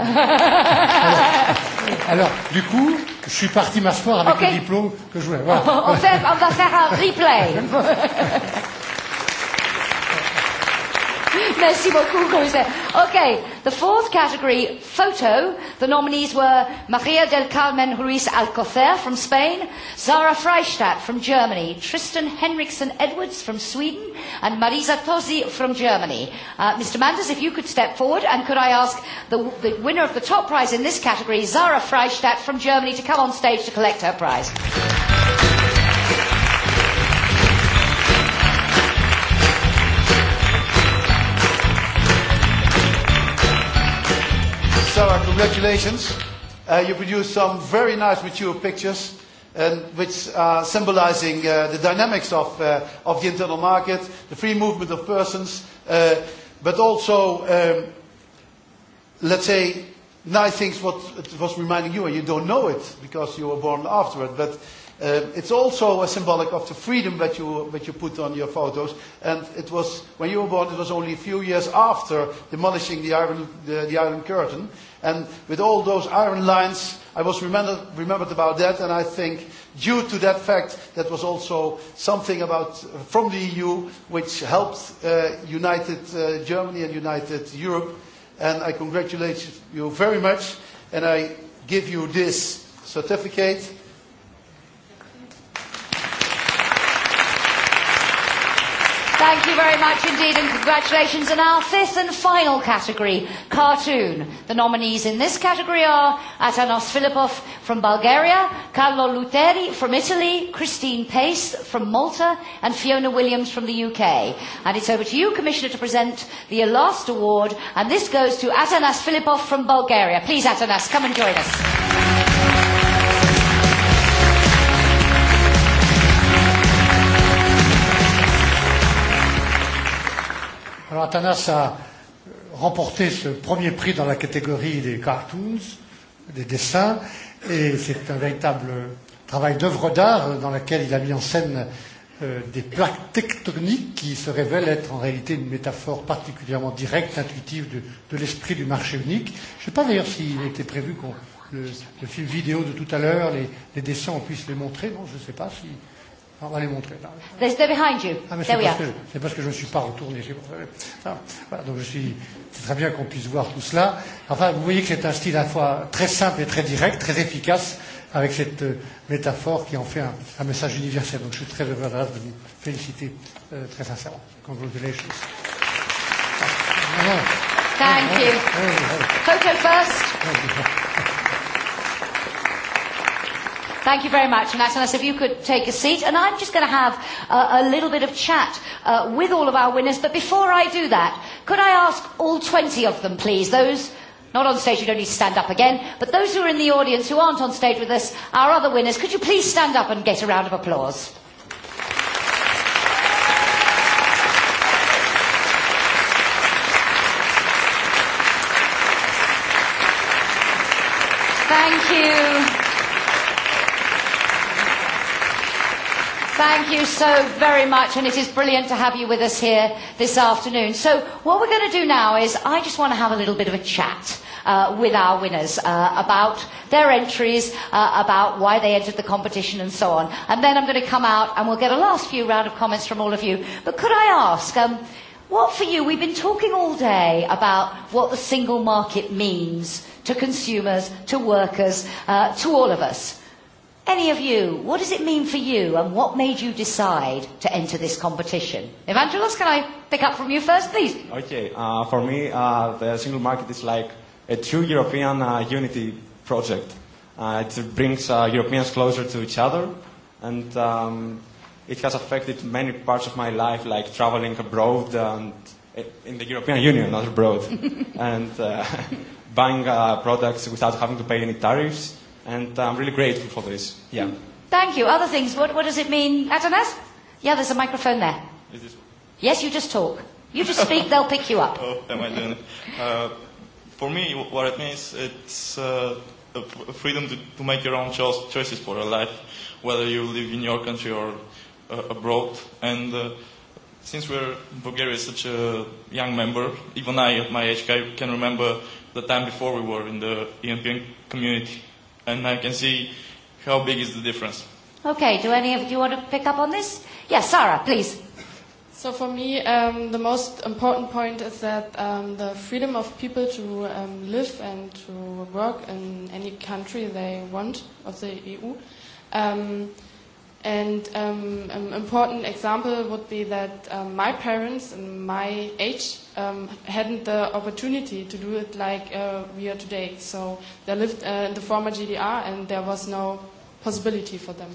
S2: alors, du coup, je suis parti m'asseoir avec le diplôme que je voulais. on, va
S1: faire un replay. Merci beaucoup, Okay, the fourth category, photo. The nominees were Maria del Carmen Ruiz Alcocer from Spain, Zara Freistadt from Germany, Tristan Henriksen Edwards from Sweden, and Marisa Tosi from Germany. Mr. Manders, if you could step forward, and could I ask the winner of the top prize in this category, Zara Freistadt from Germany, to come on stage to collect her prize.
S24: Sarah, congratulations. you produced some very nice mature pictures, and which are symbolizing the dynamics of, of the internal market, the free movement of persons, but also, let's say, nice things what was reminding you, and you don't know it because you were born afterward, but It's also a symbolic of the freedom that you that you put on your photos. And it was when you were born, it was only a few years after demolishing the Iron the Iron Curtain. And with all those iron lines, I was remembered remembered about that. And I think due to that fact, that was also something about from the EU which helped united Germany and united Europe. And I congratulate you very much. And I give you this certificate
S1: Thank you very much indeed and congratulations. And our fifth and final category, cartoon. The nominees in this category are Atanas Filipov from Bulgaria, Carlo Luteri from Italy, Christine Pace from Malta and Fiona Williams from the UK. And it's over to you, Commissioner, to present the last award. And this goes to Atanas Filipov from Bulgaria. Please, Atanas, come and join us.
S2: Athanas a remporté ce premier prix dans la catégorie des cartoons, des dessins, et c'est un véritable travail d'œuvre d'art dans lequel il a mis en scène des plaques tectoniques qui se révèlent être en réalité une métaphore particulièrement directe, intuitive de l'esprit du marché unique. Je ne sais pas d'ailleurs s'il était prévu qu'on le film vidéo de tout à l'heure, les dessins, on puisse les montrer. Non, je ne sais pas si On va montrer. Là.
S1: behind you. Ah, There we are.
S2: C'est parce que je ne suis pas retourné. Voilà, donc je suis. C'est très bien qu'on puisse voir tout cela. Enfin, vous voyez que c'est un style à la fois très simple et très direct, très efficace, avec cette métaphore qui en fait un, un message universel. Donc je suis très heureux de vous féliciter très sincèrement. Congratulations. Thank you.
S8: first.
S1: Thank you very much. And if you could take a seat. And I'm just going to have a little bit of chat with all of our winners. But before I do that, could I ask all 20 of them, please, those not on stage, you don't need to stand up again, but those who are in the audience who aren't on stage with us, our other winners, could you please stand up and get a round of applause? Thank you. Thank you so very much, and it is brilliant to have you with us here this afternoon. So what we're going to do now is I just want to have a little bit of a chat with our winners about their entries, about why they entered the competition and so on. And then I'm going to come out and we'll get a last few round of comments from all of you. But could I ask, um what for you, we've been talking all day about what the single market means to consumers, to workers, to all of us. Any of you, what does it mean for you and what made you decide to enter this competition? Evangelos, can I pick up from you first, please?
S22: Okay, uh, for me, uh, the single market is like a true European uh, unity project. Uh, it brings uh, Europeans closer to each other and um, it has affected many parts of my life, like traveling abroad and in the European Union, not abroad, and uh, buying uh, products without having to pay any tariffs and I'm really grateful for this. Yeah.
S1: Thank you. Other things, what, what does it mean? Atanas? Yeah, there's a microphone there. Yes, you just talk. You just speak, they'll pick you up.
S23: Oh, am I doing it? For me, what it means, it's uh, freedom to, to make your own cho choices for your life, whether you live in your country or uh, abroad. And uh, since we're Bulgaria is such a young member, even I at my age I can remember the time before we were in the European community and I can see how big is the difference.
S1: Okay, do any
S14: of you want to pick up on this? Yes, Sarah, please. So for me, um, the most important point is that um, the freedom of people to um, live and to work in any country they want of the EU um, And um, an important example would be that my parents and my age um, hadn't the opportunity to do it like we are today. So they lived in the former GDR and there was no possibility for them.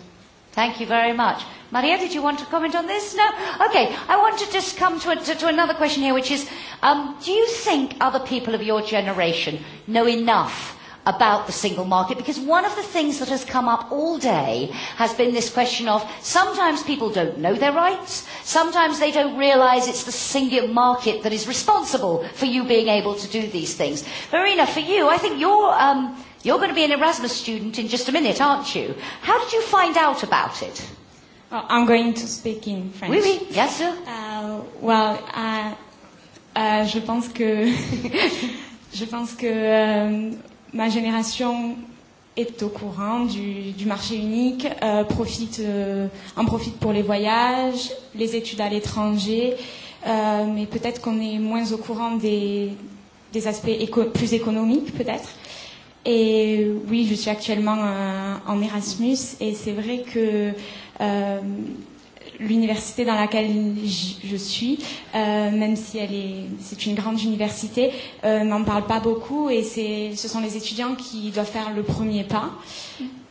S14: Thank you
S1: very much. Maria, did you want to comment on this? No? Okay, I want to just come to, to, another question here, which is, um, do you think other people of your generation know enough about the single market because one of the things that has come up all day has been this question of sometimes people don't know their rights, sometimes they don't realise it's the single market that is responsible for you being able to do these things. Marina, for you, I think you're, um, you're going to be an Erasmus student in just a minute, aren't you? How did you find out about it?
S6: I'm going to speak in French. Oui, oui, Yes, sir. Uh, well, uh, uh, je pense que... je pense que ma génération est au courant du, du marché unique, profite, en profite pour les voyages, les études à l'étranger, mais peut-être qu'on est moins au courant des, des aspects éco plus économiques, peut-être. Et oui, je suis actuellement en Erasmus, et c'est vrai que euh, l'université dans laquelle je suis, même si elle est, c'est une grande université, n'en parle pas beaucoup et ce sont les étudiants qui doivent faire le premier pas.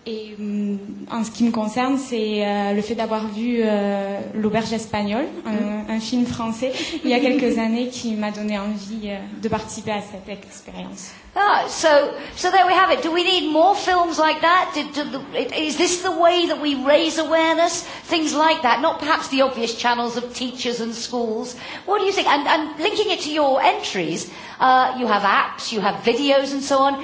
S6: Et en ce qui me concerne, c'est le fait d'avoir vu L'Auberge espagnole, un film français, il y a quelques années qui m'a donné envie de participer à cette expérience. Ah, so, so there
S1: we have it. Do we need more films like that? Did, did is this the way that we raise awareness? Things like that, not perhaps the obvious channels of teachers and schools. What do you think? And, and linking it to your entries, uh, you have apps, you have videos and so on.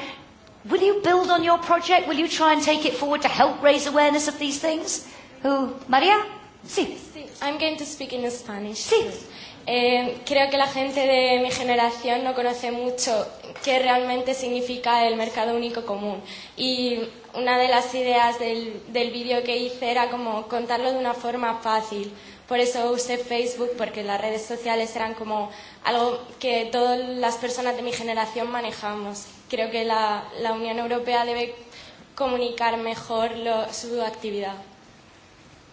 S1: Will you build on your project? Will you try and take it forward to help raise awareness of these things? Who, María? Sí.
S15: I'm going to speak in Spanish. Sí. Eh, creo que la gente de mi generación no conoce mucho qué realmente significa el mercado único común. Y una de las ideas del, del vídeo que hice era como contarlo de una forma fácil. Por eso usé Facebook, porque las redes sociales eran como algo que todas las personas de mi generación manejamos creo que la, la Unión Europea debe comunicar mejor lo, su actividad.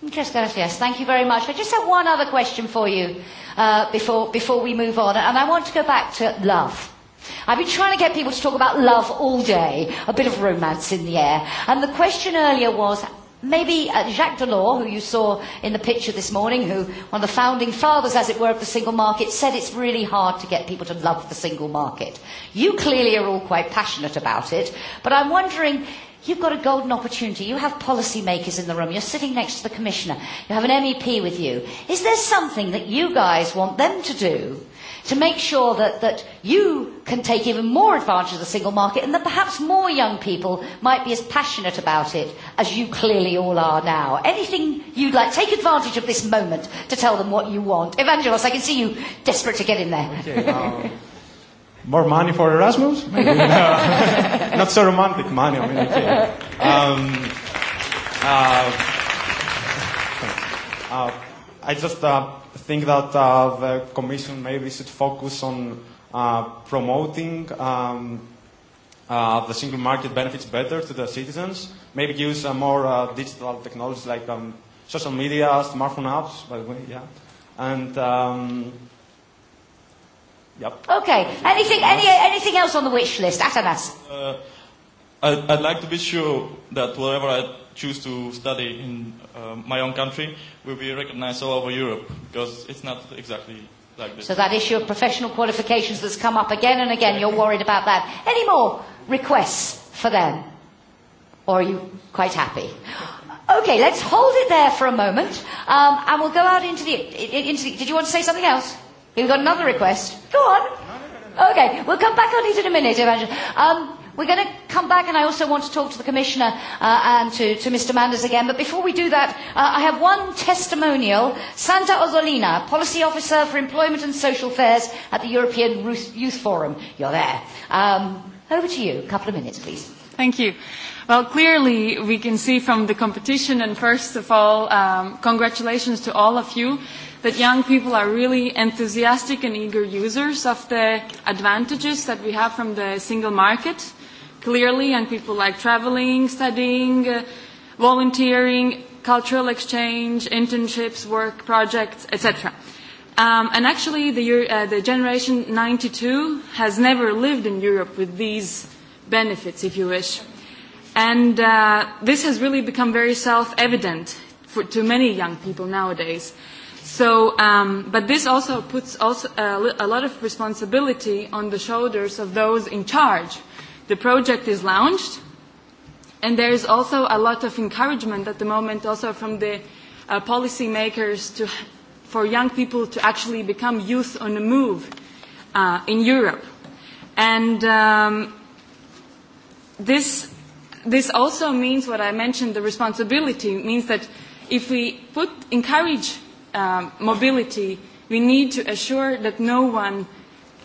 S1: Muchas gracias. Thank you very much. I just have one other question for you uh, before, before we move on, and I want to go back to love. I've been trying to get people to talk about love all day, a bit of romance in the air. And the question earlier was, Maybe Jacques Delors, who you saw in the picture this morning, who one of the founding fathers, as it were, of the single market, said it's really hard to get people to love the single market. You clearly are all quite passionate about it, but I'm wondering, you've got a golden opportunity. You have policy makers in the room. You're sitting next to the commissioner. You have an MEP with you. Is there something that you guys want them to do to make sure that, that you can take even more advantage of the single market and that perhaps more young people might be as passionate about it as you clearly all are now. Anything you'd like, take advantage of this moment to tell them what you want. Evangelos, I can see you desperate to get in there.
S22: More money for Erasmus? Maybe. Not so romantic money, I mean, Um, uh, I just think that the Commission maybe should focus on promoting um uh the single market benefits better to the citizens, maybe use more digital technologies like um social media, smartphone apps, by the way, yeah. And, yep.
S1: Okay, anything, any, anything else on the wish list? Atanas.
S23: I'd like to be sure that whatever I choose to study in my own country will be recognized all over Europe, because it's not exactly like this. So that issue of
S1: professional qualifications that's come up again and again, you're worried about that. Any more requests for them? Or are you quite happy? Okay, let's hold it there for a moment, um, and we'll go out into the, into the... Did you want to say something else? We've got another request. Go on. Okay, we'll come back on it in a minute, Evangeline. Um, We're going to come back, and I also want to talk to the Commissioner and to, to Mr. Manders again. But before we do that, I have one testimonial. Santa Ozolina, Policy Officer for Employment and Social Affairs
S14: at the European Youth Forum. You're there. Um, over to you. A couple of minutes, please. Thank you. Well, clearly, we can see from the competition, and first of all, um, congratulations to all of you that young people are really enthusiastic and eager users of the advantages that we have from the single market Clearly, young people like travelling, studying, volunteering, cultural exchange, internships, work projects, etc. And actually, the generation 92 has never lived in Europe with these benefits, if you wish. And this has really become very self-evident to many young people nowadays. So, but this also puts also a lot of responsibility on the shoulders of those in charge The project is launched, and there is also a lot of encouragement at the moment also from the policymakers for young people to actually become youth on the move in Europe. And this also means what I mentioned, the responsibility means that if we put encourage mobility, we need to assure that no one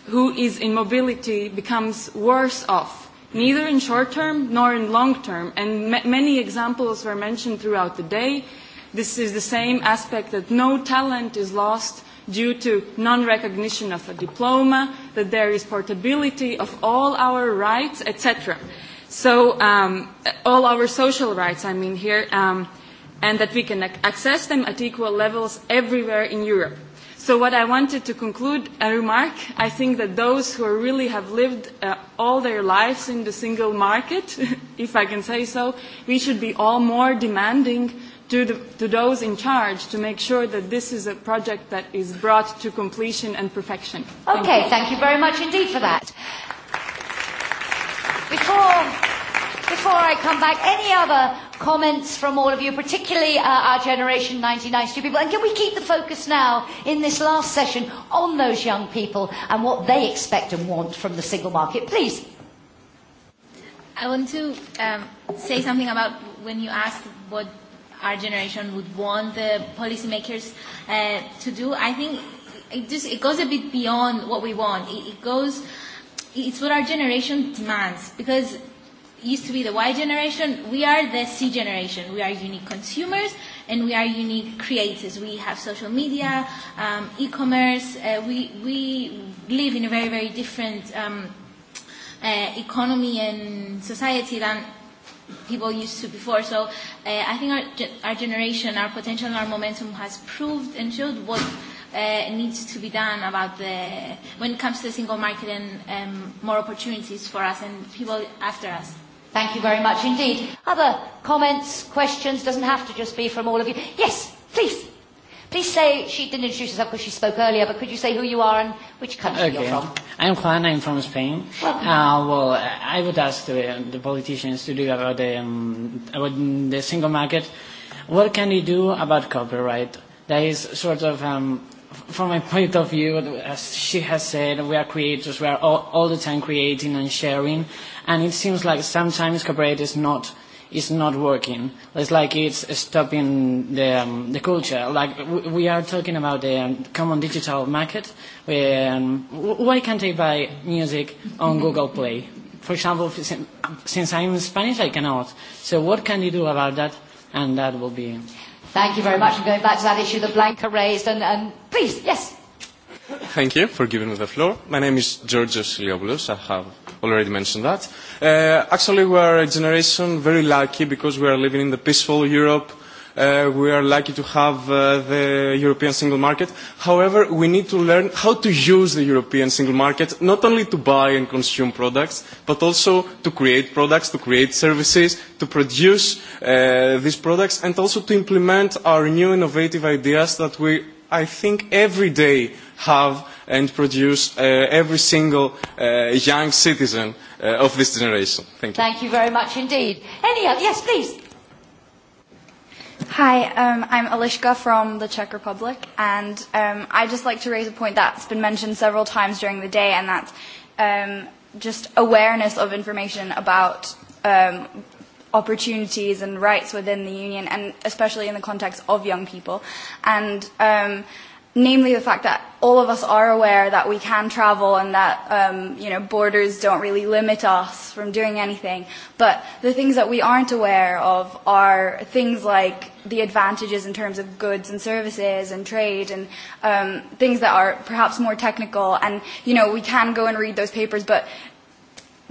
S14: who is in mobility becomes worse off neither in short term nor in long term and many examples were mentioned throughout the day this is the same aspect that no talent is lost due to non recognition of a diploma that there is portability of all our rights etc so all our social rights i mean here and that we can access them at equal levels everywhere in europe So what I wanted to conclude a remark, I think that those who really have lived all their lives in the single market, if I can say so, we should be all more demanding to those in charge to make sure that this is a project that is brought to completion and perfection. Okay, thank you very much indeed for that. Before
S1: before I come back, any other comments from all of you, particularly our generation 1992 people? And can we keep the focus now in this last session on those young people and what they expect and want from the single market? Please. I want
S15: to um, say something about when you asked what our generation would want the policymakers uh, to do. I think it just it goes a bit beyond what we want. it goes, it's what our generation demands because used to be the Y generation, we are the C generation. We are unique consumers and we are unique creators. We have social media, um, e-commerce. Uh, we, we live in a very, very different um, uh, economy and society than people used to before. So uh, I think our, our generation, our potential, and our momentum has proved and showed what uh, needs to be done about the when it comes to the single market and um, more opportunities for us and people after us.
S1: Thank you very much indeed. Other comments, questions, doesn't have to just be from all of you. Yes, please. Please say, she didn't introduce herself because she spoke earlier, but could you say who you are and which country you're from?
S14: I'm Juan, I'm from Spain. Well, I would ask the politicians to do about the single market. What can you do about copyright? That is sort of um from my point of view, as she has said, we are creators. We are all, all the time creating and sharing, and it seems like sometimes copyright is not is not working. It's like it's stopping the um, the culture. Like we are talking about the common digital market. Um, why can't I buy music on Google Play? For example, since I'm Spanish, I cannot. So what can you do about that? And that will be Thank you very
S1: much. for going back to that issue that Blanca raised, and, and please, yes.
S16: Thank you for giving me the floor. My name is Georgios Iliopoulos. I have already mentioned that. actually, we are a generation very lucky because we are living in the peaceful Europe we are lucky to have the European single market. However, we need to learn how to use the European single market, not only to buy and consume products, but also to create products, to create services, to produce these products, and also to implement our new innovative ideas that we, I think, every day have and produce every single young citizen of this generation. Thank
S1: you. Thank you very much indeed. Any other? Yes, please.
S25: Hi, um, I'm Alishka from the Czech Republic, and um, I just like to raise a point that's been mentioned several times during the day, and that's um, just awareness of information about um, opportunities and rights within the union, and especially in the context of young people. And um, namely the fact that all of us are aware that we can travel and that you know borders don't really limit us from doing anything but the things that we aren't aware of are things like the advantages in terms of goods and services and trade and um things that are perhaps more technical and you know we can go and read those papers but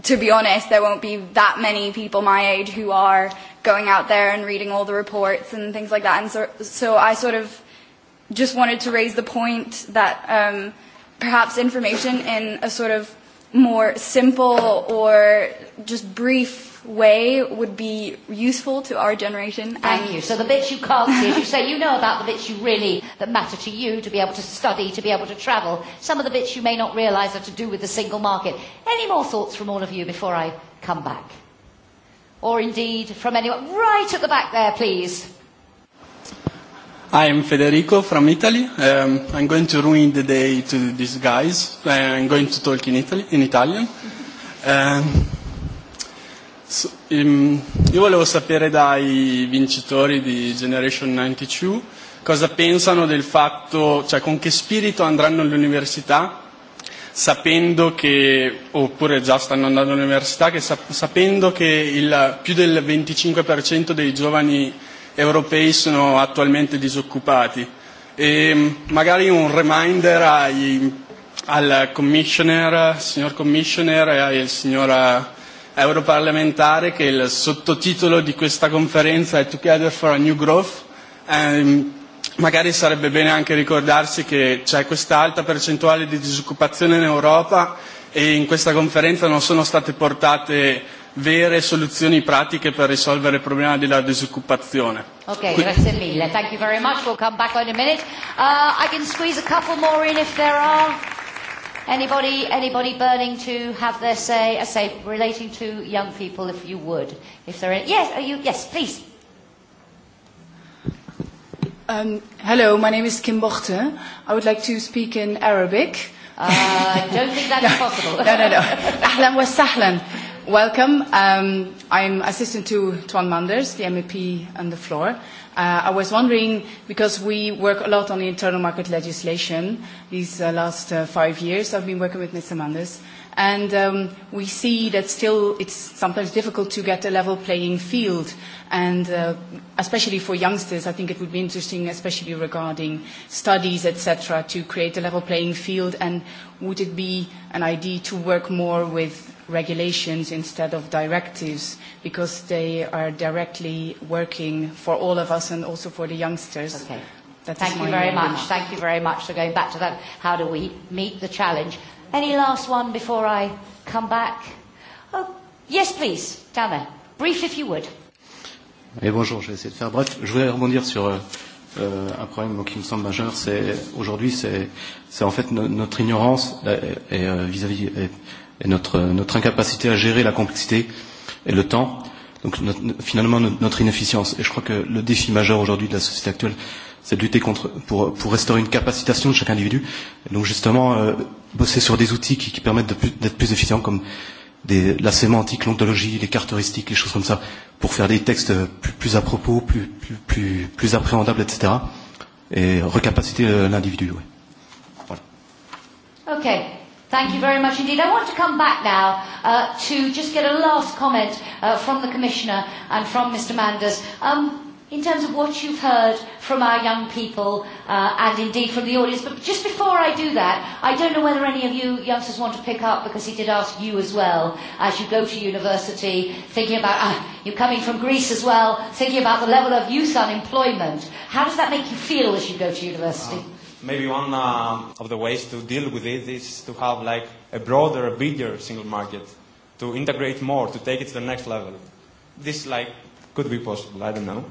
S25: to be honest there won't be that many people my age who are going out there and reading all the reports and things like that and so so I sort of just wanted to raise the point that perhaps information in a sort of more simple or just brief way would be useful to our generation. Thank you. So the bits you can't see, as you say, you
S1: know about the bits you really that matter to you, to be able to study, to be able to travel. Some of the bits you may not realise are to do with the single market. Any more thoughts from all of you before I come back? Or indeed from anyone? Right at the back there, please.
S26: Hi, I'm Federico from Italy. I'm going to ruin the day to these guys. I'm going to talk in, Italy, in Italian. Um, io volevo sapere dai vincitori di Generation 92 cosa pensano del fatto, cioè con che spirito andranno all'università sapendo che, oppure già stanno andando all'università, che sapendo che il, più del 25% dei giovani europei sono attualmente disoccupati e magari un reminder ai al commissioner, signor commissioner e al signor europarlamentare che il sottotitolo di questa conferenza è Together for a New Growth. Magari sarebbe bene anche ricordarsi che c'è questa alta percentuale di disoccupazione in Europa e in questa conferenza non sono state portate vere soluzioni pratiche per risolvere il problema della disoccupazione.
S1: Quindi... grazie mille. Thank you very much. We'll come back in a minute. Uh, I can squeeze a couple more in if there are anybody, anybody burning to have their say, a say, relating to young people, if you
S14: would. If there are, yes, are you, yes, please. Um, hello, my name is Kim Bochte. I would like to speak in Arabic. I
S1: don't think that's possible. No, no, no.
S14: Ahlan wa sahlan. Welcome. I'm assistant to Tuan Manders, the MEP on the floor. I was wondering, because we work a lot on the internal market legislation these last five years, I've been working with Mr. Manders, and we see that still it's sometimes difficult to get a level playing field, and especially for youngsters, I think it would be interesting, especially regarding studies, etc., to create a level playing field, and would it be an idea to work more with regulations instead of directives because they are directly working for all of us and also for the youngsters. Okay. Thank you very much. Thank you very much for going back to that. How do we meet the challenge?
S1: Any last one before I come back? Oh, yes, please. Down there. Brief if you would.
S21: Et bonjour, je vais essayer de faire bref. Je voulais rebondir sur euh, un problème qui me semble majeur. C'est aujourd'hui, c'est en fait notre ignorance et vis-à-vis et notre, notre incapacité à gérer la complexité et le temps, donc finalement notre inefficience. Et je crois que le défi majeur aujourd'hui de la société actuelle, c'est de lutter contre, pour, pour restaurer une capacitation de chaque individu, donc justement bosser sur des outils qui, qui permettent d'être plus efficients, comme des, la sémantique, l'ontologie, les cartes heuristiques, les choses comme ça, pour faire des textes plus, plus à propos, plus, plus, plus, plus appréhendables, etc. Et recapaciter l'individu.
S1: Okay. Thank you very much indeed. I want to come back now uh to just get a last comment uh from the Commissioner and from Mr. Manders. Um, in terms of what you've heard from our young people uh and indeed from the audience. But just before I do that, I don't know whether any of you youngsters want to pick up, because he did ask you as well, as you go to university, thinking about, you're coming from Greece as well, thinking about the level of youth unemployment. How does that make you feel as you go to university?
S22: maybe one of the ways to deal with it is to have like a broader, bigger single market, to integrate more, to take it to the next level. This like could be possible. I don't know.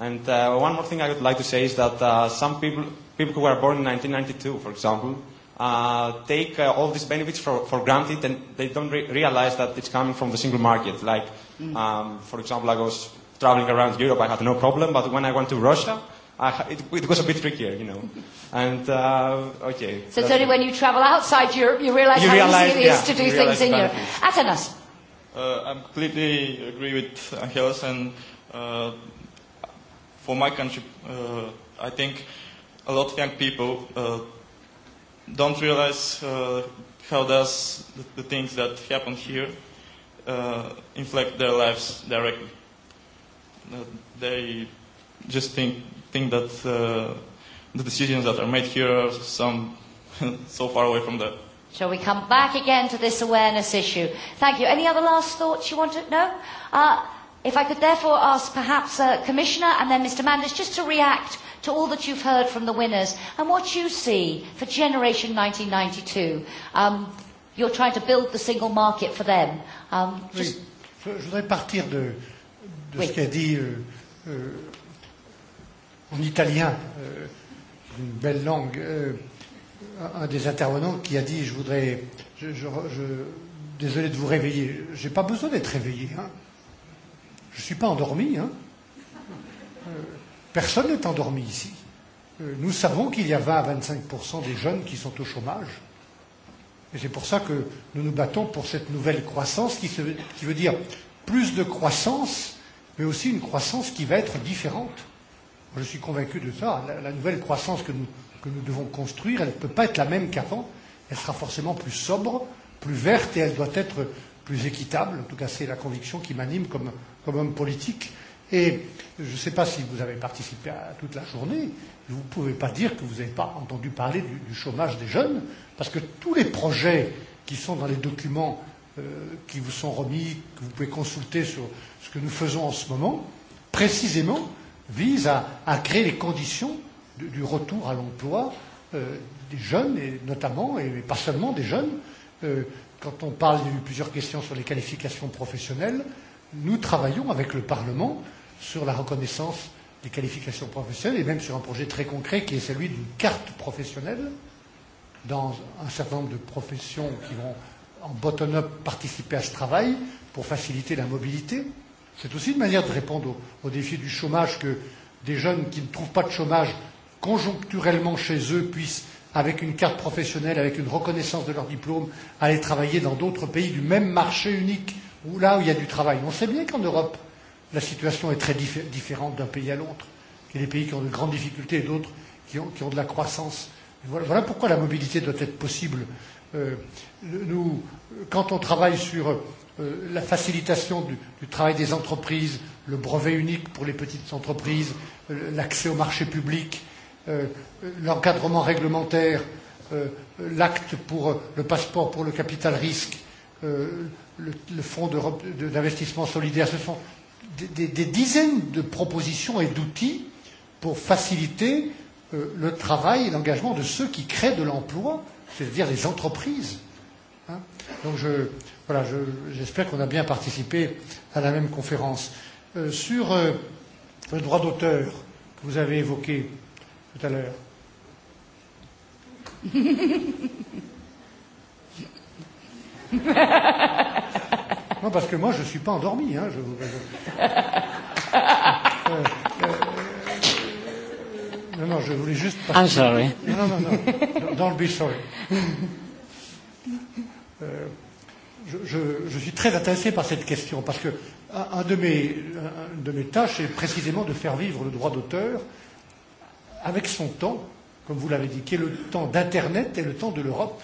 S22: And one more thing I would like to say is that some people, people who were born in 1992, for example, uh take all these benefits for, for granted and they don't realize that it's coming from the single market. Like, um, for example, I was traveling around Europe, I had no problem, but when I went to Russia, it was a bit trickier, you know. And uh okay. So it's only
S1: when you travel outside Europe you realize how easy it is to do things in Europe.
S22: Uh, I completely agree
S23: with Angelos and for my country, I think a lot of young people don't realize how does the things that happen here uh inflect their lives directly. They just think think that the decisions that are made here are some so far away from that.
S1: Shall we come back again to this awareness issue? Thank you. Any other last thoughts you want to know? Uh, if I could therefore ask perhaps uh, Commissioner and then Mr Manders just to react to all that you've heard from the winners and what you see for Generation 1992. Um, you're trying to build the single market for them. Um, just...
S2: Je voudrais partir de, de ce qu'a dit en italien, une belle langue, un des intervenants qui a dit Je voudrais. Je, je, désolé de vous réveiller. Je n'ai pas besoin d'être réveillé. Hein. Je ne suis pas endormi. Hein. Personne n'est endormi ici. Nous savons qu'il y a 20 à 25 des jeunes qui sont au chômage. Et c'est pour ça que nous nous battons pour cette nouvelle croissance qui, se, qui veut dire plus de croissance, mais aussi une croissance qui va être différente je suis convaincu de ça. La nouvelle croissance que nous que nous devons construire, elle ne peut pas être la même qu'avant. Elle sera forcément plus sobre, plus verte et elle doit être plus équitable. En tout cas, c'est la conviction qui m'anime comme, comme homme politique. Et je ne sais pas si vous avez participé à toute la journée. Vous ne pouvez pas dire que vous n'avez pas entendu parler du, du chômage des jeunes, parce que tous les projets qui sont dans les documents qui vous sont remis, que vous pouvez consulter sur ce que nous faisons en ce moment, précisément, vise à créer les conditions du retour à l'emploi des jeunes, et notamment, et pas seulement des jeunes. Quand on parle, de plusieurs questions sur les qualifications professionnelles. Nous travaillons avec le Parlement sur la reconnaissance des qualifications professionnelles et même sur un projet très concret qui est celui d'une carte professionnelle dans un certain nombre de professions qui vont en bottom-up participer à ce travail pour faciliter la mobilité. C'est aussi une manière de répondre au défi du chômage que des jeunes qui ne trouvent pas de chômage conjoncturellement chez eux puissent, avec une carte professionnelle, avec une reconnaissance de leur diplôme, aller travailler dans d'autres pays du même marché unique, où là où il y a du travail. On sait bien qu'en Europe, la situation est très différente d'un pays à l'autre, qu'il y a des pays qui ont de grandes difficultés et d'autres qui ont de la croissance. Voilà pourquoi la mobilité doit être possible. Nous quand on travaille sur la facilitation du travail des entreprises, le brevet unique pour les petites entreprises, l'accès au marché public, l'encadrement réglementaire, l'acte pour le passeport pour le capital risque, le fonds d'investissement solidaire, ce sont des dizaines de propositions et d'outils pour faciliter le travail et l'engagement de ceux qui créent de l'emploi, c'est-à-dire les entreprises Donc je, voilà, j'espère qu'on a bien participé à la même conférence. sur le droit d'auteur que vous avez évoqué tout à l'heure. Non, parce que moi, je ne suis pas endormi. Hein, je euh, euh, non, non, je voulais juste... Ah, sorry. Non, non, non. Don't be sorry je suis très intéressé par cette question parce que un de mes de mes tâches est précisément de faire vivre le droit d'auteur avec son temps comme vous l'avez dit qui est le temps d'internet et le temps de l'Europe.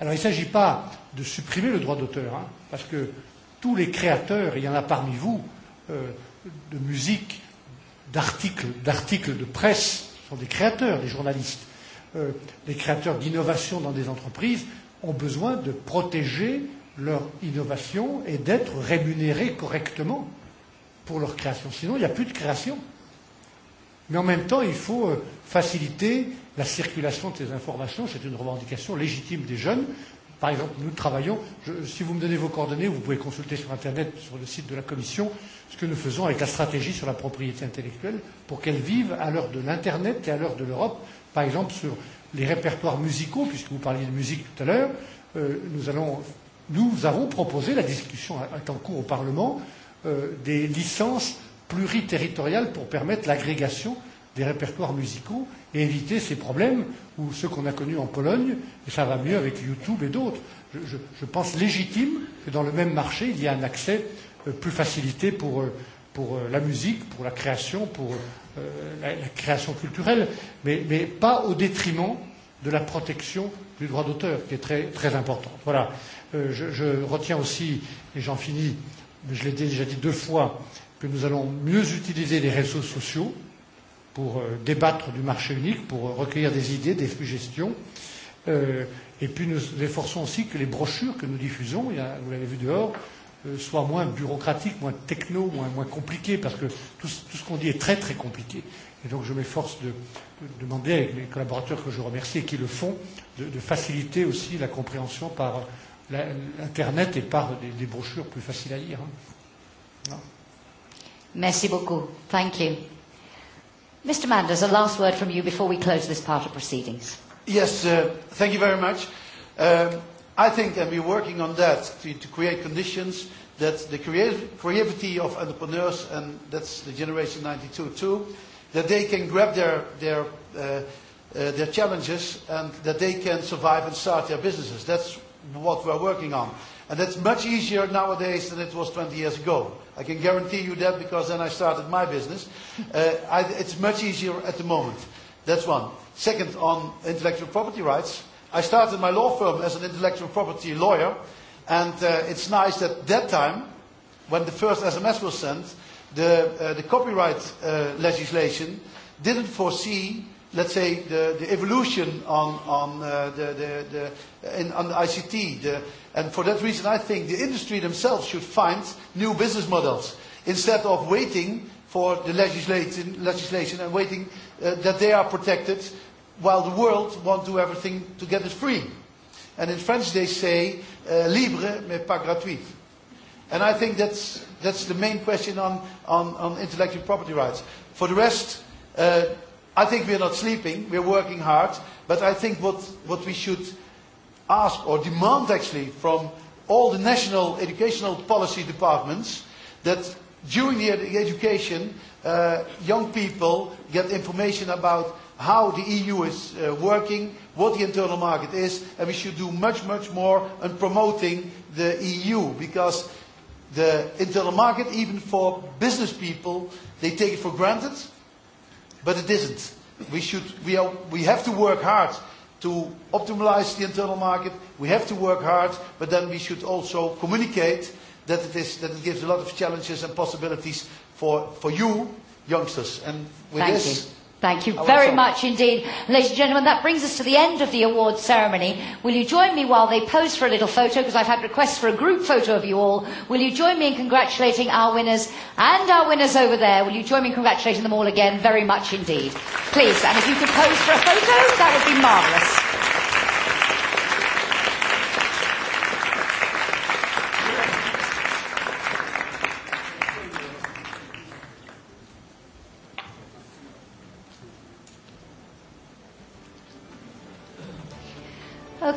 S2: Alors il ne s'agit pas de supprimer le droit d'auteur hein parce que tous les créateurs, il y en a parmi vous de musique, d'articles, d'articles de presse sont des créateurs, des journalistes, des créateurs d'innovation dans des entreprises ont besoin de protéger leur innovation et d'être rémunérés correctement pour leur création. Sinon, il n'y a plus de création. Mais en même temps, il faut faciliter la circulation de ces informations. C'est une revendication légitime des jeunes. Par exemple, nous travaillons, si vous me donnez vos coordonnées, vous pouvez consulter sur Internet, sur le site de la Commission, ce que nous faisons avec la stratégie sur la propriété intellectuelle pour qu'elle vive à l'heure de l'Internet et à l'heure de l'Europe. Par exemple, sur les répertoires musicaux, puisque vous parliez de musique tout à l'heure, nous allons nous avons proposé la discussion est en cours au Parlement des licences pluriterritoriales pour permettre l'agrégation des répertoires musicaux et éviter ces problèmes ou ceux qu'on a connus en Pologne et ça va mieux avec YouTube et d'autres. Je pense légitime que dans le même marché, il y a un accès plus facilité pour pour la musique, pour la création, pour la création culturelle, mais pas au détriment de la protection du droit d'auteur, qui est très très importante. Voilà. Je retiens aussi, et j'en finis, je l'ai déjà dit deux fois, que nous allons mieux utiliser les réseaux sociaux pour débattre du marché unique, pour recueillir des idées, des suggestions. Et puis nous efforçons aussi que les brochures que nous diffusons, vous l'avez vu dehors, soit moins bureaucratique, moins techno, moins, moins compliqué, parce que tout, tout ce qu'on dit est très très compliqué. Et donc je m'efforce de, de demander avec mes collaborateurs que je remercie et qui le font, de, de faciliter aussi la compréhension par l'Internet et par des, des brochures plus faciles à lire. Non.
S1: Merci beaucoup. Thank you. Mr. Manders, a last word from you before we close this part of proceedings.
S24: Yes, thank you very much. Uh, I think, and we're working on that to to create conditions that the creativity of entrepreneurs, and that's the Generation 92 too, that they can grab their their their challenges and that they can survive and start their businesses. That's what we're working on. And that's much easier nowadays than it was 20 years ago. I can guarantee you that because then I started my business. I It's much easier at the moment. That's one. Second, on intellectual property rights. I started my law firm as an intellectual property lawyer, and it's nice that that time, when the first SMS was sent, the the copyright legislation didn't foresee, let's say, the the evolution on on the the in on ICT. And for that reason, I think the industry themselves should find new business models instead of waiting for the legislation and waiting that they are protected while the world won't do everything to get it free. And in French they say, libre mais pas gratuit. And I think that's, that's the main question on, on, on intellectual property rights. For the rest, I think we're not sleeping, we're working hard, but I think what, what we should ask or demand actually from all the national educational policy departments that during the education young people get information about how the EU is working, what the internal market is, and we should do much, much more on promoting the EU, because the internal market, even for business people, they take it for granted, but it isn't. We should, we are, we have to work hard to optimize the internal market. We have to work hard, but then we should also communicate that it is, that it gives a lot of challenges and possibilities for, for you, youngsters. And with this, Thank you very much
S1: indeed. Ladies and gentlemen, that brings us to the end of the award ceremony. Will you join me while they pose for a little photo, because I've had requests for a group photo of you all. Will you join me in congratulating our winners and our winners over there? Will you join me in congratulating them all again very much indeed? Please, and if you could pose for a photo, that would be marvellous.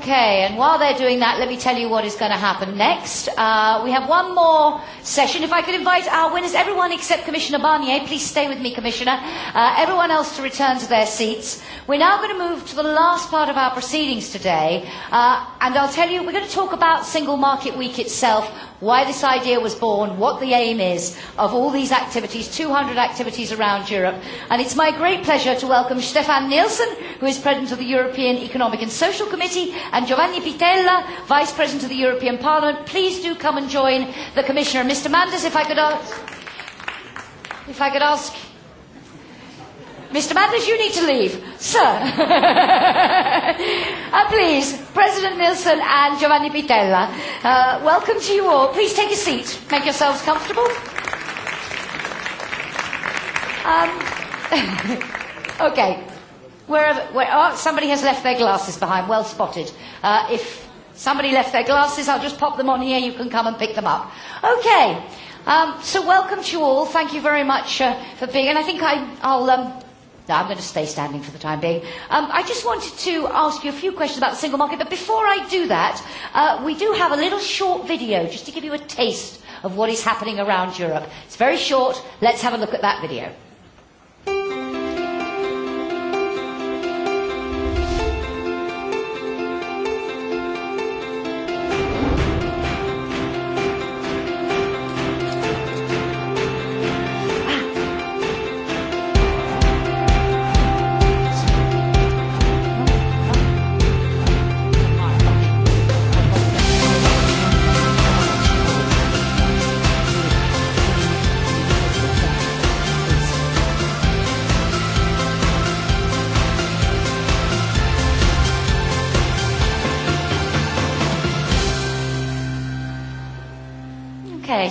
S1: Okay, and while they're doing that, let me tell you what is going to happen next. Uh, we have one more session. If I could invite our winners, everyone except Commissioner Barnier, please stay with me, Commissioner, everyone else to return to their seats. We're now going to move to the last part of our proceedings today, uh, and I'll tell you, we're going to talk about Single Market Week itself, why this idea was born, what the aim is of all these activities, 200 activities around Europe. And it's my great pleasure to welcome Stefan Nielsen, who is President of the European Economic and Social Committee, and Giovanni Pitella, Vice President of the European Parliament. Please do come and join the Commissioner. Mr. Mandis, if I could ask. If I could ask. Mr. Manders, you need to leave. Sir. uh, please, President Nilsson and Giovanni Pitella, uh, welcome to you all. Please take a seat. Make yourselves comfortable. Um, okay. Wherever, where, oh, somebody has left their glasses behind. Well spotted. Uh, if somebody left their glasses, I'll just pop them on here. You can come and pick them up. Okay. Um, so welcome to you all. Thank you very much uh, for being. And I think I, I'll. Um, I'm going to stay standing for the time being. Um, I just wanted to ask you a few questions about the single market, but before I do that, uh, we do have a little short video just to give you a taste of what is happening around Europe. It's very short. Let's have a look at that video.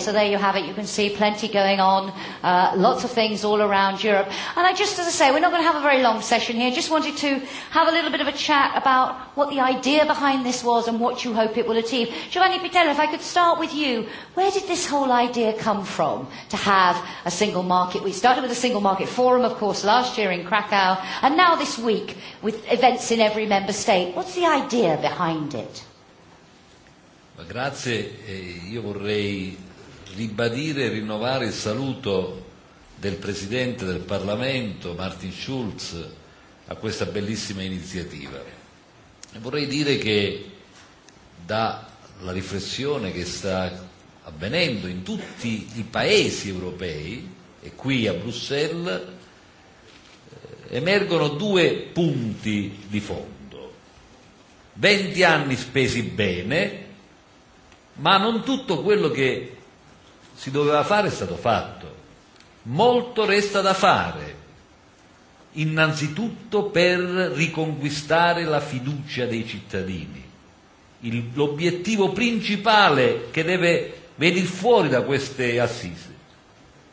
S1: So there you have it. You can see plenty going on, lots of things all around Europe. And I just, as I say, we're not going to have a very long session here. Just wanted to have a little bit of a chat about what the idea behind this was and what you hope it will achieve. Giovanni Pitello, if I could start with you. Where did this whole idea come from to have a single market? We started with a single market forum, of course, last year in Krakow, and now this week with events in every member state. What's the idea behind it?
S27: Grazie, io vorrei ribadire e rinnovare il saluto del Presidente del Parlamento, Martin Schulz, a questa bellissima iniziativa. E vorrei dire che dalla riflessione che sta avvenendo in tutti i paesi europei e qui a Bruxelles emergono due punti di fondo. 20 anni spesi bene, ma non tutto quello che si doveva fare è stato fatto, molto resta da fare, innanzitutto per riconquistare la fiducia dei cittadini. l'obiettivo principale che deve venire fuori da queste assise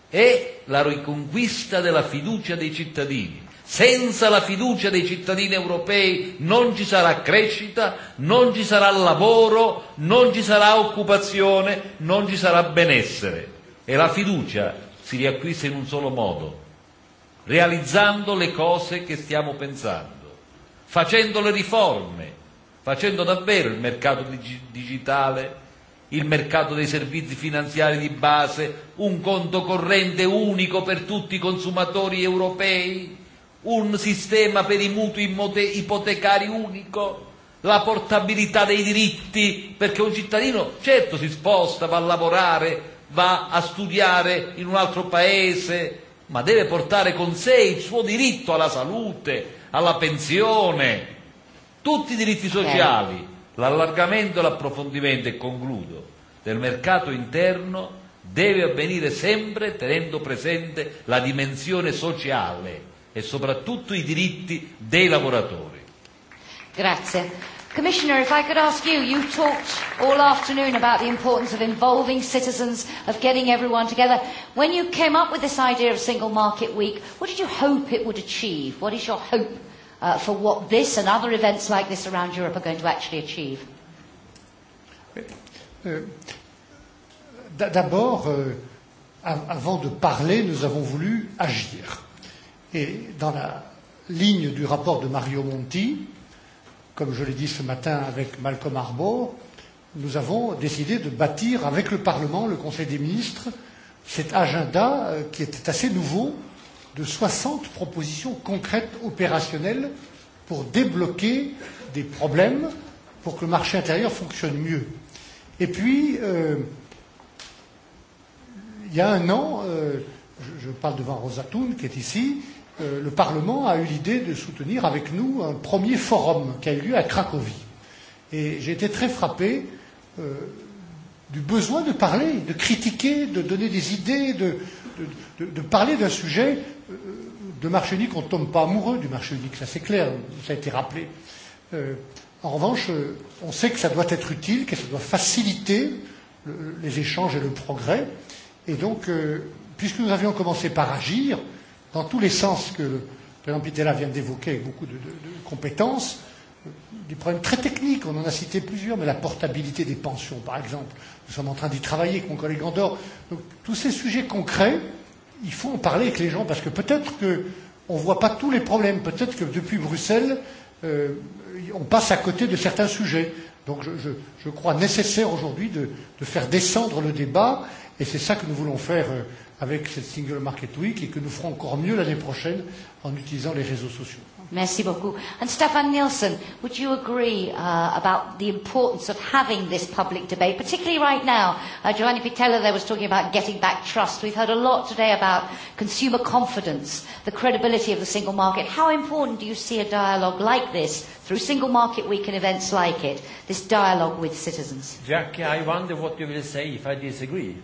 S27: è la riconquista della fiducia dei cittadini Senza la fiducia dei cittadini europei non ci sarà crescita, non ci sarà lavoro, non ci sarà occupazione, non ci sarà benessere. E la fiducia si riacquista in un solo modo, realizzando le cose che stiamo pensando, facendo le riforme, facendo davvero il mercato digitale, il mercato dei servizi finanziari di base, un conto corrente unico per tutti i consumatori europei un sistema per i mutui ipotecari unico, la portabilità dei diritti, perché un cittadino certo si sposta, va a lavorare, va a studiare in un altro paese, ma deve portare con sé il suo diritto alla salute, alla pensione, tutti i diritti sociali. L'allargamento e l'approfondimento, e concludo, del mercato interno deve avvenire sempre tenendo presente la dimensione sociale e soprattutto i diritti dei lavoratori.
S1: Grazie. Commissioner, if I could ask you, you talked all afternoon about the importance of involving citizens, of getting everyone together. When you came up with this idea of Single Market Week, what did you hope it would achieve? What is your hope for what this and other events like this around Europe are going to actually achieve?
S2: D'abord, avant de parler, nous avons voulu agir Et dans la ligne du rapport de Mario Monti, comme je l'ai dit ce matin avec Malcolm Harbour, nous avons décidé de bâtir avec le Parlement, le Conseil des ministres, cet agenda qui était assez nouveau de 60 propositions concrètes opérationnelles pour débloquer des problèmes pour que le marché intérieur fonctionne mieux. Et puis, il y a un an, je parle devant Rosa Thun, qui est ici, le Parlement a eu l'idée de soutenir avec nous un premier forum qui a eu lieu à Cracovie. Et j'ai été très frappé du besoin de parler, de critiquer, de donner des idées, de, de, de, parler d'un sujet de marché unique. On ne tombe pas amoureux du marché unique, ça c'est clair, ça a été rappelé. en revanche, on sait que ça doit être utile, que ça doit faciliter les échanges et le progrès. Et donc, puisque nous avions commencé par agir, dans tous les sens que le président Pitella vient d'évoquer avec beaucoup de compétences, des problèmes très techniques, on en a cité plusieurs, mais la portabilité des pensions, par exemple. Nous sommes en train d'y travailler avec mon collègue Andor. Donc, tous ces sujets concrets, il faut en parler avec les gens, parce que peut-être qu'on ne voit pas tous les problèmes. Peut-être que depuis Bruxelles, on passe à côté de certains sujets. Donc, je crois nécessaire aujourd'hui de faire descendre le débat, et c'est ça que nous voulons faire avec cette Single Market Week et que nous ferons encore mieux l'année prochaine en utilisant les réseaux sociaux.
S1: Merci beaucoup. And Stefan Nielsen, would you agree uh, about the importance of having this public debate, particularly right now? Uh, Giovanni Pitella there was talking about getting back trust. We've heard a lot today about consumer confidence, the credibility of the single market. How important do you see a dialogue like this through Single Market Week and events like it, this dialogue with citizens?
S28: Jackie, I wonder what you will say if I disagree.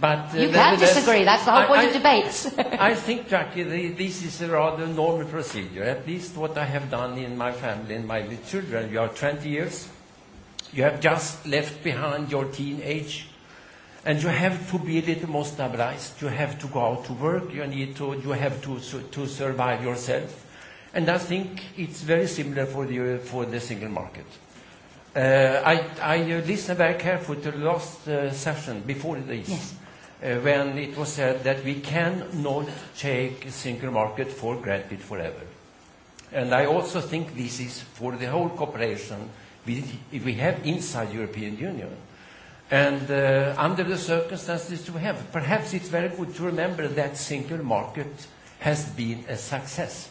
S28: But you can disagree. That's
S1: the whole point of debates. I
S28: think, Jackie, this is a rather normal procedure. At least what I have done in my family and my children. You are 20 years. You have just left behind your teenage, and you have to be a little more stabilized. You have to go out to work. You need to. You have to to survive yourself. And I think it's very similar for the for the single market. I I listened very carefully to the last session before this when it was said that we cannot take single market for granted forever. And I also think this is for the whole cooperation we, we have inside European Union. And under the circumstances we have, perhaps it's very good to remember that single market has been a success.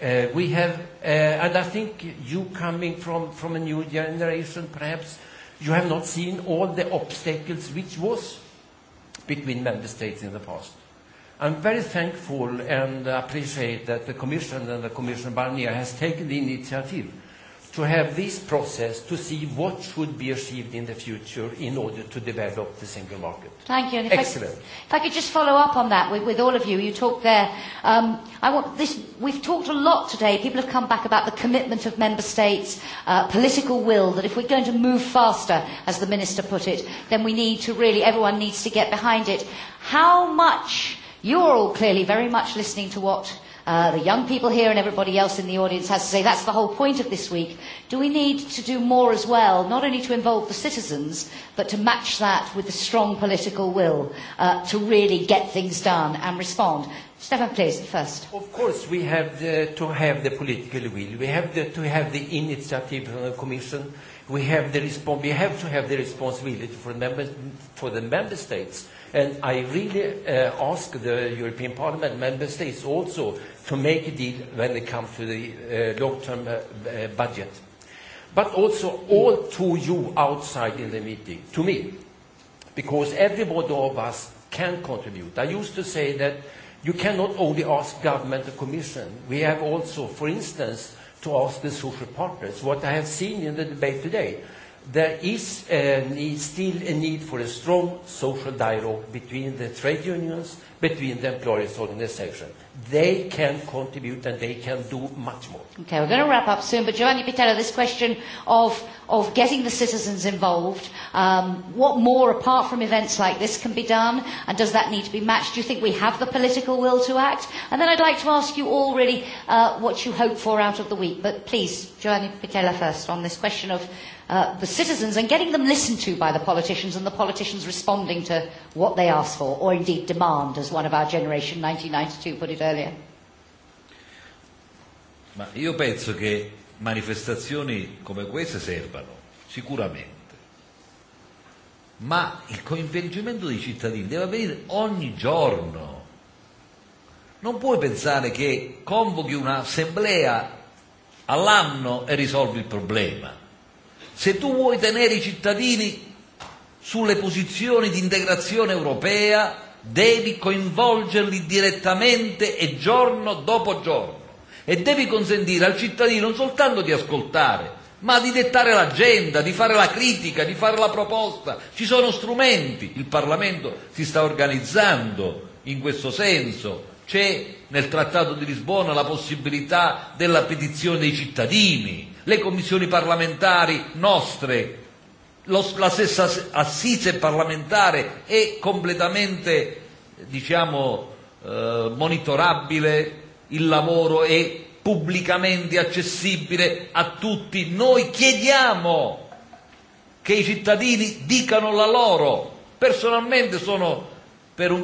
S28: We have, and I think you coming from from a new generation, perhaps you have not seen all the obstacles which was between member states in the past. I'm very thankful and appreciate that the Commission and the Commissioner Barnier has taken the initiative to have this process to see what should be achieved in the future in order to develop the single market.
S1: Thank you. Excellent. If I could just follow up on that with all of you. You talked there. um I want this. We've talked a lot today. People have come back about the commitment of member states, political will. That if we're going to move faster, as the minister put it, then we need to really everyone needs to get behind it. How much? You're all clearly very much listening to what the young people here and everybody else in the audience has to say that's the whole point of this week. Do we need to do more as well, not only to involve the citizens, but to match that with the strong political will uh to really get things done and respond? Stefan, please, first.
S28: Of course, we have to have the political will. We have to have the initiative uh Commission. We have the We have to have the responsibility for the member for the member states And I really ask the European Parliament member states also to make a deal when it comes to the long-term budget. But also all to you outside in the meeting, to me, because everybody of us can contribute. I used to say that you cannot only ask government or commission. We have also, for instance, to ask the social partners. What I have seen in the debate today, There is still a need for a strong social dialogue between the trade unions, between the employers' organization. They can contribute and they can do much more.
S1: Okay, we're going to wrap up soon, but Giovanni Pitello, this question of, of getting the citizens involved, um, what more, apart from events like this, can be done, and does that need to be matched? Do you think we have the political will to act? And then I'd like to ask you all, really, uh, what you hope for out of the week, but please, Joanne Pittella first on this question of uh the citizens and getting them listened to by the politicians and the politicians responding to what they ask for, or indeed demand, as one of our generation, 1992, put it earlier.
S27: Ma io penso che manifestazioni come queste servano, sicuramente. Ma il coinvolgimento dei cittadini deve avvenire ogni giorno. Non puoi pensare che convochi un'assemblea all'anno e risolvi il problema. Se tu vuoi tenere i cittadini sulle posizioni di integrazione europea, devi coinvolgerli direttamente e giorno dopo giorno e devi consentire al cittadino non soltanto di ascoltare, ma di dettare l'agenda, di fare la critica, di fare la proposta. Ci sono strumenti, il Parlamento si sta organizzando in questo senso, c'è nel Trattato di Lisbona la possibilità della petizione dei cittadini, le commissioni parlamentari nostre, la stessa assise parlamentare è completamente diciamo, monitorabile il lavoro è pubblicamente accessibile a tutti. Noi chiediamo che i cittadini dicano la loro. Personalmente sono per un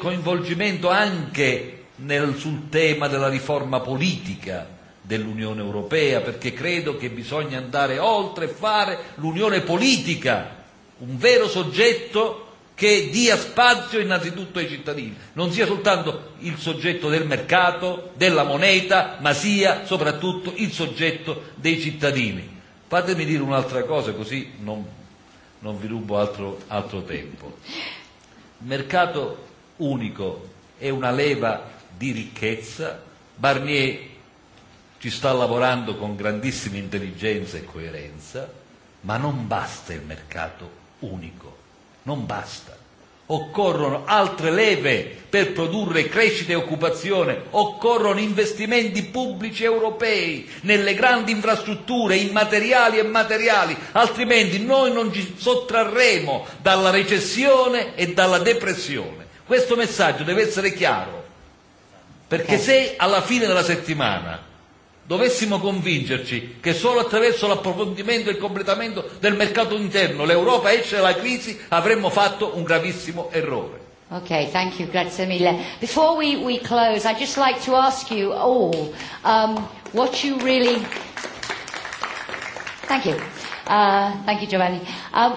S27: coinvolgimento anche nel, sul tema della riforma politica dell'Unione Europea, perché credo che bisogna andare oltre e fare l'unione politica, un vero soggetto che dia spazio innanzitutto ai cittadini, non sia soltanto il soggetto del mercato, della moneta, ma sia soprattutto il soggetto dei cittadini. Fatemi dire un'altra cosa così non, non vi rubo altro, altro tempo. Il mercato unico è una leva di ricchezza. Barnier ci sta lavorando con grandissima intelligenza e coerenza, ma non basta il mercato unico, non basta. Occorrono altre leve per produrre crescita e occupazione, occorrono investimenti pubblici europei nelle grandi infrastrutture immateriali e materiali, altrimenti noi non ci sottrarremo dalla recessione e dalla depressione. Questo messaggio deve essere chiaro Perché se alla fine della settimana dovessimo convincerci che solo attraverso l'approfondimento e il completamento del mercato interno l'Europa esce dalla crisi, avremmo fatto un gravissimo errore.
S1: Ok, thank you, grazie mille. Before we, we close, I'd just like to ask you all um, what you really... Thank you. Uh, thank you, Giovanni. Um,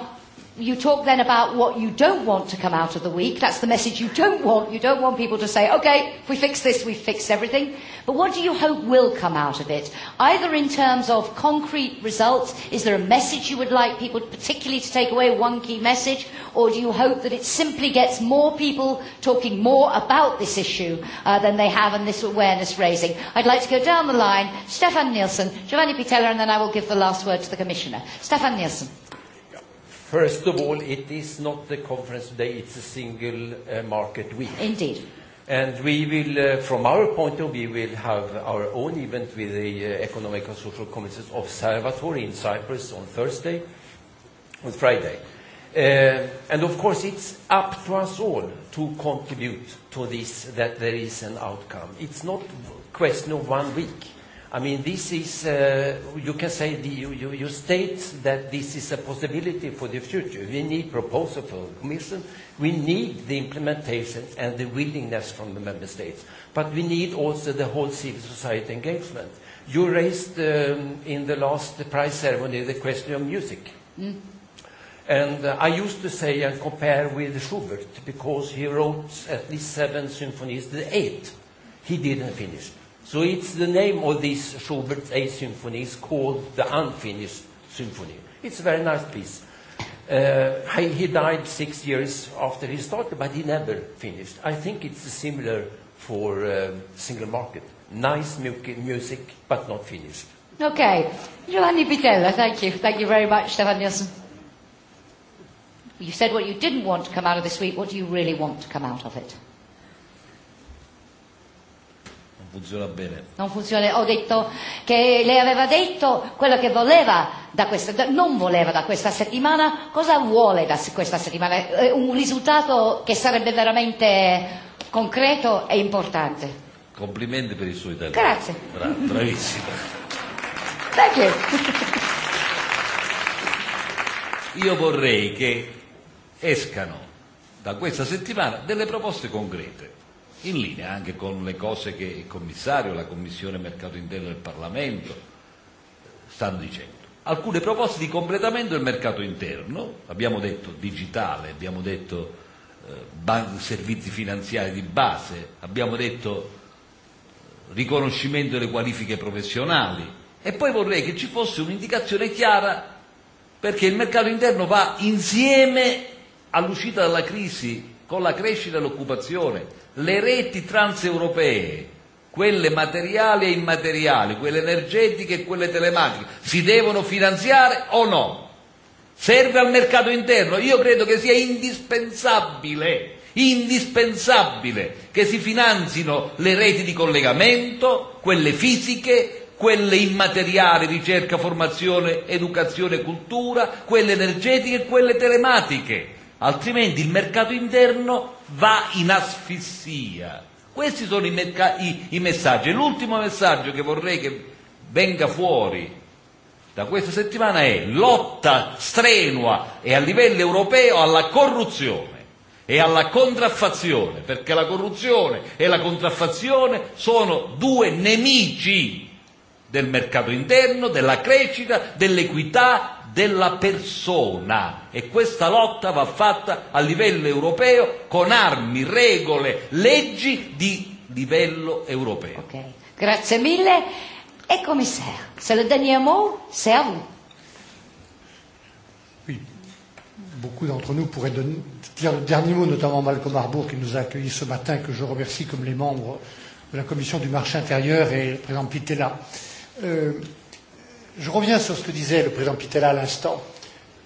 S1: you talk then about what you don't want to come out of the week. That's the message you don't want. You don't want people to say, okay, if we fix this, we fix everything. But what do you hope will come out of it? Either in terms of concrete results, is there a message you would like people particularly to take away, one key message? Or do you hope that it simply gets more people talking more about this issue than they have and this awareness raising? I'd like to go down the line. Stefan Nielsen, Giovanni Pitella, and then I will give the last word to the Commissioner. Stefan Nielsen.
S28: First of all, it is not the conference today, it's a single market week. Indeed. And we will, from our point of view, we will have our own event with the Economic and Social Committee's Observatory in Cyprus on Thursday, on Friday. And of course, it's up to us all to contribute to this, that there is an outcome. It's not a question of one week. I mean, this is, you can say, you, you, you state that this is a possibility for the future. We need proposal for the Commission. We need the implementation and the willingness from the Member States. But we need also the whole civil society engagement. You raised in the last prize ceremony the question of music. And I used to say and compare with Schubert because he wrote at least seven symphonies, the eight he didn't finish. So it's the name of this Schubert's A symphony. It's called the Unfinished Symphony. It's a very nice piece. He died six years after he started, but he never finished. I think it's similar for Single Market. Nice music, but not finished.
S1: Okay. Giovanni Pitella, thank you. Thank you very much, Stefan Nielsen. You said what you didn't want to come out of this week. What do you really want to come out of it?
S27: funziona bene.
S1: Non funziona, ho detto che lei aveva detto quello che voleva da questa, non voleva da questa settimana, cosa vuole da questa settimana? Un risultato che sarebbe veramente concreto e importante.
S27: Complimenti per il suo italiano. Grazie. Bra- bravissima. Thank you. Io vorrei che escano da questa settimana delle proposte concrete in linea anche con le cose che il commissario, la Commissione Mercato Interno del Parlamento stanno dicendo. Alcune proposte di completamento del mercato interno, abbiamo detto digitale, abbiamo detto servizi finanziari di base, abbiamo detto riconoscimento delle qualifiche professionali e poi vorrei che ci fosse un'indicazione chiara perché il mercato interno va insieme all'uscita dalla crisi con la crescita e l'occupazione. Le reti transeuropee, quelle materiali e immateriali, quelle energetiche e quelle telematiche, si devono finanziare o no? Serve al mercato interno? Io credo che sia indispensabile, indispensabile che si finanzino le reti di collegamento, quelle fisiche, quelle immateriali, ricerca, formazione, educazione, cultura, quelle energetiche e quelle telematiche altrimenti il mercato interno va in asfissia. Questi sono i, i, i messaggi. L'ultimo messaggio che vorrei che venga fuori da questa settimana è lotta strenua e a livello europeo alla corruzione e alla contraffazione, perché la corruzione e la contraffazione sono due nemici del mercato interno, della crescita, dell'equità, della persona e questa lotta va fatta a livello europeo con armi, regole, leggi di livello europeo. Ok,
S1: grazie mille e commissaire, se le dernier c'est à vous.
S2: Oui, beaucoup d'entre nous pourraient donner, dire le dernier mot, notamment Malcolm Harbour qui nous a accueillis ce matin, que je remercie comme les membres de la commission du marché intérieur et le président Pitella. Euh, Je reviens sur ce que disait le président Pitella à l'instant.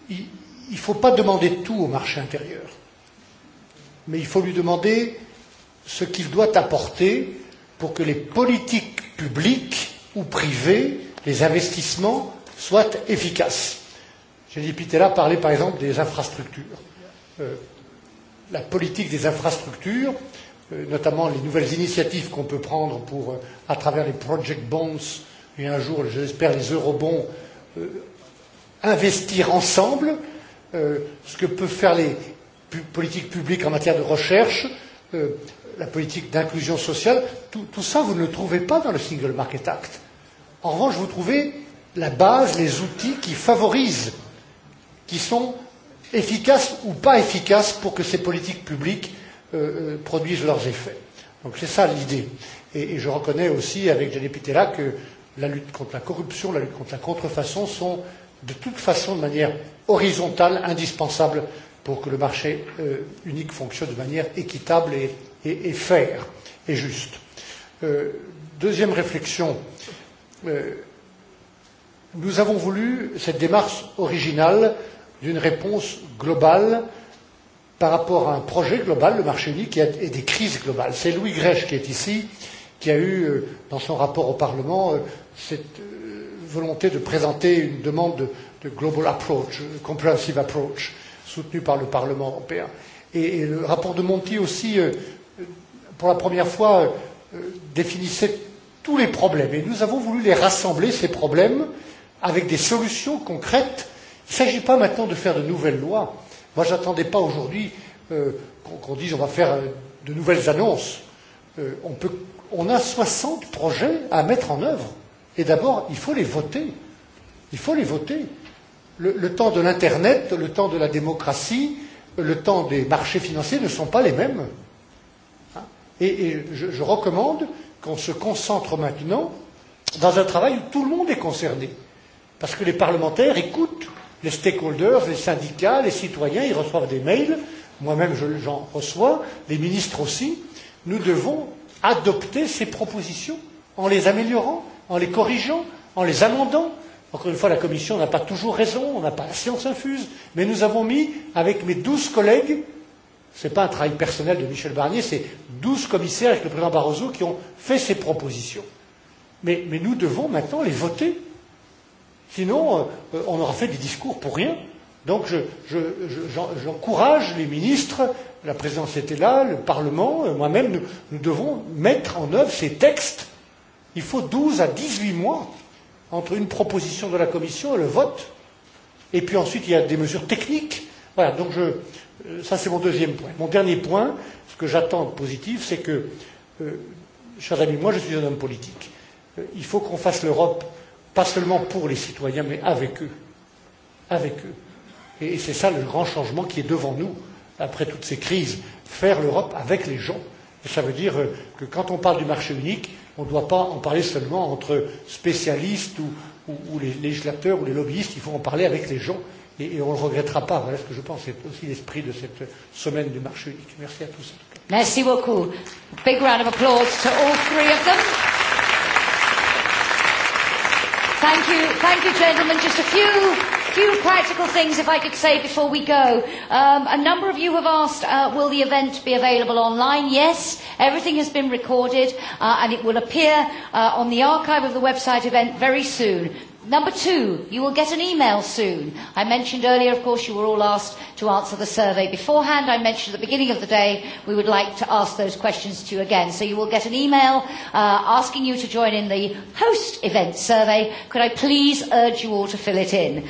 S2: Il ne faut pas demander tout au marché intérieur, mais il faut lui demander ce qu'il doit apporter pour que les politiques publiques ou privées, les investissements, soient efficaces. J'ai dit Pitella parlait par exemple des infrastructures. La politique des infrastructures, notamment les nouvelles initiatives qu'on peut prendre pour, à travers les project bonds, et un jour, j'espère, les eurobonds investir ensemble ce que peuvent faire les politiques publiques en matière de recherche, la politique d'inclusion sociale. Tout ça, vous ne le trouvez pas dans le Single Market Act. En revanche, vous trouvez la base, les outils qui favorisent, qui sont efficaces ou pas efficaces pour que ces politiques publiques produisent leurs effets. Donc c'est ça l'idée. Et je reconnais aussi avec Jenny Pitella que la lutte contre la corruption, la lutte contre la contrefaçon sont de toute façon de manière horizontale indispensables pour que le marché unique fonctionne de manière équitable et fair et juste. Deuxième réflexion nous avons voulu cette démarche originale d'une réponse globale par rapport à un projet global, le marché unique, et des crises globales. C'est Louis Grèche qui est ici qui a eu dans son rapport au Parlement cette volonté de présenter une demande de global approach, comprehensive approach, soutenue par le Parlement européen. Et le rapport de Monti aussi, pour la première fois, définissait tous les problèmes. Et nous avons voulu les rassembler, ces problèmes, avec des solutions concrètes. Il ne s'agit pas maintenant de faire de nouvelles lois. Moi, je n'attendais pas aujourd'hui qu'on dise on va faire de nouvelles annonces. On peut on a 60 projets à mettre en œuvre. Et d'abord, il faut les voter. Il faut les voter. Le temps de l'Internet, le temps de la démocratie, le temps des marchés financiers ne sont pas les mêmes. Et je recommande qu'on se concentre maintenant dans un travail où tout le monde est concerné. Parce que les parlementaires écoutent les stakeholders, les syndicats, les citoyens, ils reçoivent des mails, moi-même j'en reçois, les ministres aussi. Nous devons adopter ces propositions en les améliorant, en les corrigeant, en les amendant. Encore une fois, la Commission n'a pas toujours raison, on n'a pas la science infuse, mais nous avons mis, avec mes douze collègues, ce n'est pas un travail personnel de Michel Barnier, c'est douze commissaires avec le président Barroso qui ont fait ces propositions. Mais, mais nous devons maintenant les voter. Sinon, on aura fait des discours pour rien Donc j'encourage les ministres, la présidence était là, le Parlement, moi-même, nous devons mettre en œuvre ces textes. Il faut 12 à 18 mois entre une proposition de la Commission et le vote. Et puis ensuite, il y a des mesures techniques. Voilà, donc je, ça c'est mon deuxième point. Mon dernier point, ce que j'attends de positif, c'est que, chers amis, moi je suis un homme politique. Il faut qu'on fasse l'Europe, pas seulement pour les citoyens, mais avec eux. Avec eux Et c'est ça le grand changement qui est devant nous après toutes ces crises. Faire l'Europe avec les gens. Et ça veut dire que quand on parle du marché unique, on ne doit pas en parler seulement entre spécialistes ou, les législateurs ou les lobbyistes. Il faut en parler avec les gens et, on ne le regrettera pas. Voilà ce que je pense. C'est aussi l'esprit de cette semaine du marché unique. Merci à tous.
S1: Merci beaucoup. Big round of applause to all three of them few practical things, if I could say before we go. A number of you have asked, will the event be available online? Yes, everything has been recorded and it will appear on the archive of the website event very soon. Number two, you will get an email soon. I mentioned earlier, of course, you were all asked to answer the survey beforehand. I mentioned at the beginning of the day we would like to ask those questions to you again. So you will get an email asking you to join in the host event survey. Could I please urge you all to fill it in?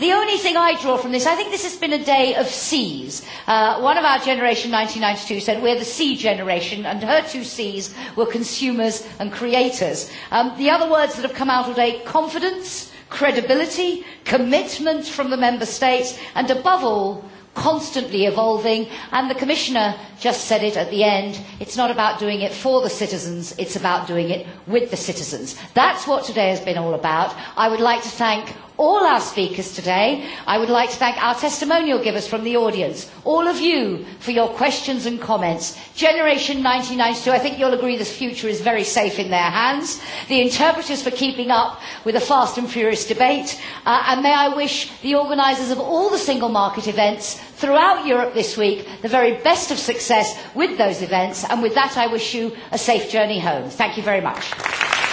S1: The only thing I draw from this, I think this has been a day of C's. One of our generation, 1992, said we're the C generation, and her two C's were consumers and creators. The other words that have come out all day, confidence, credibility, commitment from the member states, and above all, constantly evolving. And the Commissioner just said it at the end. It's not about doing it for the citizens, it's about doing it with the citizens. That's what today has been all about. I would like to thank all our speakers today. I would like to thank our testimonial givers from the audience, all of you, for your questions and comments. Generation 1992, I think you'll agree this future is very safe in their hands. The interpreters for keeping up with a fast and furious debate. And may I wish the organisers of all the single market events throughout Europe this week the very best of success with those events. And with that, I wish you a safe journey home. Thank you very much.